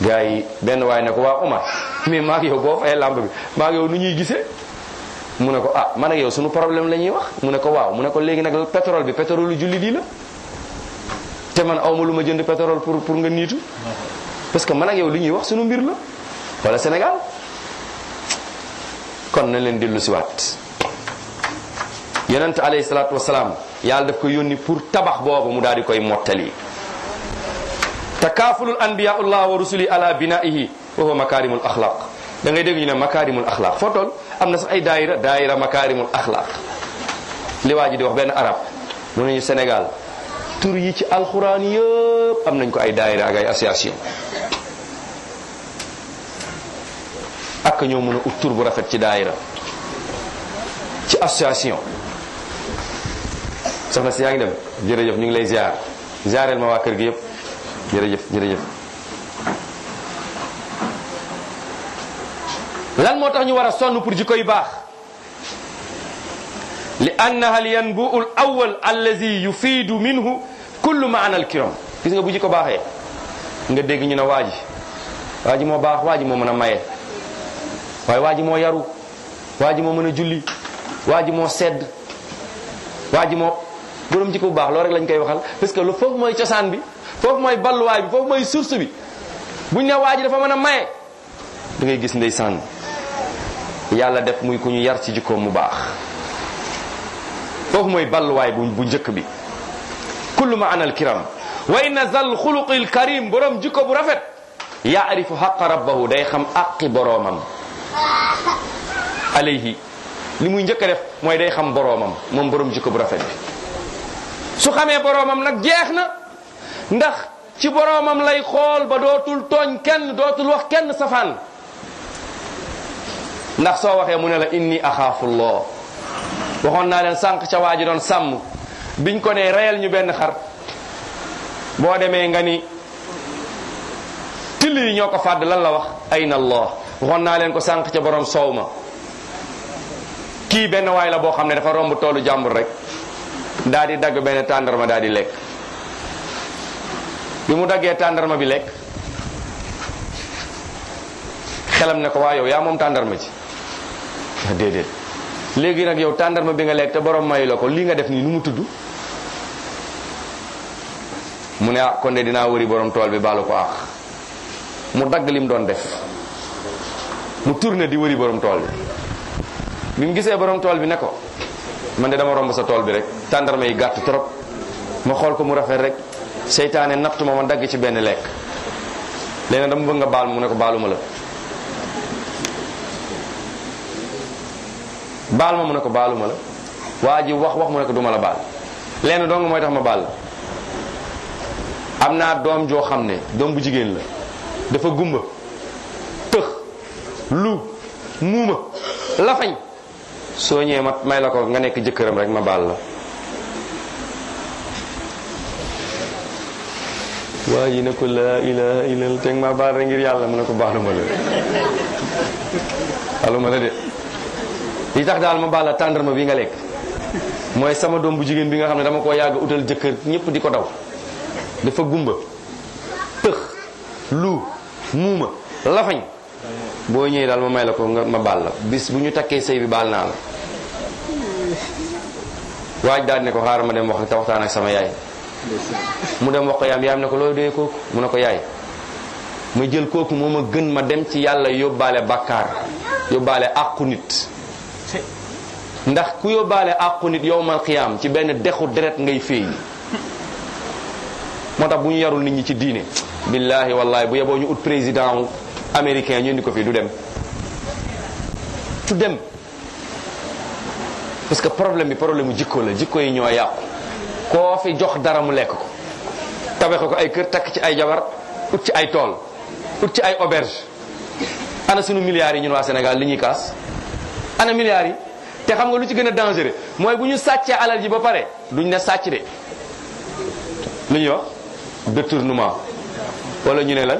gars yi benn waaye ne ko waa Omar mais maa yow boo fayee lampe bi maa yow nu ñuy gisee mu ne ko ah man ak yow suñu problème la ñuy wax mu ne ko waaw mu ne ko léegi nag pétrole bi pétrole lu jullit yi la te man awma lu ma jënd pétrole pour pour nga niitu parce que man ak yow li ñuy wax sunu mbir la wala Sénégal kon na leen dellu si waat yonent alayhi salaatu wasalaam yàlla daf ko yónni pour tabax boobu mu daal di koy mottali takaafulul anbiyaullah wa rusuli ala binaihi wa huwa makaarimul axlaaq da ngay dégg ñu ne makaarimul axlaaq foo toll am na sax ay daayira daayira makaarimul axlaaq li waa ji di wax benn arab mu ne ñu Sénégal tur yi ci alxuraan yëpp am nañ ko ay daayira ak ay association ak ñoo mën ut tur bu rafet ci daayira ci association soxna si yaa ngi dem jërëjëf ñu ngi lay ziar ziareel ma waa kër gi yëpp jërëjëf jërëjëf lan moo tax ñu war a sonn pour ji yu baax li annaha al yanbu'u al awwal allazi yufiidu minhu kullu maana al kiram gis nga bu jikko baaxee nga dégg ñu ne waa ji waa ji moo baax waa ji moo mën a maye waaye waa ji moo yaru waa ji moo mën a julli waa ji moo sedd waa ji moo borom jikko bu baax loolu rek lañ koy waxal parce que lu foofu mooy cosaan bi foofu mooy balluwaay bi foofu mooy source bi buñ ne waa ji dafa mën a maye da ngay gis ndeysaan yàlla def muy ku ñu yar mu baax foofu mooy balluwaay bu bu njëkk bi kullu ma anal kiram wa inna zal xuluqil karim borom jikko bu rafet yaarifu xaqa rabbahu day xam aqi boroomam alayhi li muy njëkk a def mooy day xam boroomam moom borom jikko bu rafet bi su xamee boroomam nag jeex na ndax ci boroomam lay xool ba dootul tooñ kenn dootul wax kenn safaan ndax soo waxee mu ne la inni axaafullah waxoon naa leen sànq ca waa ji doon sàmm biñ ko nee reyal ñu benn xar boo demee nga ni till yi ñoo ko fàdd lan la wax ayna allah waxoon naa leen ko sànq ca borom soow ma kii benn waay la boo xam ne dafa romb toolu jàmbur rek daa di dagg benn tàndarma daa di lekk bi mu daggee tàndarma bi lekk xelam ne ko waa yow yaa moom tàndarma ji déedéet léegi nag yow tàndarma bi nga lekk te borom mayu la ko lii nga def nii nu mu tudd mu ne ah kon de dinaa wëri borom tool bi baalu ko àq mu dagg li mu doon def mu tourné di wëri borom tool bi bi mu gisee borom tool bi ne ko man de dama romb sa tool bi rek tàndarma yi gàtt trop ma xool ko mu rafet rek seytaane nattu ma ma dagg ci benn lekk léegi nag dama bëgg nga baal mu ne ko baaluma la baal ma mu ne ko baaluma la waa ji wax wax mu ne ko duma la baal lenn dong mooy tax ma baal la am naa doom joo xam ne doom bu jigéen la dafa gumba tëx lu muuma lafañ soo ñëwee ma may la ko nga nekk jëkkëram rek ma baal la waa yi ne ko laa ilaha illa teg ma baal rek ngir yàlla mu ne ko baaluma la baaluma la de li tax daal ma baala tàndarma bi nga lekk mooy sama doom bu jigéen bi nga xam ne dama koo yàgg utal jëkkër ñëpp di ko daw dafa gumba tëx lu muuma lafañ boo ñëwee daal ma may la ko nga ma baal la bis bu ñu takkee sëy bi baal naa la waaj daal ne ko xaaral ma dem wax te waxtaan ak sama yaay mu dem wax ko yaam yaam ko looy doyee kooku mu ne ko yaay ma jël kooku moo ma gën ma dem ci yàlla yóbbaale bàkkaar yóbbaale àqu nit ndax ku yóbbaale àqu nit yowmal xiyaam ci benn dexu deret ngay féey moo tax bu ñu yarul nit ñi ci diine billaahi wallaahi bu yeboo ñu ut président wu américain ñu di ko fii du dem du dem parce que problème bi problème mu jikko la jikko yi ñoo yàqu koo fi jox dara mu lekk ko tabaxe ko ay kër takk ci ay jabar ut ci ay tool ut ci ay auberge ana sunu milliards yi ñun waa Sénégal li ñuy kaas ana milliards yi te xam nga lu ci gën a dangereux mooy bu ñu sàccee alal ji ba pare duñ ne sàcc de lu ñuy wax détournement wala ñu ne lan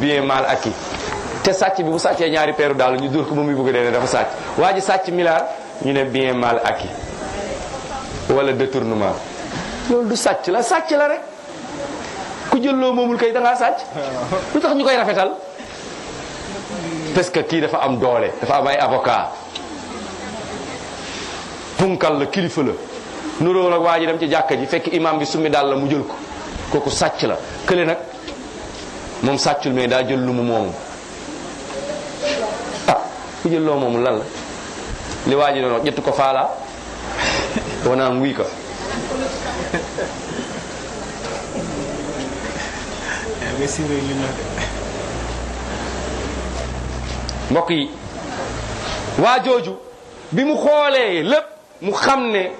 bien mal acquis te sàcc bi bu sàccee ñaari peeru daal ñu dur ko ba muy bëgg dee ne dafa sàcc waa ji sàcc milliard ñu ne bien mal acquis wala détournement loolu du sàcc la sàcc la rek ku jël loo moomul kay da sàcc lu tax ñu koy rafetal parce que kii dafa am doole dafa am ay avocat punkal la kilifa la nuróo ak waa ji dem ci jàkka ji fekk imam bi summi daal la mu jël ko kooku sàcc la kële nag moom sàccul mais daa jël lu mu moomum ah ku jël loo moomul lan li waa doon wax jëttu ko faala wanaam wii ko mbokk yi waa bi mu xoolee lépp mu xam ne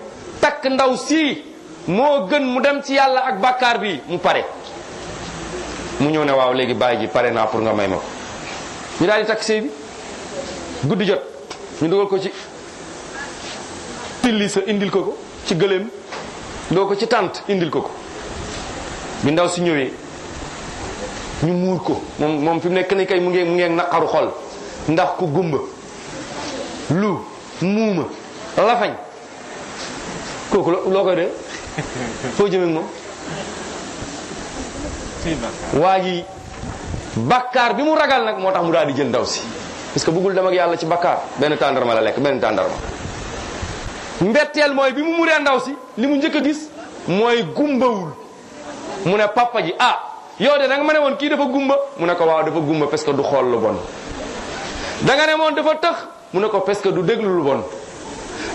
takk ndaw sii moo gën mu dem ci yàlla ak bàkkaar bi mu pare mu ñëw ne waaw léegi bàyyi ji pare naa pour nga may ma ko ñu daal takk sëy bi guddi jot ñu dugal ko ci tilli sa indil ko ko ci gëléem doo ko ci tànt indil ko ko bi ndaw si ñëwee ñu muur ko moom moom fi mu nekk ni kay mu ngi mu ngi naqaru xol ndax ku gumba lu muuma lafañ kooku loo koy de foo jëmee moom waa ji bakkaar bi mu ragal nag moo tax mu daal di jël ndaw si parce que bëggul dem ak yàlla ci bakkaar benn tàndarma la lekk benn tàndarma mbetteel mooy bi mu muree ndaw si li mu njëkk a gis mooy gumbawul mu ne papa ji ah yow de da nga ma ne woon kii dafa gumba mu ne ko waaw dafa gumba parce que du xool lu bon da nga ne moon dafa tëx mu ne ko parce que du déglu lu bon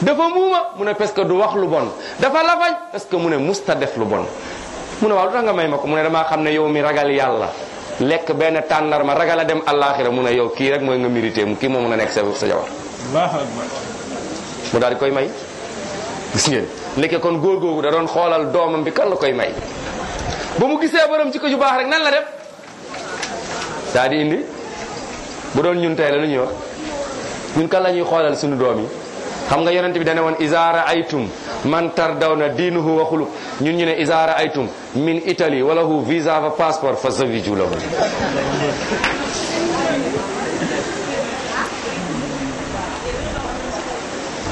dafa muuma mu ne parce que du wax lu bon dafa lafañ parce que mu ne musta def lu bon mu ne waaw lu tax nga may ma ko mu ne damaa xam ne yow mi ragal yàlla lekk benn tànnar ma ragal a dem àllaaxira mu ne yow kii rek mooy nga mérité mu kii moo mën a nekk sa sa jabar mu daal di koy may gis ngeen kon góor googu da doon xoolal doomam bi kan la koy may ba mu gisee borom ci ko ju baax rek nan la def daa di indi bu doon ñun tey la lu ñuy wax ñun kan la ñuy xoolal suñu doom yi xam nga yonent bi dane woon isaara aytum man daw na diin xuluq ñun ñu ne isaara aytum min Italie wala hu visa fa passeport fa saviju lahu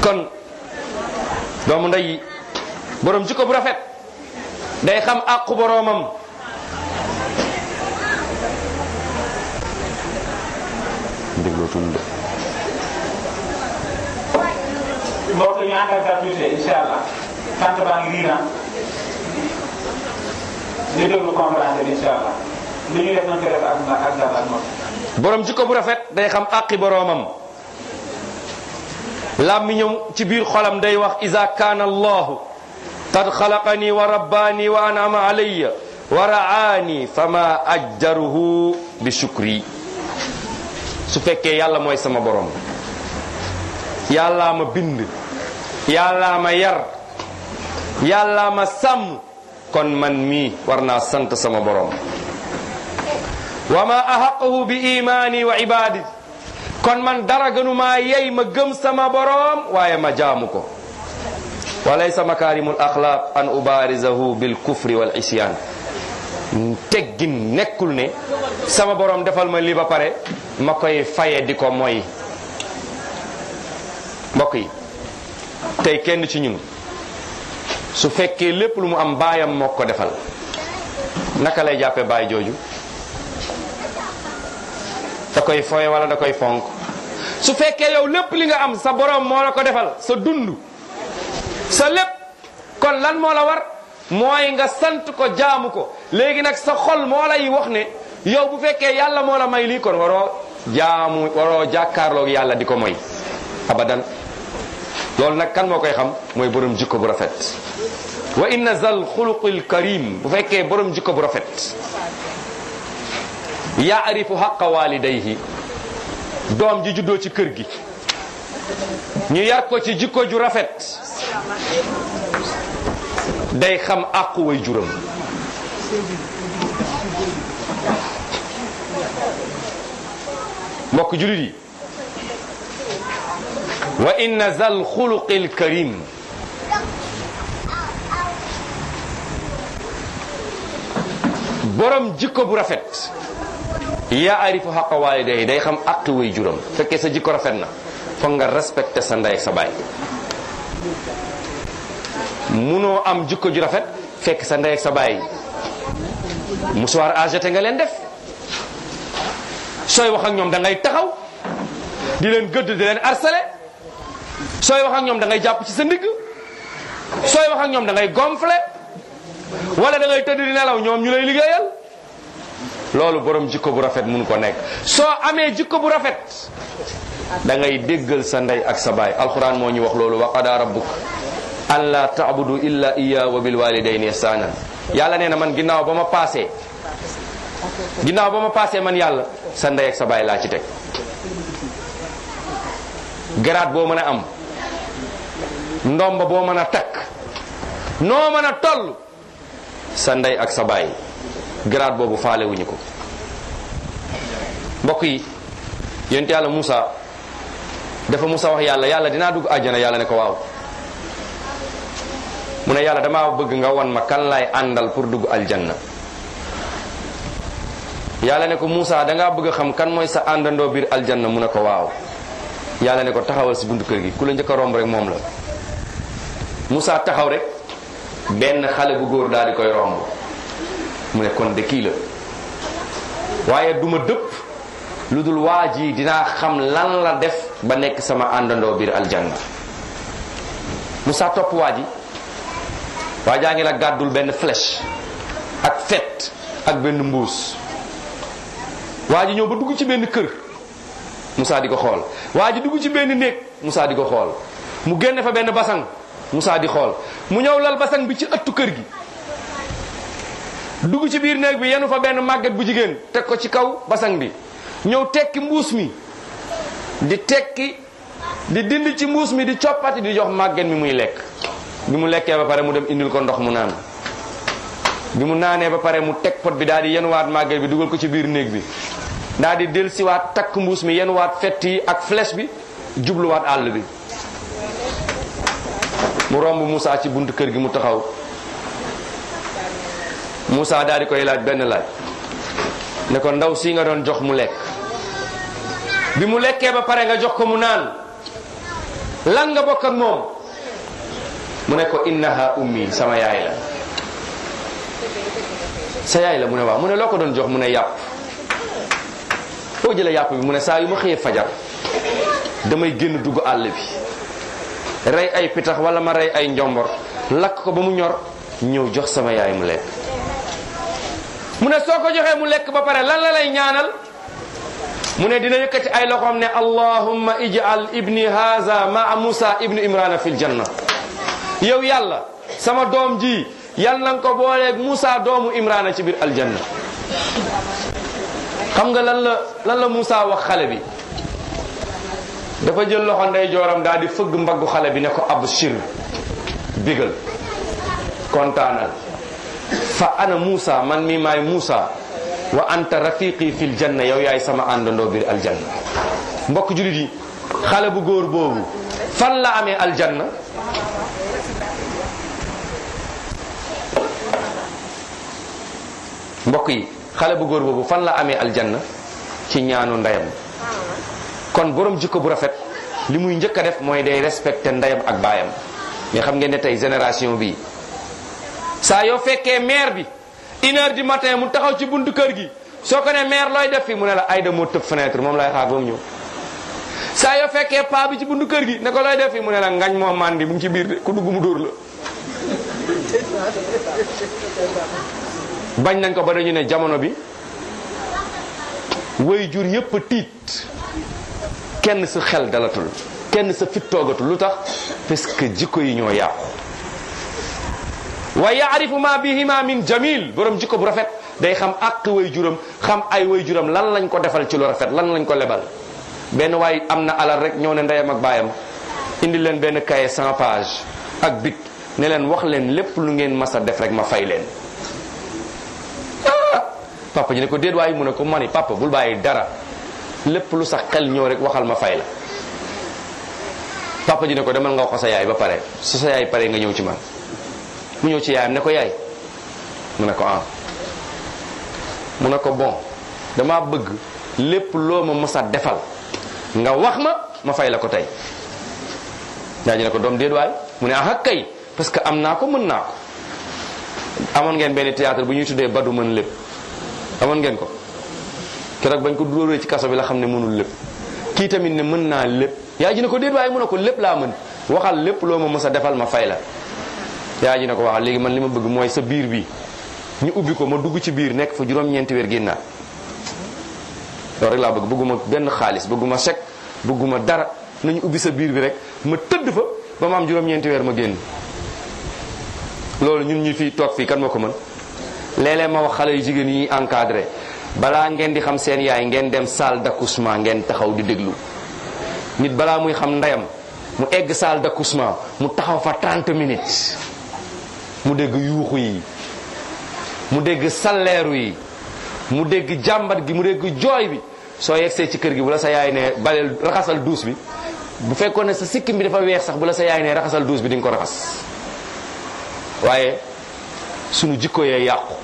kon doomu ndey borom jikko bu rafet day xam àqu boroomam mbokk ñu àndal gratuité incha allah sant ah. borom jikko bu rafet day xam àqi boroomam. làmmiñam ci biir xolam day wax iza kaana allahu qad xalaqani wa rabbaani wa anama fama ajjaruhu bi shukri su fekkee yàlla mooy sama borom. yàllaa ma bind yàllaa ma yar yàllaa ma sàmm kon man mii war naa sant sama borom wa ma ahaqahu bi imaani wa ibaadi kon man dara gënumaa yey ma gëm sama boroom waaye ma jaamu ko wa laysa makaarimul axlaaq an ubaarizahu bil kufri wal isyaan teggin nekkul ne sama boroom defal ma li ba pare ma koy faye di ko mooy mbokk yi tey kenn ci ñun su fekkee lépp lu mu am baayam moo ko defal naka lay jàppe baay jooju da koy foye wala da koy fonk su fekkee yow lépp li nga am sa borom moo la ko defal sa dund sa lépp kon lan moo la war mooy nga sant ko jaamu ko léegi nag sa xol moo lay wax ne yow bu fekkee yàlla moo la may lii kon waroo jaamu waroo jàkkaarloog yàlla di ko moy abadan loolu nag kan moo koy xam mooy borom jikko bu rafet wa inna zal xuluqil karim bu fekkee borom jikko bu rafet yaarifu xaqa walidayhi doom ji juddoo ci kër gi ñu yar ko ci jikko ju rafet day xam àqu way juram wa inna zal xuluqil karim borom jikko bu rafet ya arifu xaqa waaliday day xam aqi way juram fekkee sa jikko rafet na foog nga respecté sa ndey sa baay munoo am jikko ju rafet fekk sa ndey sa baay musuwaar ageté nga leen def sooy wax ñoom da taxaw di leen gëdd di leen harcelé sooy wax ak ñoom dangay jàpp ci sa ndigg sooy wax ñoom dangay ngay walla wala da tëdd nelaw ñoom ñu lay liggéeyal loolu borom jikko bu rafet mun ko nekk soo amee jikko bu rafet dangay ngay déggal sa ndey ak sa baay alxuraan moo ñu wax loolu wa qadaa rabbuk an la taabudu illa iya bil walidayni ihsanan yàlla nee na man ginnaaw ba ma paase ginnaaw ba ma paasee man yàlla sa ndey ak sa baay laa ci teg garaat boo mën a am ndomba boo mën a takk noo mën a toll sa ndey ak sa baay grade boobu faale ko mbokk yi yonent yàlla musaa dafa Moussa wax yàlla yàlla dinaa dugg àjjana yàlla ne ko waaw mu ne yàlla damaa bëgg nga wan ma kan laay àndal pour dugg aljanna yàlla ne ko Moussa dangaa bëgg xam kan mooy sa àndandoo biir aljanna mu ne ko waaw yàlla ne ko taxawal si buntu kër gi ku la njëkk romb rek moom la Moussa taxaw rek benn xale bu góor daal di koy romb mu ne kon de kii la waaye duma dëpp lu dul waa ji dinaa xam lan la def ba nekk sama àndandoo biir aljanna musaa topp waa ji waa jaa ngi la gàddul benn flèche ak fet ak benn mbuus waa ji ñëw ba dugg ci benn kër Moussa di ko xool waa ji dugg ci benn néeg Moussa di ko xool mu génne fa benn basang Moussa di xool mu ñëw lal basan bi ci ëttu kër gi dugg ci biir néeg bi yenu fa benn màgget bu jigéen teg ko ci kaw basan bi ñëw tekki mbuus mi di tekki di dind ci mbuus mi di coppati di jox màgget mi muy lekk bi mu lekkee ba pare mu dem indil ko ndox mu naan bi mu naanee ba pare mu teg pot bi daal di yenuwaat màgget bi dugal ko ci biir néeg bi daal di dellusiwaat takk mbuus mi yenuwaat fett yi ak flèche bi jubluwaat àll bi mu romb Moussa ci buntu kër gi mu taxaw musaa daal di koy laaj benn laaj ne ko ndaw si nga doon jox mu lekk bi mu lekkee ba pare nga jox ko mu naan lan nga bokk moom mu ne ko innaha ummi sama yaay la sa yaay la mu ne waaw mu ne loo ko doon jox mu ne yàpp foo jëlee yàpp bi mu ne saa yu ma xëyee fajar damay génn dugg àll bi rey ay pitax wala ma rey ay njombor lakk ko ba mu ñor ñëw jox sama yaay mu lekk mu ne soo ko joxee mu lekk ba pare lan la lay ñaanal mu ne dina yëkkati ay loxoom ne allahumma ij'al ibni haza ma musa ibnu imrana fil janna yow yàlla sama doom ji yal na nga ko booleeg musa doomu imrana ci biir aljanna xam nga lan la lan la musa wax xale bi dafa jël loxo ndeyjooram daal di fëgg mbaggu xale bi ne ko abshir bigal kontaanal fa ana Moussa man mi maay Moussa wa anta rafiqi fil janna yow yaay sama àndandoo biir aljanna mbokk julit yi xale bu góor boobu fan la amee aljanna mbokk yi xale bu góor boobu fan la amee aljanna ci ñaanu ndeyam kon borom jikko bu rafet li muy njëkk a def mooy day respecté ndeyam ak baayam mais xam ngeen ne tey génération bi saa yoo fekkee maire bi une di du matin mu taxaw ci buntu kër gi soo ko ne maire looy def fi mu ne la ayda moo tëb fenêtre moom lay xaar ba ñëw saa yoo fekkee paa bi ci buntu kër gi ne ko looy def fi mu ne la ngañ moo mandi mu ngi ci biir de ku dugg mu dóor la bañ nañ ko ba dañu ne jamono bi way jur yëpp tiit kenn sa xel dalatul kenn sa fit toogatul lu tax parce jikko yi ñoo yàqu wa yaarifu ma bihima min jamil borom jikko bu rafet day xam àq way juróom xam ay way juróom lan lañ ko defal ci lu rafet lan lañ ko lebal benn waay am na alal rek ñëw ne ndeyam ak baayam indi leen benn cahier cent page ak bit ne leen wax leen lépp lu ngeen mas a def rek ma fay leen ah! papa ñu ne ko déet waay mu ne ko mani papa bul bàyyi dara lépp lu sax xel ñëw rek waxal ma fay la papa ji ne ko demal nga wax sa yaay ba pare su sa yaay pare nga ñëw ci man mu ñëw ci yaayam ne ko yaay mu ne ko ah mu ne ko bon dama bëgg lépp loo ma mës a defal nga wax ma ma fay la ko tey yaa ñu ne ko doom déet waay mu ne ah kay parce que am naa ko mën naa ko amoon ngeen benn théâtre bu ñuy tuddee du mën lépp amoon ngeen ko keroog bañ ko dóoree ci kaso bi la xam ne mënul lépp kii tamit ne mën naa lépp yaay ji ne ko déet waaye mu ne ko lépp laa mën waxal lépp loo ma mës a defal ma fay la yaay ji ne ko wax léegi man li ma bëgg mooy sa biir bi ñu ubbi ko ma dugg ci biir nekk fa juróom-ñeenti weer génnaat loolu rek laa bëgg bëgguma benn xaalis bëgguma chèque bëgguma dara nañu ubbi sa biir bi rek ma tëdd fa ba ma am juróom-ñeenti weer ma génn loolu ñun ñu fi toog fii kan moo ko mën léeg-léeg ma wax jigéen yi encadré balaa ngeen di xam seen yaay ngeen dem salle d'accouchement ngeen taxaw di déglu nit balaa muy xam ndeyam mu egg salle d'accouchement mu taxaw fa 30 minutes mu dégg yuuxu yi mu dégg salleeru yi mu dégg jàmbat gi mu dégg jooy bi soo yegsee ci kër gi bu la sa yaay nee baleel raxasal duus bi bu fekkoon ne sa sikkim bi dafa weex sax bu la sa yaay ne raxasal duus bi dañ ko raxas waaye sunu jikko yee yàqu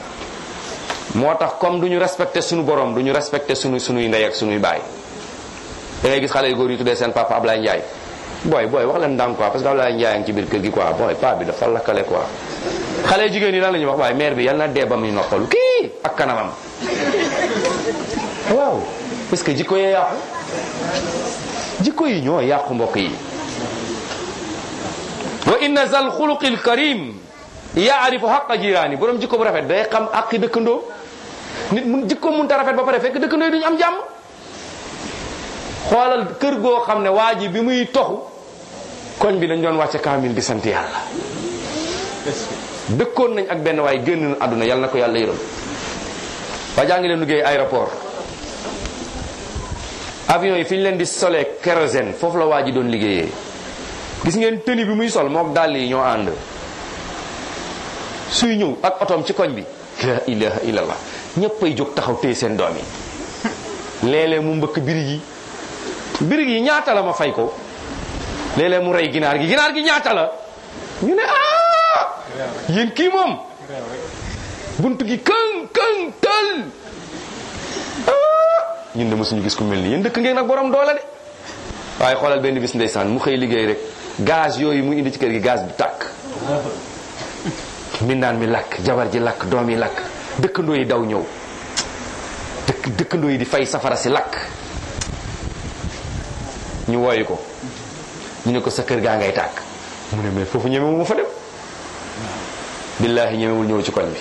moo tax comme du ñu respecté suñu borom du ñu respecté suñu suñuy ndey ak suñuy baay da ngay gis xale yu góor yi tuddee seen papa Ablaye Ndiaye booy booy wax leen ndànk quoi parce que Ablaye Ndiaye a ngi ci biir kër gi quoi booy pa bi dafa lakkale quoi. xale jigéen yi lan la ñuy wax waaye mère bi yal na dee ba muy noppalu ak kanamam parce que jikko yee yàqu yi ñoo yàqu mbokk yi. wa inna zal xuluqil karim yaarifu xaqa jiraani borom jikko bu rafet day xam àqi dëkkandoo. nit mu jikko mun ta rafet ba pare fekk dëkk yi duñu am jàmm xoolal kër goo xam ne waa ji bi muy toxu koñ bi lañ doon wàcce kaamil di sant yàlla dëkkoon nañ ak benn waay génn na àdduna yàlla na ko yàlla yërëm waa jaa ngi leen liggéey aéroport avion yi fi ñu leen di solee kérosène foofu la waa ji doon liggéeyee gis ngeen tenue bi muy sol mook dàll yi ñoo ànd suy ñëw ak otoom ci koñ bi la ilaha illallah ñëpp ay jóg taxaw téye seen doom yi léeg mu mbëkk birig yi birig yi ñaata la ma fay ko léeg mu rey ginaar gi ginaar gi ñaata la ñu ne ah yéen kii moom bunt gi këng këng tël ah! ñun de suñu gis ku mel ni yéen dëkk ngeen nag borom doole de waaye xoolal benn bis ndeysaan mu xëy liggéey rek gaz yooyu mu indi ci kër gi gaz bu tàkk mbindaan mi lakk jabar ji lakk doom yi lakk dëkkandoo yi daw ñëw dëkk dëkkandoo yi di fay safara si lakk ñu woyu ko ñu ne ko sa kër gaa ngay tàkk mu ne mais foofu ñemewu ma fa dem billaahi ñemewul ñëw ci koñ bi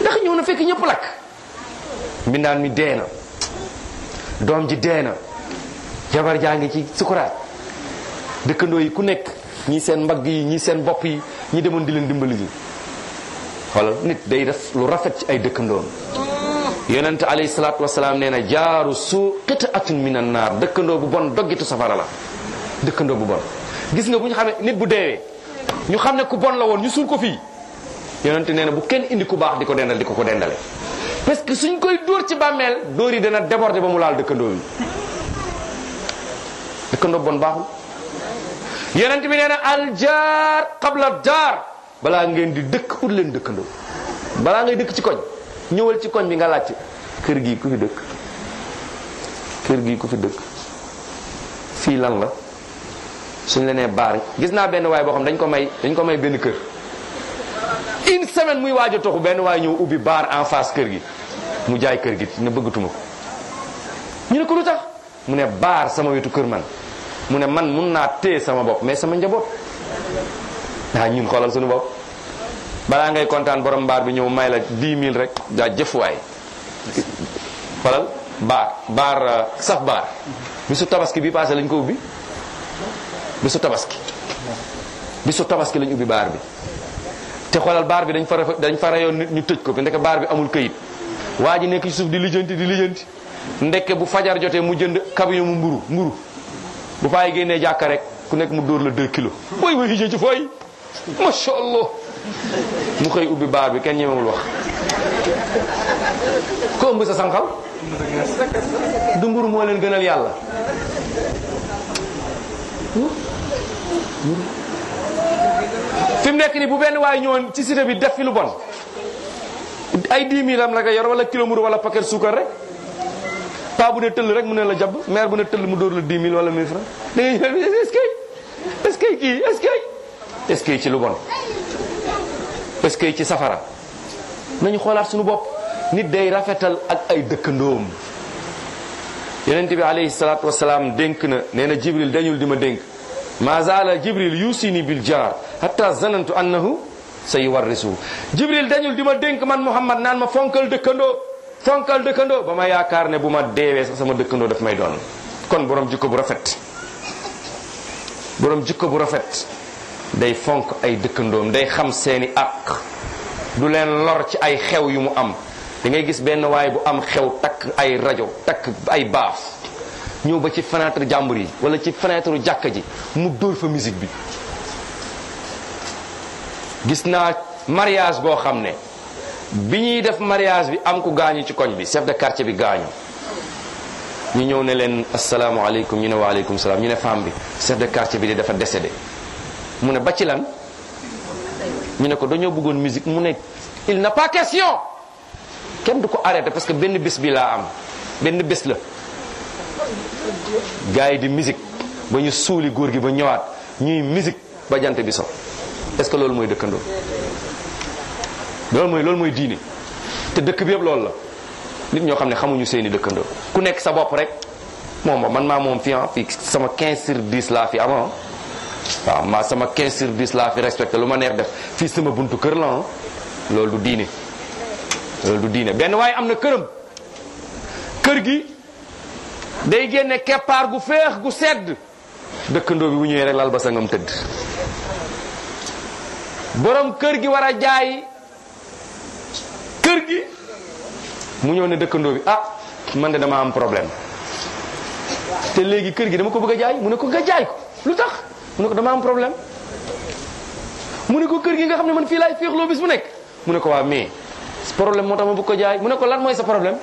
ndax ñëw na fekk ñëpp lakk mbindaan mi dee na doom ji dee na jabar jaa ngi ci sukuraat dëkkandoo yi ku nekk ñi seen mbagg yi ñi seen bopp yi ñi demoon di leen dimbali ji xoolal nit day def lu rafet ci ay dëkkandoom oh. yonente alayhi salaatu wasalaam nee na jaaru suu qita'atun min an dëkkandoo bu bon doggitu safara la dëkkandoo bu bon gis nga bu ñu xamee nit bu deewee ñu xam ne ku bon la woon ñu suul ko fii yonente nee na bu kenn indi ku baax di ko dendal di ko ko dendale parce que suñ koy ci bàmmeel dóor yi dana déborder ba mu laal dëkkandoo bi bon baaxul yonente bi nee na aljaar qabla balaa ngeen di dëkk ut leen dëkkandoo balaa ngay dëkk ci koñ ñëwal ci koñ bi nga laajte kër gi ku fi dëkk kër gi ku fi dëkk fii lan la suñ la nee baari gis naa benn waay boo xam dañ ko may dañ ko may benn kër une semaine muy waaj a toxu benn waay ñëw ubbi baar en face kër gi mu jaay kër gi ne bëggatuma ko ñu ne ko lu tax mu ne baar sama wetu kër man mu ne man mun naa téye sama bopp mais sama njaboot ah ñun xoolal sunu bopp balaa ngay kontaan borom baar bi ñëw may la 10000 rek daa jëfuwaay xoolal baar baar euh, sax baar bisu tabaski bi passé lañ ko ubbi bisu tabaski bisu tabaski lañ ubbi baar bi te xoolal baar bi dañ fa dañ fa yoon nit ñu tëj ko bi ndeke baar bi amul këyit waa ji nekk ci suuf di lijjanti di lijjanti ndekk bu fajar jotee mu jënd kabiyo mu mburu mburu bu faay génnee jàkka rek ku nekk mu dóor la 2 kilos booy fooy macha allah mu xëy ubbi baar bi kenn ñemewul wax ko ëmb sa sànqal du mburu moo leen gënal yàlla fi mu nekk ni bu benn waay ñëwoon ci cité bi def fi lu bon ay 10 000 am la yor wala kilo mburu wala paquet suukar rek paa bu ne tëll rek mu ne la jàpp maire bu ne tëll mu dóor la 10 000 wala 1000 francs da ngay est kii est est-ce ci lu bon est que ci safara nañu xoolaat suñu bopp nit day rafetal ak ay dëkkandoom yonent bi alayhi salaatu wasalaam dénk na nee na jibril dañul di ma dénk ma zaala jibril yusini bil jaar hatta zanantu annahu say warrisu jibril dañul di ma dénk man muhammad naan ma fonkal dëkkandoo fonkal dëkkandoo ba ma yaakaar ne bu ma deewee sax sama dëkkandoo daf may doon kon boroom jikko bu rafet boroom jikko bu rafet day fonk ay dëkkandoom day xam seeni àq du leen lor ci ay xew yu mu am da ngay gis benn waay bu am xew takk ay rajo takk ay baaf ñëw ba ci fenêtre jàmbur yi wala ci fenêtre jàkka ji mu dóor fa musique bi gis naa mariage boo xam ne bi ñuy def mariage bi am ku gaañu ci koñ bi chef de quartier bi gaañu ñu ñëw ne leen asalaamaaleykum ñu ne waaleykum salaam ñu ne femme bi chef de quartier bi de dafa décédé mu ne ba ci lan ñu ne ko dañoo bëggoon musique mu ne il n'a pas question kenn du ko arrêté parce que benn bés bi laa am benn bés la gars yi di musique ba ñu suuli góor gi ba ñëwaat ñuy musique ba jant bi so est que loolu mooy dëkkandoo loolu mooy loolu mooy diine te dëkk bi yëpp loolu la nit ñoo xam ne xamuñu seeni dëkkandoo ku nekk sa bopp rek moom man maa moom fii ah, fii sama 15 sur 10 laa fi avant waaw ma sama 15 sur 10 laa fi respecté lu ma neex def fii sama buntu kër la ah. loolu du diine loolu diine benn waaye am na këram kër gi day génne keppaar gu féex gu sedd dëkkandoo bi wu ñëwee rek lal ba sangam tëdd boroom kër gi war a jaay kër gi mu ñëw ne dëkkandoo bi ah man de dama am problème te léegi kër gi dama ko bëgg a jaay mu ne ko nga jaay ko lu tax mu ne ko dama am problème mu ne ko kër gi nga xam ne man fii laay féexloo bis bu nekk mu ne ko waa mais problème moo tax ma bëgg ko jaay mu ne ko lan mooy sa problème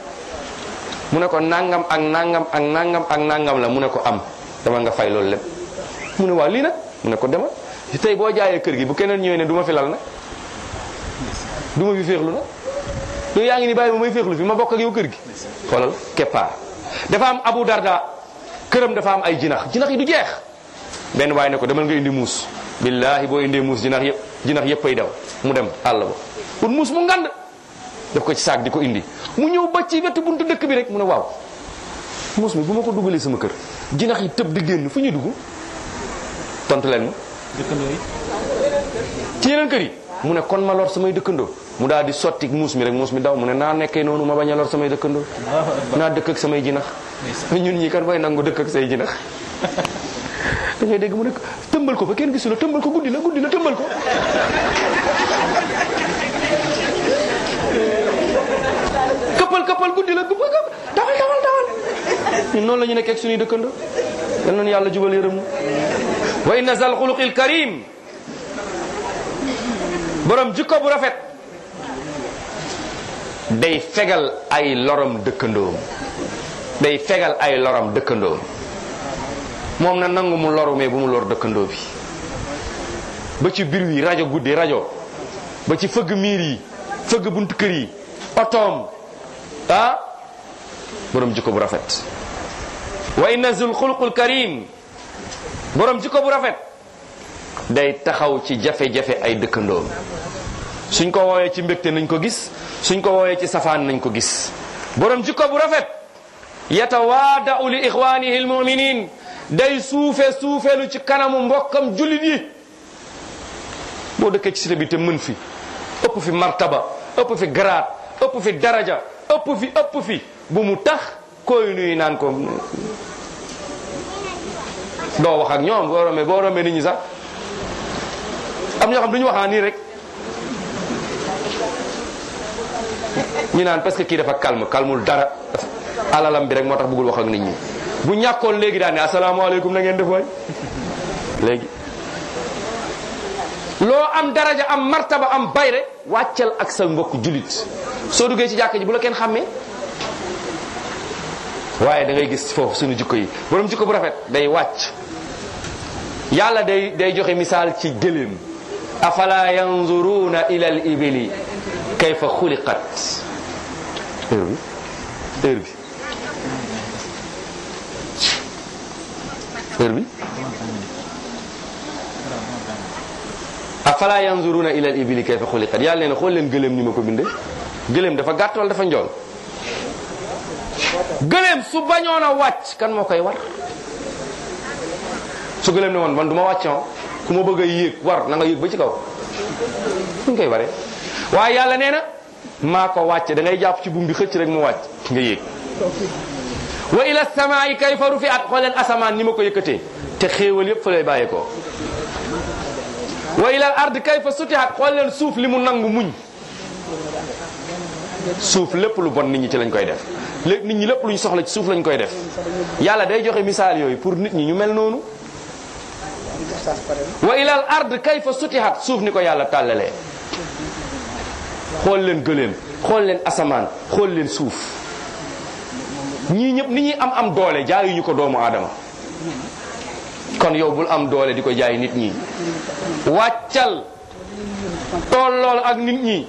mu ne ko nangam ak nangam ak nangam ak nangam la mu ne ko am dama nga fay loolu lépp mu ne waa lii nag mu ne ko demal tey boo jaayee kër gi bu keneen ñëwee ne du ma fi lal nag du ma fi féexlu nag yow yaa ngi ni bàyyi ma may féexlu fi ma bokk ak yow kër gi xoolal keppaar dafa am Abu Darda këram dafa am ay jinax jinax yi du jeex benn waaye ne ko demal nga indi muus billaahi boo indee muus jinax yëpp jinax yëpp ay daw mu dem àll ba ut muus mu ngand daf ko ci saak di ko indi mu ñëw ba ci wetu buntu dëkk bi rek mu ne waaw muus mi bu ma ko dugalee sama kër jinax yi tëb di génn fu ñuy dugg tontu leen ma dëkkandoo ci yeneen kër yi mu ne kon ma lor samay dëkkandoo mu daal di sotti muus mi rek muus mi daw mu ne naa nekkee noonu ma bañ a lor samay dëkkandoo naa dëkk ak samay jinax ñun ñi kan way nangu dëkk say jinax da ngay dégg mu ne tëmbal ko fa kenn gisu la tëmbal ko guddi la guddi la tëmbal ko këppal këppal guddi la këppal dawal dawal dawal ñun noonu la nekk ak suñuy dëkkandoo yal nañu yàlla jubal yërëm na wa inna zal xuluqil karim borom jikko bu rafet day fegal ay lorom dëkkandoom day fegal ay lorom dëkkandoom moom na nangu mu loru mais bu mu lor dëkkandoo bi ba ci biir yi rajo guddi rajo ba ci fëgg miir yi fëgg bunt kër yi otoom ah borom jikko bu rafet wa inna zul xulqul karim borom jikko bu rafet day taxaw ci jafe-jafe ay dëkkandoom suñ ko woowee ci mbégte nañ ko gis suñ ko woowee ci safaan nañ ko gis borom jikko bu rafet yatawaada'u li ixwaanihi almuminin day suufe suufeelu ci kanamu mbokkam jullit yi boo dëkkee ci cité bi te mën fi ëpp fi martaba ëpp fi grade ëpp fi daraja ëpp fi ëpp fi bu mu tax koy nuyu naan ko doo wax ak ñoom boo romee sax am ñoo xam du ñu waxaa nii rek ñu naan parce que kii dafa calme calmul dara alalam bi rek moo tax bëggul wax ak nit ñi bu ñàkkoon léegi daal ne asalaamaaleykum na ngeen def waay léegi loo am daraja am martaba am bayre wàccal ak sa mbokk julit soo duggee ci jàkka ji bu la kenn xàmmee waaye dangay ngay gis foofu sunu jikko yi borom jikko bu rafet day wàcc yàlla day day joxe misaal ci gëléem afala yanzuruna ila al ibili kayfa heure bi afala yanzuruna ila al ibili kayfa xuliqat yàlla nee na xool leen gëléem ni ma ko binde gëléem dafa gàtt wala dafa njool gëléem su bañoon a kan moo koy war su gëléem ne woon man du ma wàccoon ah. ku ma bëgg a yéeg war na nga yéeg ba ci kaw fu ñu koy waree waaye yàlla nee na maa ko wàcce da jàpp ci buum bi xëcc rek mu wàcc nga yéeg wa ila samaa'i kayfa rufi'at xool leen asamaan ni ma ko yëkkatee te xéewal yëpp fa lay bàyyeekoo. wa ila ard kayfa sutihat xool leen suuf li mu nangu muñ suuf lépp lu nit ñi ci lañ koy def lépp nit ñi lépp luñ soxla ci suuf lañ koy def yàlla day joxe misaal yooyu pour nit ñi ñu mel noonu. wa ilal ard kayfa suuf ni ko yàlla tàllale xool leen gëléem xool leen asamaan xool leen suuf. ñii ñëpp li ñuy am am doole jaayuñu ko doomu aadama kon yow bul am doole di ko jaay nit ñi tool tollool ak nit ñi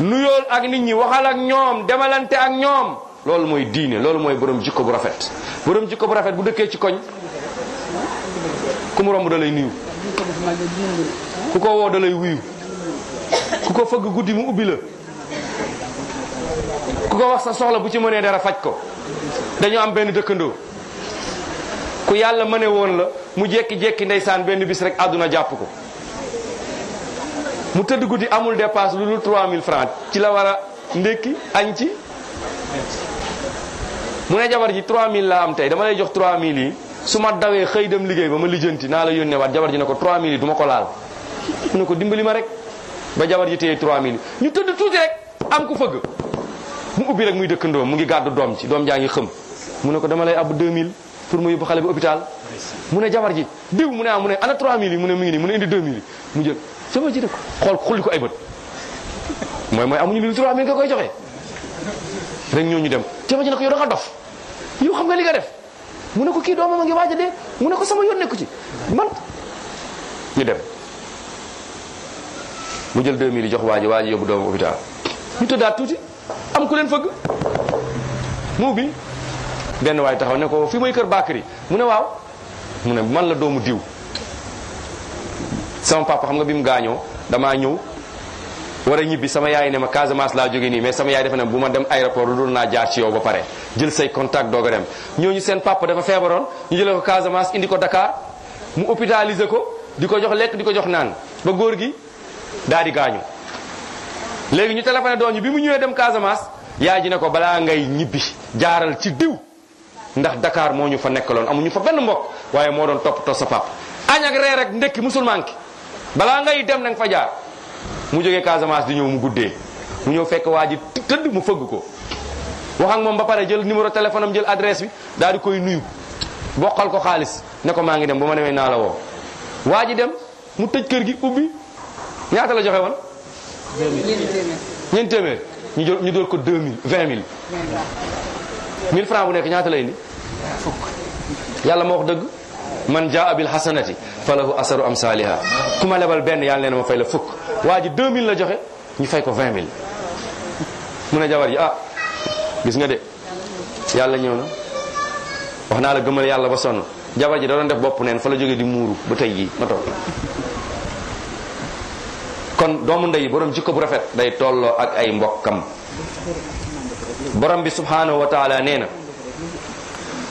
nuyool ak nit ñi waxal ak ñoom demalante ak ñoom loolu mooy diine loolu mooy borom jikko bu rafet borom jikko bu rafet bu dëkkee ci koñ ku mu romb da lay nuyu ku ko woo da lay wuyu ku ko fëgg guddi mu ubbi la ku ko wax sa soxla bu ci mënee dara faj ko dañu am benn dëkkandoo ku yàlla ma ne woon la mu jékki-jékki ndeysaan benn bis rek àdduna jàpp ko mu tëdd guddi amul dépasse lu dul mille francs ci la war a ndékki añ ci mu ne jabar ji mille laa am tey dama lay jox 3000 yi su ma dawee xëy dem liggéey ba ma lijjanti naa la yónnee waat jabar ji ne ko 3000 yi duma ko laal mu ne ko dimbali ma rek ba jabar ji téye 3000 yi ñu tëdd tuuti rek mu ubbi rek muy dëkkandoo mu ngi gàddu doom ci doom jaa ngi xëm mu ne ko dama lay ab 2000 pour mu yóbbu xale bi hôpital mu ne jabar ji diw mu ne am ah, mu ne ana 3000 yi mu ne mu ngi nii mu ne indi 2000 yi mu jël jabar ji de xool xulli ko ay bët mooy mooy amuñu lu 3000 nga koy joxe rek ñooñu dem jabar ji ne ko yow da xam nga li nga def mu ne ko kii doomam a ngi waaj a mu ne ko sama yoon nekku ci man ñu dem mu jël 2000 yi jox waa ji waa ji yóbbu doomu hôpital ñu tëddaat tuuti am ku leen fëgg mu bi benn waay taxaw ne ko fi may kër Bakary mu ne waaw mu ne man la doomu diw sama papa xam nga bi mu gaañoo damaa ñëw war a ñibbi sama yaay ne ma Casamance laa jóge nii mais sama yaay defe ne bu ma dem aéroport lu dul naa jaar ci yow ba pare jël say contact doog a dem ñooñu seen papa dafa feebaroon ñu jëlee ko Casamance indi ko Dakar mu hôpitalisé ko di ko jox lekk di ko jox naan ba góor gi daal di gaañu léegi ñu téléphoné doon ñu bi mu ñëwee dem Casamance yaay ji ne ko balaa ngay ñibbi jaaral ci diw ndax dakaar moo ñu fa nekkaloon amuñu fa benn mbokk waaye moo doon topp toppatoo sa pap añ ak reer ak ndekki musulman ki balaa ngay dem na fa jaar mu jógee Casamance di ñëw mu guddee mu ñëw fekk waa ji tëdd mu fëgg ko wax moom ba pare jël numéro téléphone am jël adresse bi daal koy nuyu bokkal ko xaalis ne ko maa ngi dem ba ma demee naa la woo waa ji dem mu tëj kër gi ubbi ñaata la joxe woon ñeenti téeméer ñu jël ñu door ko 2000 20000 1000 francs bu nekk ñaata lay indi yàlla moo wax dëgg man jaa bil hasanati falahu asaru am saaliha ku ma lebal benn yàlla nee na ma fay la fukk waa ji 2000 la joxe ñu fay ko 20000 mu ne jabar ji ah gis nga de yàlla ñëw na wax naa la gëmal yàlla ba sonn jabar ji da doon def bopp neen fa la jógee di muuru ba tey jii ma toog kon doomu ndey borom jikko bu rafet day tolloo ak ay mbokkam borom bi subhanahu wa taala nee na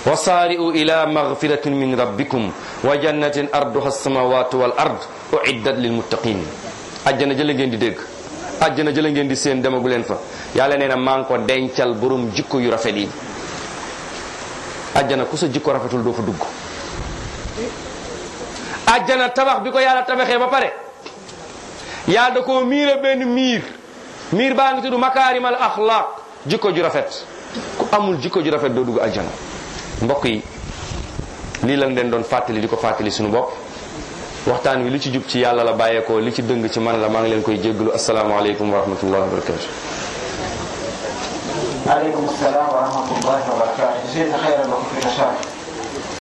wa saari'u ila magfiratin min rabbikum wa jannatin arduha alsamawatu wal ard uiddat lilmuttaqin ajjana jële ngeen di dégg ajjana jële ngeen di seen demagu leen fa yàlla nee na maa ngi ko dencal borom jikko yu rafet yi ajjana ku sa jikko rafetul doo fa dugg ajjana tabax bi ko yàlla tabaxee ba pare yàlla da koo miire benn miir miir baa ngi tudd makaarimal axlaaq jikko ju rafet ku amul jikko ju rafet doo dugg àjjana mbokk yi lii lan leen doon fàttali di ko fàttali suñu bopp waxtaan wi li ci jub ci yàlla la bàyyeekoo li ci dëng ci man la maa ngi leen koy jéggalu asalaamaaleykum wa rahmatullahi wa barakatu wa rahmatullahi